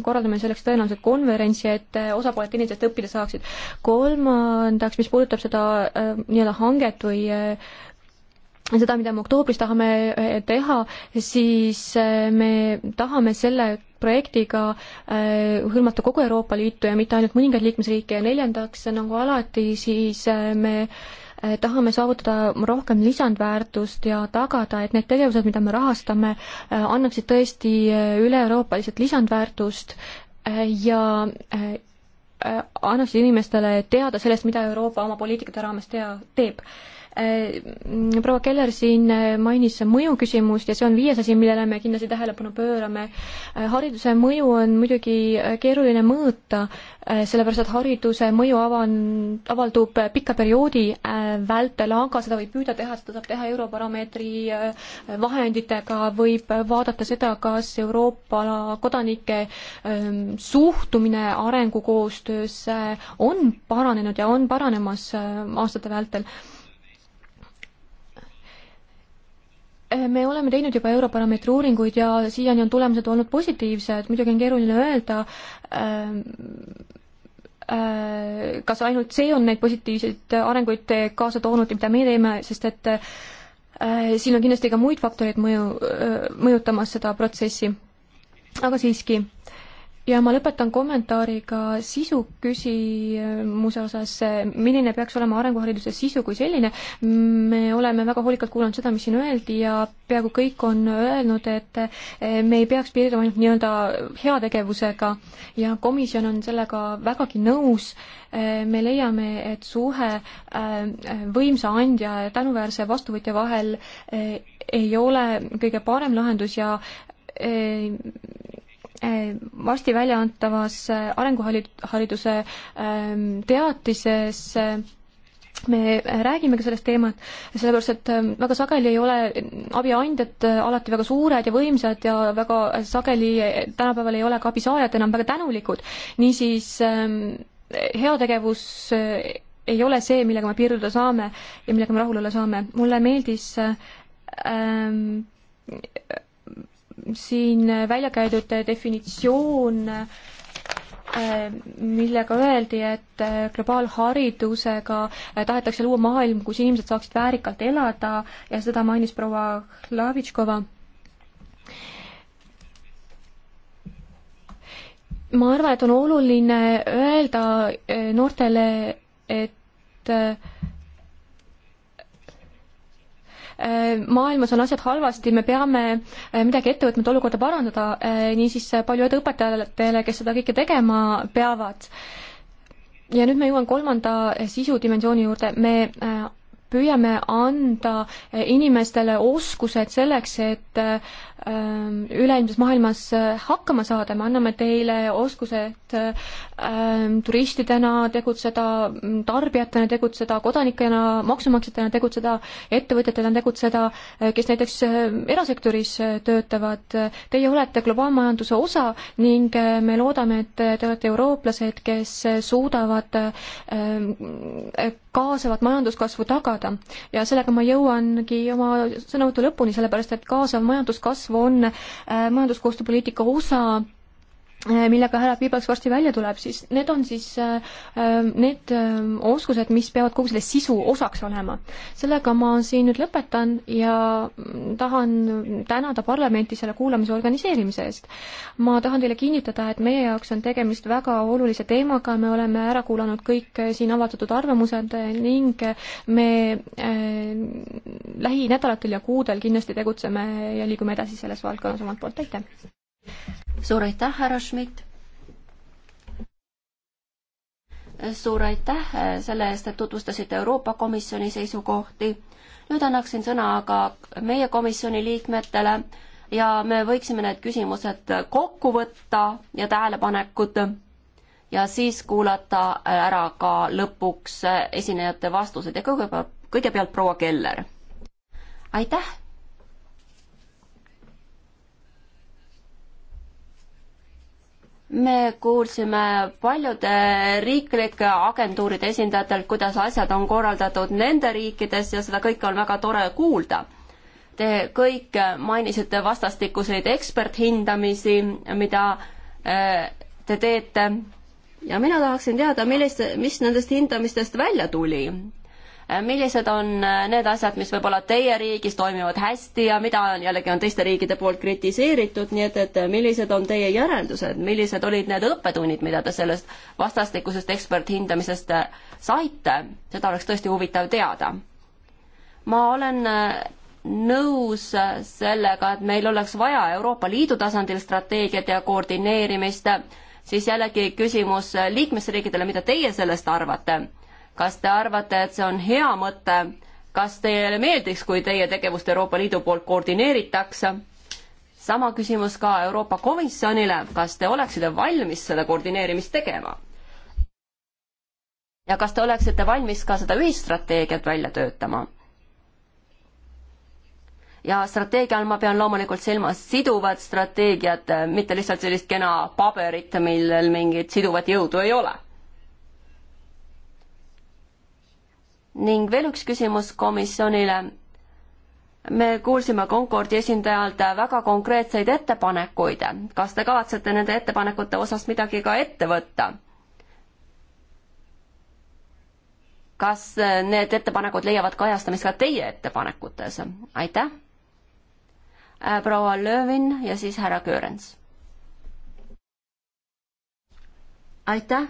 korraldame selleks tõenäoliselt konverentsi, et osapooled teineteisest õppida saaksid. kolmandaks, mis puudutab seda nii-öelda hanget või seda, mida me oktoobris tahame teha, siis me tahame selle projektiga hõlmata kogu Euroopa Liitu ja mitte ainult mõningaid liikmesriike ja neljandaks, nagu alati, siis me Äh, tahame saavutada rohkem lisandväärtust ja tagada, et need tegevused, mida me rahastame, äh, annaksid tõesti äh, üle-euroopaliselt lisandväärtust ja annaksid inimestele teada sellest, mida Euroopa oma poliitikate raames tea, teeb Äh, proua Keller siin äh, mainis mõjuküsimust ja see on viies asi, millele me kindlasti tähelepanu pöörame. Äh, hariduse mõju on muidugi keeruline mõõta, sellepärast et hariduse mõju avan-, avaldub pika perioodi vältel, aga seda võib püüda teha, seda saab teha Eurobaromeetri vahenditega, võib vaadata seda, kas Euroopa kodanike ähm, suhtumine arengukoostöösse on paranenud ja on paranemas aastate vältel Äh, me oleme teinud juba Eurobaromeetri uuringuid ja siiani on tulemused olnud positiivsed, muidugi on keeruline öelda, ähm, äh, kas ainult see on neid positiivseid arenguid kaasa toonud ja mida meie teeme, sest et äh, siin on kindlasti ka muid faktoreid mõju, mõjutamas seda protsessi. aga siiski ja ma lõpetan kommentaariga sisu küsimuse osas, milline peaks olema arenguhariduse sisu kui selline. me oleme väga hoolikalt kuulanud seda, mis siin öeldi ja peaaegu kõik on öelnud, et eh, me ei peaks piirduma ainult nii-öelda heategevusega ja komisjon on sellega vägagi nõus. Eh, me leiame, et suhe eh, võimsa andja ja tänuväärse vastuvõtja vahel ei ole kõige parem lahendus ja Äh, varsti välja antavas äh, arenguhariduse ähm, teatises äh, me räägime ka sellest teemat, sellepärast et ähm, väga sageli ei ole abiandjad alati väga suured ja võimsad ja väga sageli tänapäeval ei ole ka abisaajad enam väga tänulikud. niisiis ähm, heategevus ei ole see, millega me piirduda saame ja millega me rahul olla saame. mulle meeldis ähm, siin välja käidud definitsioon, äh, millega öeldi, et äh, globaalharidusega äh, tahetakse luua maailm, kus inimesed saaksid väärikalt elada ja seda mainis proua Hlavitškova. ma arvan, et on oluline öelda noortele, et Äh, maailmas on asjad halvasti, me peame äh, midagi ette võtma, et olukorda parandada, äh, niisiis palju edu õpetajatele, kes seda kõike tegema peavad. ja nüüd ma jõuan kolmanda sisudimensiooni juurde, me püüame anda inimestele oskused selleks, et Ähm, üleilmses maailmas äh, hakkama saada, me anname teile oskused ähm, turistidena tegutseda, mm, tarbijatena tegutseda, kodanikena, maksumaksjatena tegutseda, ettevõtjatena tegutseda, äh, kes näiteks äh, erasektoris töötavad. Teie olete globaalmajanduse osa ning me loodame, et te olete eurooplased, kes suudavad kaasavat majanduskasvu tagada. ja sellega ma jõuangi oma sõnavõtu lõpuni, sellepärast et kaasav majanduskasv on äh, majanduskoostööpoliitika osa Äh, millega härra Piibaks varsti välja tuleb, siis need on siis äh, äh, need oskused, mis peavad kogu selle sisu osaks olema. sellega ma siin nüüd lõpetan ja tahan tänada parlamenti selle kuulamise organiseerimise eest. ma tahan teile kinnitada, et meie jaoks on tegemist väga olulise teemaga, me oleme ära kuulanud kõik siin avaldatud arvamused ning me lähinädalatel ja kuudel kindlasti tegutseme ja liigume edasi selles valdkonnas omalt poolt, aitäh! suur aitäh, härra Schmidt! suur aitäh eh, selle eest, et tutvustasite Euroopa Komisjoni seisukohti. nüüd annaksin sõna aga meie komisjoni liikmetele ja me võiksime need küsimused kokku võtta ja tähelepanekud ja siis kuulata eh, ära ka lõpuks eh, esinejate vastused ja kõigepealt, kõigepealt proua Keller. aitäh, me kuulsime paljude riiklike agentuuride esindajatelt, kuidas asjad on korraldatud nende riikides ja seda kõike on väga tore kuulda. Te kõik mainisite vastastikuseid eksperthindamisi, mida eh, te teete ja mina tahaksin teada, millist, mis nendest hindamistest välja tuli millised on äh, need asjad, mis võib-olla teie riigis toimivad hästi ja mida on jällegi on teiste riikide poolt kritiseeritud, nii et, et äh, millised on teie järeldused, millised olid need õppetunnid, mida te sellest vastastikusest eksperthindamisest äh, saite, seda oleks tõesti huvitav teada. ma olen nõus sellega, et meil oleks vaja Euroopa Liidu tasandil strateegiat ja koordineerimist, siis jällegi küsimus liikmesriikidele, mida teie sellest arvate kas te arvate, et see on hea mõte, kas teile meeldiks, kui teie tegevust Euroopa Liidu poolt koordineeritakse? sama küsimus ka Euroopa Komisjonile, kas te oleksite valmis seda koordineerimist tegema? ja kas te oleksite valmis ka seda ühisstrateegiat välja töötama? ja strateegia all ma pean loomulikult silmas siduvat strateegiat, mitte lihtsalt sellist kena paberit, millel mingit siduvat jõudu ei ole ning veel üks küsimus komisjonile. me kuulsime Concordi esindajalt väga konkreetseid ettepanekuid. kas te kavatsete nende ettepanekute osas midagi ka ette võtta? kas need ettepanekud leiavad kajastamist ka teie ettepanekutes? aitäh! proua Lövin ja siis härra Köörens. aitäh!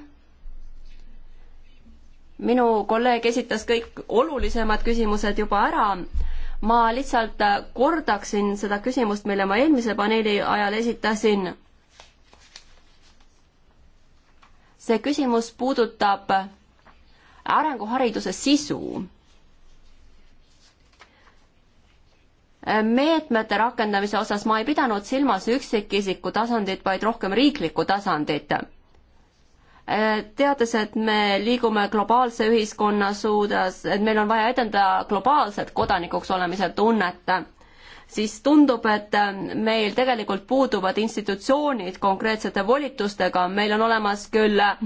minu kolleeg esitas kõik olulisemad küsimused juba ära. ma lihtsalt kordaksin seda küsimust, mille ma eelmise paneeli ajal esitasin. see küsimus puudutab arenguhariduse sisu. meetmete rakendamise osas ma ei pidanud silmas üksikisiku tasandit, vaid rohkem riiklikku tasandit Äh, teades, et me liigume globaalse ühiskonna suudas, et meil on vaja edendada globaalset kodanikuks olemise tunnet, siis tundub, et äh, meil tegelikult puuduvad institutsioonid konkreetsete volitustega, meil on olemas küll äh,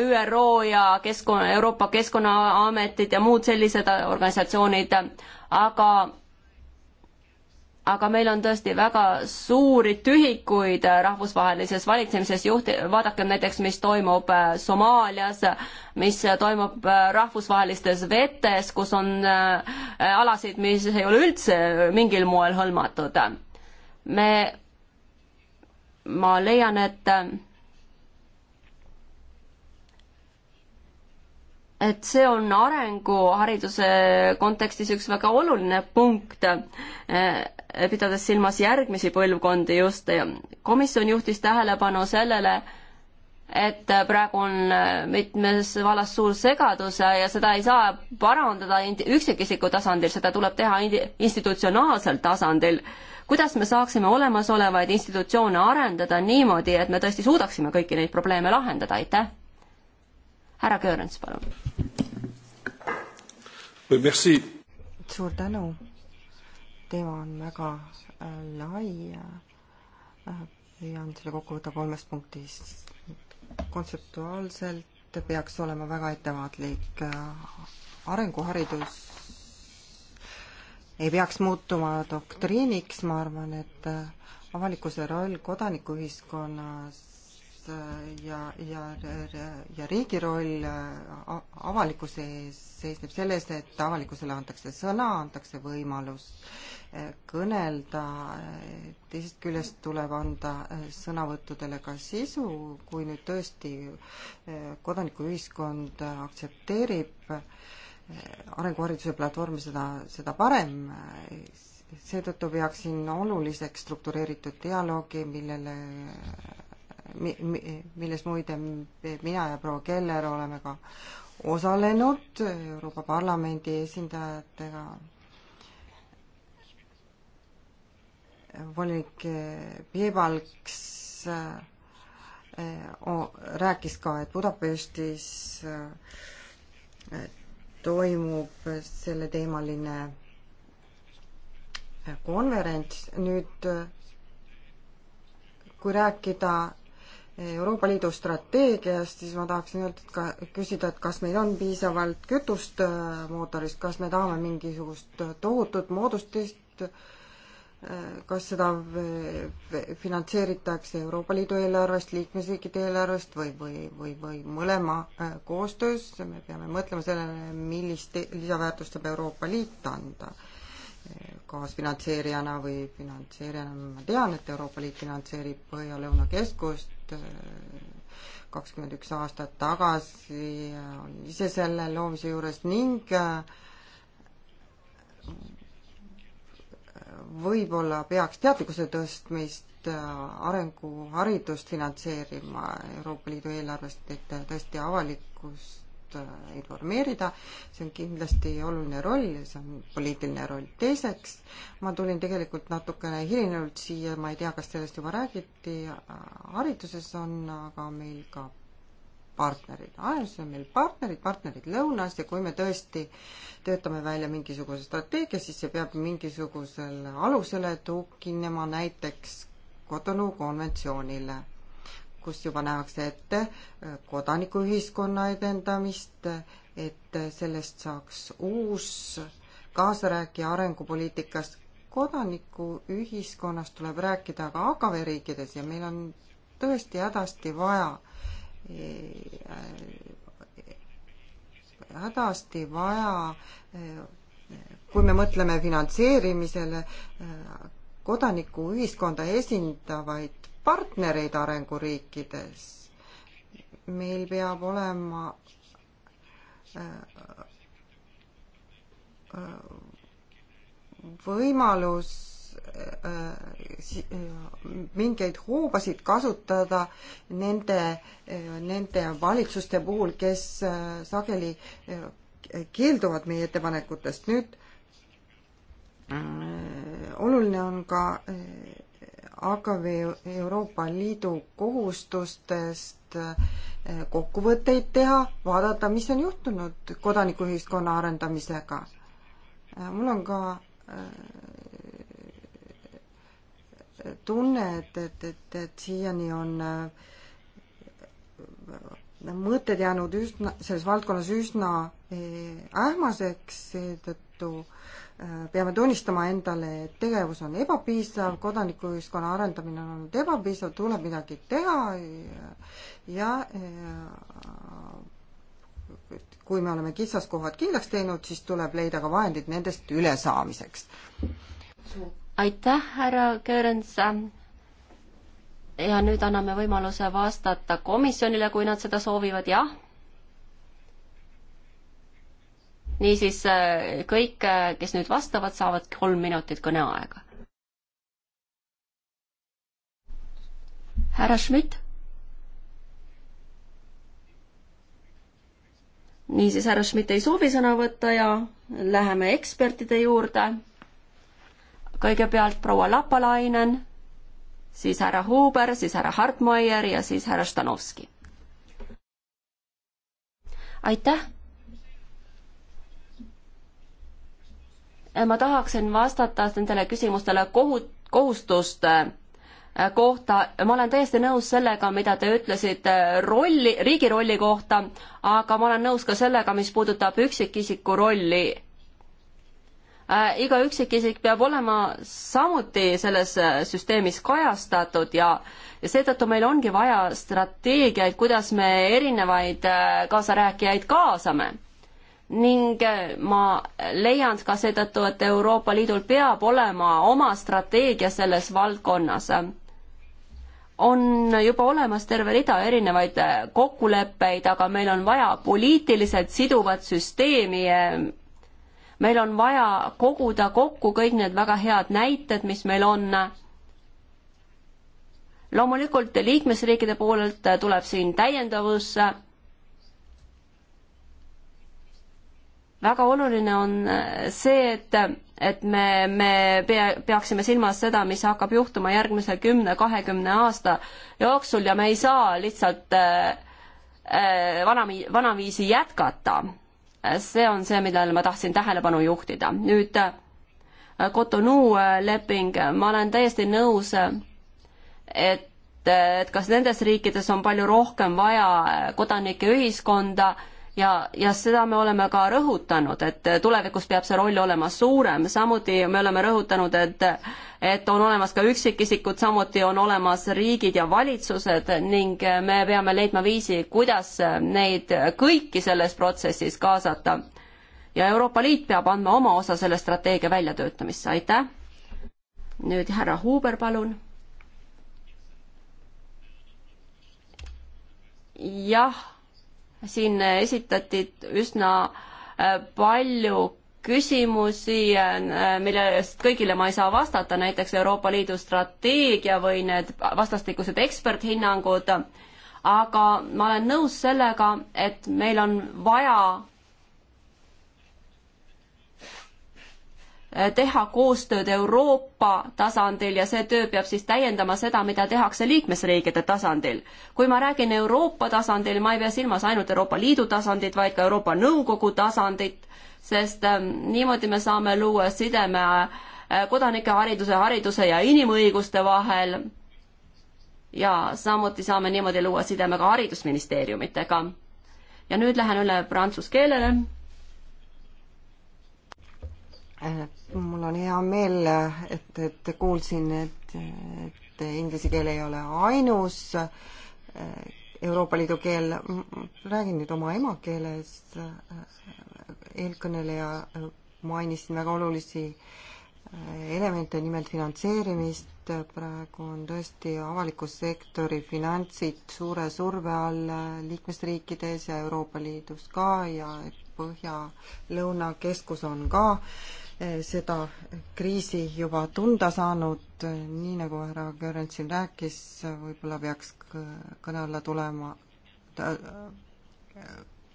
ÜRO ja keskkonna, Euroopa Keskkonnaametid ja muud sellised organisatsioonid, aga aga meil on tõesti väga suuri tühikuid äh, rahvusvahelises valitsemises juhti-, vaadakem näiteks, mis toimub äh, Somaalias, mis toimub äh, rahvusvahelistes vetes, kus on alasid, mis ei ole üldse mingil moel hõlmatud. me, ma leian, et et see on arenguhariduse kontekstis üks väga oluline punkt pidades silmas järgmisi põlvkondi just. komisjon juhtis tähelepanu sellele, et praegu on mitmes vallas suur segadus ja seda ei saa parandada üksikisiku tasandil, seda tuleb teha institutsionaalsel tasandil. kuidas me saaksime olemasolevaid institutsioone arendada niimoodi, et me tõesti suudaksime kõiki neid probleeme lahendada, aitäh! härra Köörens, palun! suur tänu! teema on väga äh, lai äh, ja püüan selle kokku võtta kolmest punktist. kontseptuaalselt peaks olema väga ettevaatlik äh, arenguharidus ei peaks muutuma doktriiniks, ma arvan, et avalikkuse roll kodanikuühiskonnas Äh, ja, ja, ja riigi roll äh, avalikkuse ees seisneb selles, et avalikkusele antakse sõna, antakse võimalus äh, kõnelda, teisest küljest tuleb anda sõnavõttudele ka sisu, kui nüüd tõesti kodanikuühiskond aktsepteerib arenguhariduse platvormi, seda, seda parem, seetõttu peaksin oluliseks struktureeritud dialoogi, millele milles muide mina ja proua Keller oleme ka osalenud Euroopa Parlamendi esindajatega. volinik Piebalgs eh, rääkis ka, et Budapestis eh, toimub selleteemaline eh, konverents. nüüd kui rääkida Euroopa Liidu strateegiast, siis ma tahaksin öelda, et ka, küsida, et kas meil on piisavalt kütust äh, mootoris, kas me tahame mingisugust äh, tohutut moodustist, äh, kas seda finantseeritakse Euroopa Liidu eelarvest, liikmesriikide eelarvest või, või, või, või mõlema koostöös, me peame mõtlema sellele, millist lisaväärtust saab Euroopa Liit anda kaasfinantseerijana või finantseerijana, ma tean, et Euroopa Liit finantseerib Põhja-Lõuna Keskust, Äh, kakskümmend üks aastat tagasi, äh, olin ise selle loomise juures ning äh, võib-olla peaks teadlikkuse tõstmist, arenguharidust finantseerima Euroopa Liidu eelarvest, et tõesti avalikkus Äh, informeerida, see on kindlasti oluline roll ja see on poliitiline roll. teiseks, ma tulin tegelikult natukene hilinenult siia, ma ei tea, kas sellest juba räägiti, äh, hariduses on aga meil ka partnerid, ajaliselt on meil partnerid, partnerid lõunas ja kui me tõesti töötame välja mingisuguse strateegia, siis see peab mingisugusele alusele tuginema, näiteks Cotonou konventsioonile kus juba nähakse ette äh, kodanikuühiskonna edendamist, et sellest saaks uus kaasarääkija arengupoliitikas. kodanikuühiskonnast tuleb rääkida ka AKV e riikides ja meil on tõesti hädasti vaja äh, hädasti vaja, äh, kui me mõtleme finantseerimisele, kodanikuühiskonda esindavaid partnereid arenguriikides. meil peab olema äh, äh, võimalus äh, mingeid hoobasid kasutada nende, nende valitsuste puhul, kes sageli keelduvad meie ettepanekutest. nüüd oluline on ka AKV Euroopa Liidu kohustustest eh, kokkuvõtteid teha, vaadata, mis on juhtunud kodanikuühiskonna arendamisega. Eh, mul on ka eh, tunne, et, et, et, et siiani on mõtted jäänud üsna, selles valdkonnas üsna ähmaseks, seetõttu peame tunnistama endale, et tegevus on ebapiisav, kodanikuühiskonna arendamine on olnud ebapiisav, tuleb midagi teha ja, ja, ja kui me oleme kitsaskohad kindlaks teinud, siis tuleb leida ka vahendid nendest ülesaamiseks. aitäh, härra Köörens. ja nüüd anname võimaluse vastata komisjonile, kui nad seda soovivad, jah niisiis äh, kõik, äh, kes nüüd vastavad, saavad kolm minutit kõneaega. härra Schmidt? niisiis, härra Schmidt ei soovi sõna võtta ja läheme ekspertide juurde. kõigepealt proua Lapalainen, siis härra Huber, siis härra Hartmaier ja siis härra Stanovski. aitäh ma tahaksin vastata nendele küsimustele kohut-, kohustuste äh, kohta, ma olen täiesti nõus sellega, mida te ütlesite rolli, riigi rolli kohta, aga ma olen nõus ka sellega, mis puudutab üksikisiku rolli. Äh, iga üksikisik peab olema samuti selles äh, süsteemis kajastatud ja, ja seetõttu meil ongi vaja strateegiaid, kuidas me erinevaid kaasarääkijaid kaasame ning ma leian ka seetõttu, et Euroopa Liidul peab olema oma strateegia selles valdkonnas. on juba olemas terve rida erinevaid kokkuleppeid, aga meil on vaja poliitiliselt siduvat süsteemi, meil on vaja koguda kokku kõik need väga head näited, mis meil on loomulikult liikmesriikide poolelt tuleb siin täiendavusse väga oluline on äh, see, et, et me, me pea, peaksime silmas seda, mis hakkab juhtuma järgmise kümne-kahekümne aasta jooksul ja me ei saa lihtsalt äh, äh vana, vanaviisi jätkata. see on see, millele ma tahtsin tähelepanu juhtida. nüüd äh, Cotonou leping, ma olen täiesti nõus, et et kas nendes riikides on palju rohkem vaja kodanike ühiskonda äh, ja, ja seda me oleme ka rõhutanud, et tulevikus peab see roll olema suurem, samuti me oleme rõhutanud, et et on olemas ka üksikisikud, samuti on olemas riigid ja valitsused ning me peame leidma viisi, kuidas neid kõiki selles protsessis kaasata. ja Euroopa Liit peab andma oma osa selle strateegia väljatöötamisse, aitäh! nüüd härra Huuber, palun jah siin esitati üsna äh, palju küsimusi, äh, millest kõigile ma ei saa vastata, näiteks Euroopa Liidu strateegia või need vastastikused eksperthinnangud, aga ma olen nõus sellega, et meil on vaja teha koostööd Euroopa tasandil ja see töö peab siis täiendama seda, mida tehakse liikmesriikide tasandil. kui ma räägin Euroopa tasandil, ma ei pea silmas ainult Euroopa Liidu tasandit, vaid ka Euroopa Nõukogu tasandit, sest ähm, niimoodi me saame luua sideme äh, kodanike hariduse, hariduse ja inimõiguste vahel ja samuti saame niimoodi luua sideme ka haridusministeeriumitega. ja nüüd lähen üle prantsuse keelele äh, mul on hea meel, et, et kuulsin, et, et inglise keel ei ole ainus eh, Euroopa Liidu keel. räägin nüüd oma emakeeles. Eh, eelkõneleja eh, mainis siin väga olulisi elemente, nimelt finantseerimist. praegu on tõesti avaliku sektori finantsid suure surve all liikmesriikides ja Euroopa Liidus ka ja Põhja-Lõuna keskus on ka äh, Eh, seda kriisi juba tunda saanud, nii nagu härra Görens siin rääkis, võib-olla peaks kõne alla tulema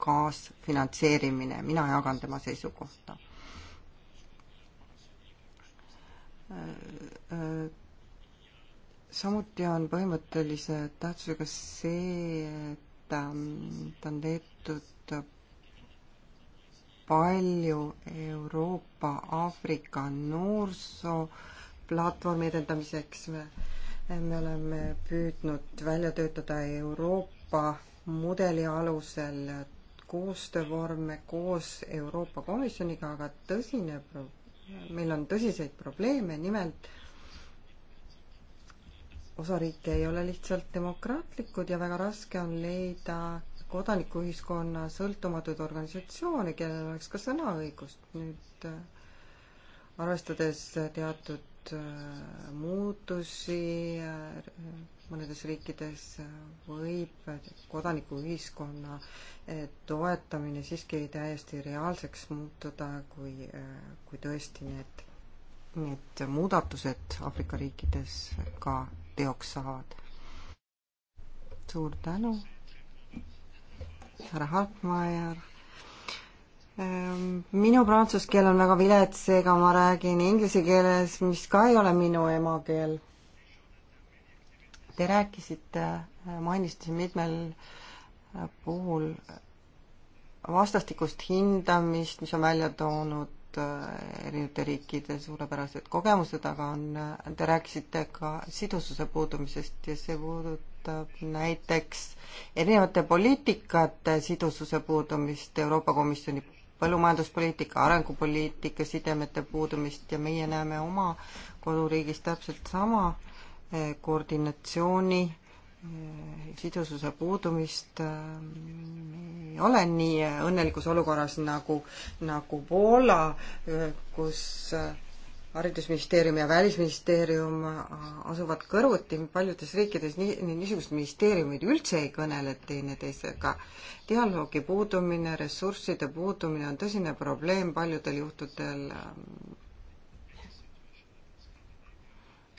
kaasfinantseerimine, mina jagan tema seisukohta. Eh, eh, samuti on põhimõttelise tähtsusega see, et ehm, ta on tehtud palju Euroopa-Aafrika noorsoo platvormi edendamiseks. me oleme püüdnud välja töötada Euroopa mudeli alusel koostöövorme koos Euroopa Komisjoniga, aga tõsine pro-, meil on tõsiseid probleeme, nimelt osariike ei ole lihtsalt demokraatlikud ja väga raske on leida kodanikuühiskonna sõltumatuid organisatsioone, kellel oleks ka sõnaõigust. nüüd äh, arvestades teatud äh, muutusi äh, mõnedes riikides, võib kodanikuühiskonna toetamine siiski täiesti reaalseks muutuda, kui, kui tõesti need, need muudatused Aafrika riikides ka teoks saavad. suur tänu härra Hartmaier. Ehm, minu prantsuse keel on väga vilets, seega ma räägin inglise keeles, mis ka ei ole minu emakeel. Te rääkisite, äh, mainisite mitmel äh, puhul vastastikust hindamist, mis on välja toonud äh, erinevate riikide suurepärased kogemused, aga on, te rääkisite ka sidususe puudumisest ja see puudutab puudutab näiteks erinevate poliitikate sidususe puudumist Euroopa Komisjoni põllumajanduspoliitika, arengupoliitika sidemete puudumist ja meie näeme oma koduriigis täpselt sama eh, koordinatsiooni eh, sidususe puudumist eh, ei ole nii õnnelikus olukorras nagu, nagu Poola, kus haridusministeerium ja Välisministeerium asuvad kõrvuti paljudes riikides, nii, niisugused ministeeriumid üldse ei kõnele teineteisega. dialoogi puudumine, ressursside puudumine on tõsine probleem paljudel juhtudel.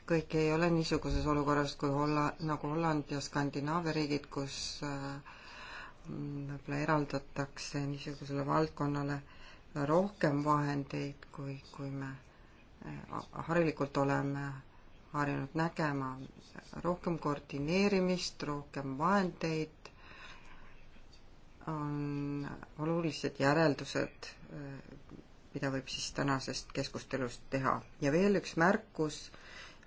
kõik ei ole niisuguses olukorras kui Holla-, nagu Holland ja Skandinaavia riigid, kus mm, võib-olla eraldatakse niisugusele valdkonnale rohkem vahendeid, kui, kui me Äh, harilikult oleme harjunud nägema rohkem koordineerimist, rohkem vahendeid, on olulised järeldused, äh, mida võib siis tänasest keskustelust teha. ja veel üks märkus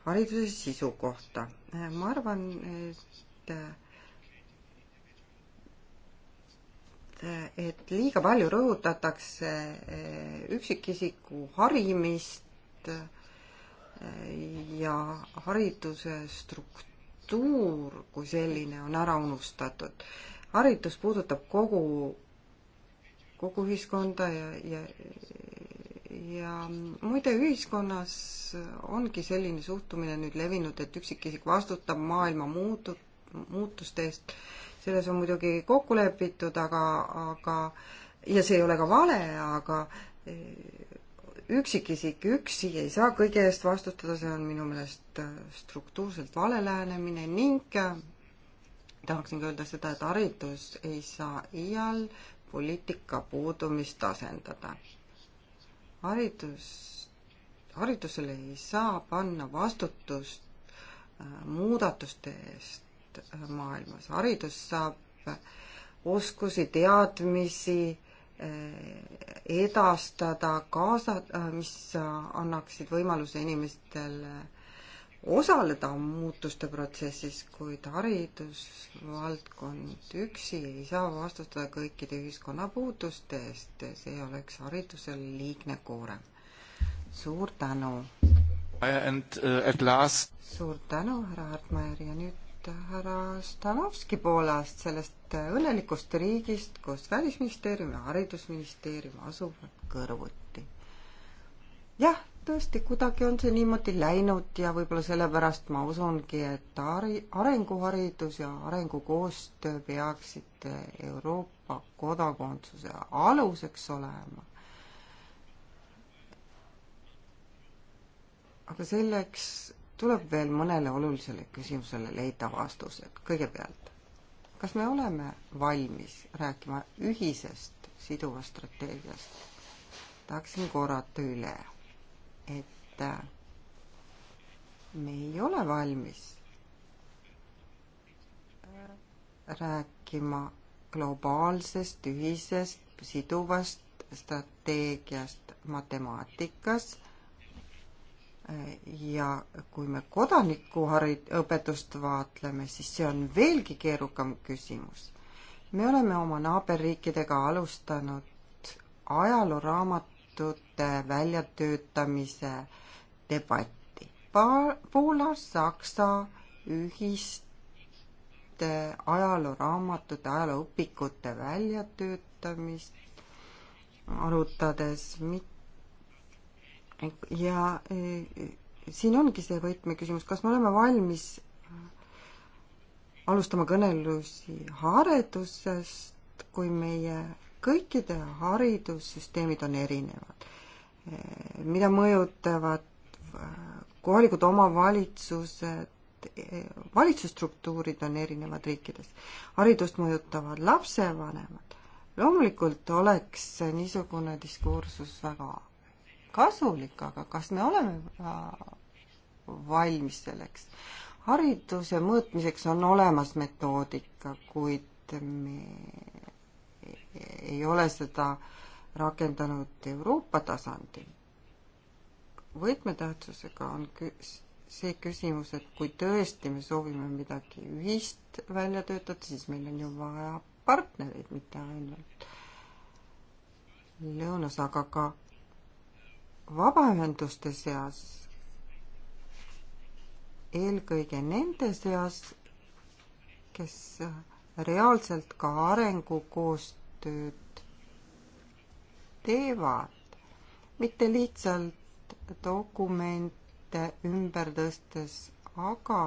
hariduse sisu kohta. Äh, ma arvan, et et liiga palju rõhutatakse üksikisiku harimist Äh, ja hariduse struktuur kui selline on ära unustatud. haridus puudutab kogu, kogu ühiskonda ja, ja ja muide, ühiskonnas ongi selline suhtumine nüüd levinud, et üksikisik vastutab maailma muutu-, muutuste eest. selles on muidugi kokku lepitud, aga, aga ja see ei ole ka vale, aga üksikisik üksi ei saa kõige eest vastutada, see on minu meelest äh, struktuurselt vale lähenemine ning äh, tahaksin ka öelda seda, et haridus ei saa iial poliitika puudumist asendada. haridus, haridusele ei saa panna vastutust äh, muudatuste eest maailmas, haridus saab oskusi, teadmisi Äh, edastada, kaasa, äh, mis annaksid võimaluse inimestele osaleda muutuste protsessis, kuid haridusvaldkond üksi ei saa vastutada kõikide ühiskonna puuduste eest, see oleks haridusel liigne koorem. suur tänu! And uh, at last suur tänu, härra Hartmaier ja nüüd nüüd härra Stanovski Poolast, sellest õnnelikust riigist, kus Välisministeerium ja Haridusministeerium asuvad kõrvuti. jah, tõesti, kuidagi on see niimoodi läinud ja võib-olla sellepärast ma usungi, et hari-, arenguharidus ja arengukoostöö peaksid Euroopa kodakondsuse aluseks olema aga selleks tuleb veel mõnele olulisele küsimusele leida vastused. kõigepealt, kas me oleme valmis rääkima ühisest siduvast strateegiast? tahaksin korrata üle, et äh, me ei ole valmis äh, rääkima globaalsest ühisest siduvast strateegiast matemaatikas ja kui me kodanikuharid-, õpetust vaatleme, siis see on veelgi keerukam küsimus. me oleme oma naaberriikidega alustanud ajalooraamatute väljatöötamise debatti. Pa-, Poola, Saksa ühiste ajalooraamatute, ajalooõpikute väljatöötamist arutades, mitte ja eh, siin ongi see võtmeküsimus, kas me oleme valmis alustama kõnelusi haridusest, kui meie kõikide haridussüsteemid on erinevad, eh, mida mõjutavad eh, kohalikud omavalitsused, valitsusstruktuurid on erinevad riikides, haridust mõjutavad lapsevanemad. loomulikult oleks niisugune diskursus väga kasulik, aga kas me oleme valmis selleks? hariduse mõõtmiseks on olemas metoodika, kuid me ei ole seda rakendanud Euroopa tasandil. võtmetähtsusega on see küsimus, et kui tõesti me soovime midagi ühist välja töötada, siis meil on ju vaja partnereid, mitte ainult lõunas, aga ka vabaühenduste seas, eelkõige nende seas, kes reaalselt ka arengukoostööd teevad, mitte lihtsalt dokumente ümber tõstes, aga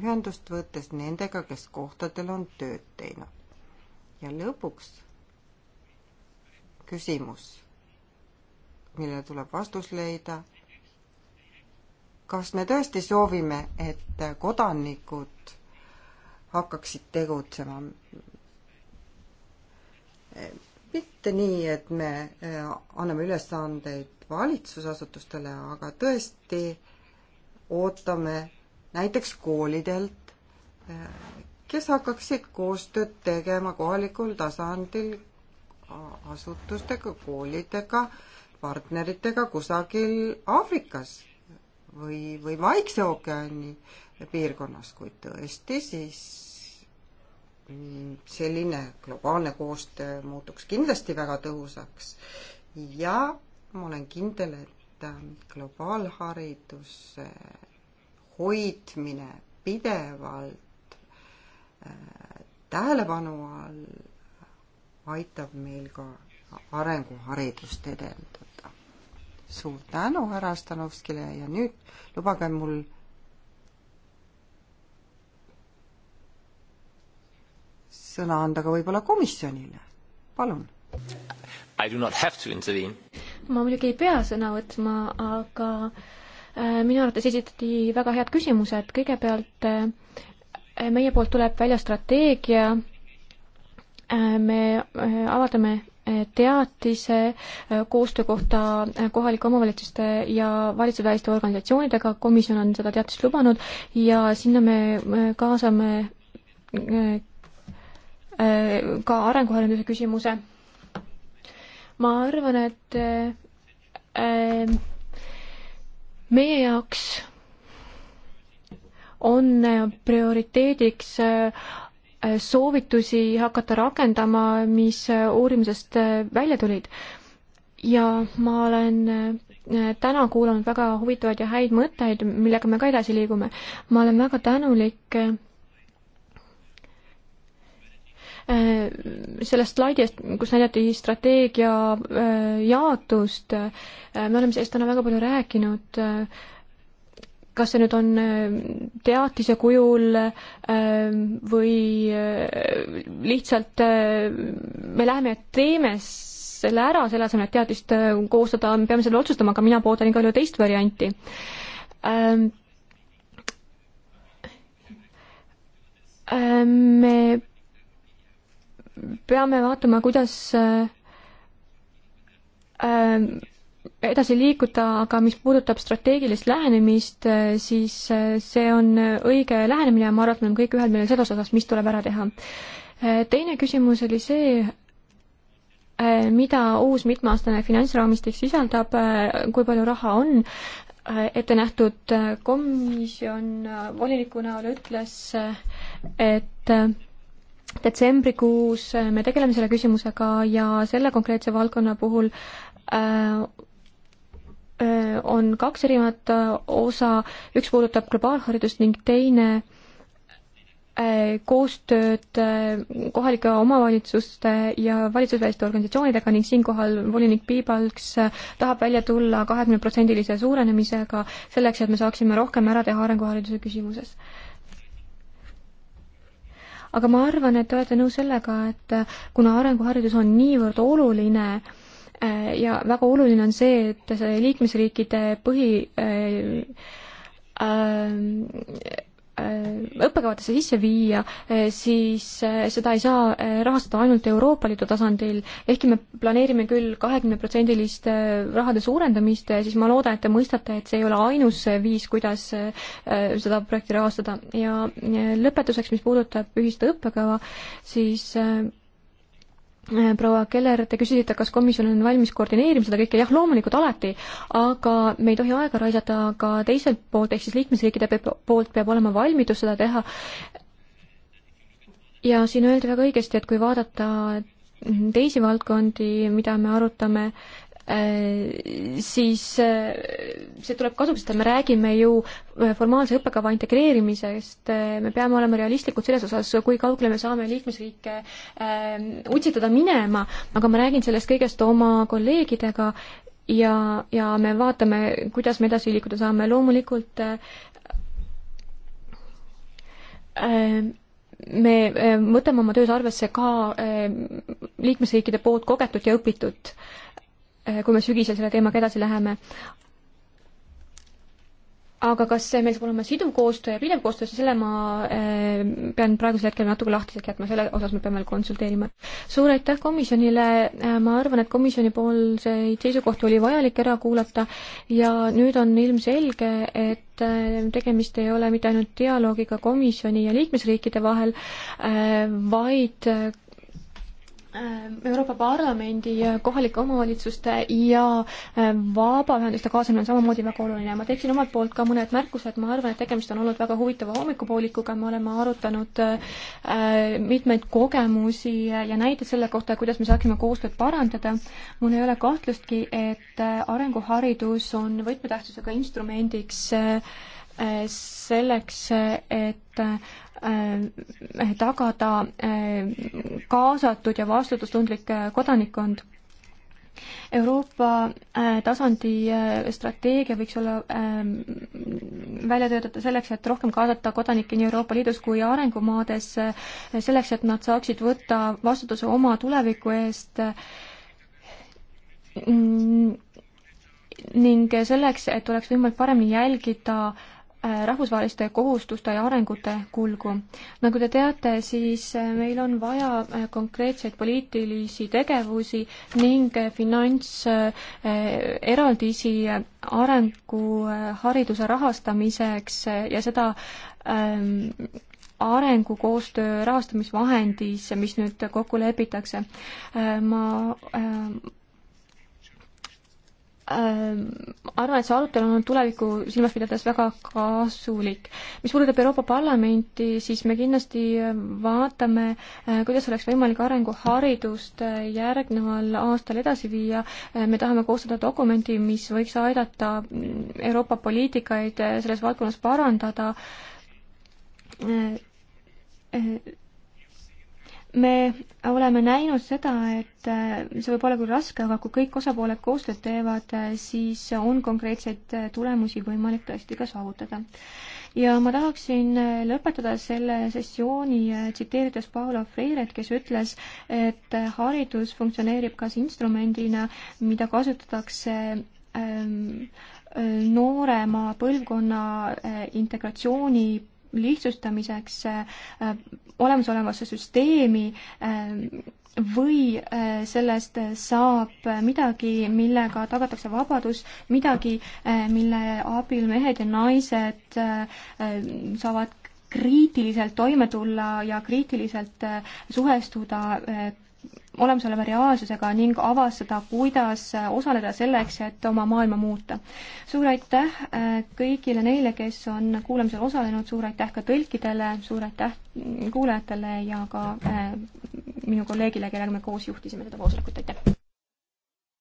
ühendust võttes nendega, kes kohtadel on tööd teinud. ja lõpuks küsimus millele tuleb vastus leida. kas me tõesti soovime, et kodanikud hakkaksid tegutsema? mitte nii, et me äh, anname ülesandeid valitsusasutustele, aga tõesti ootame näiteks koolidelt, äh, kes hakkaksid koostööd tegema kohalikul tasandil asutustega, koolidega, partneritega kusagil Aafrikas või, või Vaikse ookeani piirkonnas, kuid tõesti, siis selline globaalne koostöö muutuks kindlasti väga tõhusaks ja ma olen kindel, et äh, globaalhariduse hoidmine pidevalt äh, tähelepanu all aitab meil ka arenguharidust edendada. suur tänu härra Stanovskile ja nüüd lubage mul sõna anda ka võib-olla komisjonile, palun. I do not have to intervene. ma muidugi ei pea sõna võtma, aga äh, minu arvates esitati väga head küsimused, kõigepealt äh, meie poolt tuleb välja strateegia äh,, me äh, avaldame teatise äh, koostöö kohta äh, kohalike omavalitsuste ja valitseväliste organisatsioonidega, komisjon on seda teatist lubanud ja sinna me kaasame äh, ka arenguharjanduse küsimuse. ma arvan, et meie jaoks on prioriteediks Äh, soovitusi hakata rakendama, mis äh, uurimusest äh, välja tulid. ja ma olen täna kuulanud väga huvitavaid ja häid mõtteid, millega me ka edasi liigume. ma olen väga tänulik sellest slaidist, kus näidati strateegia jaotust, me oleme sellest täna väga palju rääkinud kas see nüüd on äh, teatise kujul äh, või äh, lihtsalt me läheme ja teeme selle ära, selle asemel, et teatist koostada, me peame selle otsustama, aga mina pooldan igal juhul teist varianti. Ähm, ähm, me peame vaatama, kuidas ähm, edasi liikuda, aga mis puudutab strateegilist lähenemist, eh, siis eh, see on õige lähenemine ja ma arvan, et me oleme kõik ühel meelel selles osas, mis tuleb ära teha. Eh, teine küsimus oli see, mida uus mitmeaastane finantsraamistik sisaldab, kui palju raha on ette nähtud, komisjon volinikuna ütles, et detsembrikuus me tegeleme selle küsimusega ja selle konkreetse valdkonna puhul äh, Äh, on kaks erinevat äh, osa, üks puudutab globaalharidust ning teine äh, koostööd kohalike omavalitsuste ja valitsusväliste organisatsioonidega ning siinkohal volinik Piibalks tahab välja tulla kahekümneprotsendilise suurenemisega selleks, et me saaksime rohkem ära teha arenguhariduse küsimuses. aga ma arvan, et te olete nõus sellega, et kuna arenguharidus on niivõrd oluline äh, Äh, ja väga oluline on see, et see liikmesriikide põhi äh, äh, õppekavadesse sisse viia, siis seda ei saa rahastada ainult Euroopa Liidu tasandil, ehkki me planeerime küll kahekümneprotsendilist rahade suurendamist, siis ma loodan, et te mõistate, et see ei ole ainus viis, kuidas seda projekti rahastada ja lõpetuseks, mis puudutab ühist õppekava, siis Äh, proua Keller, te küsisite, kas komisjon on valmis koordineerima seda kõike, jah, loomulikult alati, aga me ei tohi aega raisata ka teiselt poolt, ehk siis liikmesriikide poolt peab olema valmidus seda teha. ja siin öeldi väga õigesti, et kui vaadata teisi valdkondi, mida me arutame, Äh, siis äh, see tuleb kasuks, sest me räägime ju äh, formaalse õppekava integreerimisest, me peame olema realistlikud selles osas, kui kaugele me saame liikmesriike utsitada minema, aga ma räägin sellest kõigest oma kolleegidega ja, ja me vaatame, kuidas me edasi liikuda saame, loomulikult me võtame oma töös arvesse ka liikmesriikide poolt kogetut ja õpitut äh, Eh, kui me sügisel selle teemaga edasi läheme. aga kas meil saab olema siduv koostöö ja pidev koostöö, selle ma eh, pean praegusel hetkel natuke lahtiseks jätma, selle osas me peame veel konsulteerima. suur aitäh komisjonile, eh, ma arvan, et komisjonipoolseid seisukohti oli vajalik ära kuulata ja nüüd on ilmselge, et tegemist ei ole mitte ainult dialoogiga komisjoni ja liikmesriikide vahel, vaid Äh, Euroopa Parlamendi kohalike omavalitsuste ja äh, vabaühenduste kaasamine on samamoodi väga oluline. ma teeksin omalt poolt ka mõned märkused, ma arvan, et tegemist on olnud väga huvitava hommikupoolikuga, me oleme arutanud äh, mitmeid kogemusi ja näiteid selle kohta, kuidas me saaksime koostööd parandada. mul ei ole kahtlustki, et arenguharidus on võtmetähtsusega instrumendiks selleks, et Äh, tagada äh, kaasatud ja vastutustundlik äh, kodanikkond. Euroopa tasandi strateegia võiks olla ähm, välja töötada selleks, et rohkem kaasata kodanikke nii Euroopa Liidus kui arengumaades, selleks, et nad saaksid võtta vastutuse oma tuleviku eest mm, ning selleks, et oleks võimalik paremini jälgida äh, Äh, rahvusvaheliste kohustuste ja arengute kulgu. nagu te teate, siis äh, meil on vaja äh, konkreetseid poliitilisi tegevusi ning finantseraldisi arengu hariduse rahastamiseks ja seda ähm, arengukoostöö rahastamisvahendis, mis nüüd kokku lepitakse. ma Ähm, arvan, et see arutelu on tulevikku silmas pidades väga kasulik. mis puudutab Euroopa Parlamenti, siis me kindlasti vaatame, äh, kuidas oleks võimalik arenguharidust äh, järgneval aastal edasi viia. Äh, me tahame koostada dokumenti, mis võiks aidata mm, Euroopa poliitikaid selles valdkonnas parandada me oleme näinud seda, et äh, see võib olla küll raske, aga kui kõik osapooled koostööd teevad, äh, siis on konkreetseid äh, tulemusi võimalik tõesti ka saavutada. ja ma tahaksin lõpetada selle sessiooni tsiteerides Paolo Freiret, kes ütles, et haridus funktsioneerib kas instrumendina, mida kasutatakse ähm, noorema põlvkonna integratsiooni lihtsustamiseks äh, olemasolevasse süsteemi äh, või äh, sellest saab midagi, millega tagatakse vabadus, midagi, mille abil mehed ja naised saavad kriitiliselt toime tulla ja kriitiliselt suhestuda olemasoleva reaalsusega ning avastada, kuidas osaleda selleks, et oma maailma muuta. suur aitäh äh, kõigile neile, kes on kuulamisel osalenud, suur aitäh ka tõlkidele, suur aitäh kuulajatele ja ka äh, minu kolleegile, kellega me koos juhtisime seda koosolekut, aitäh!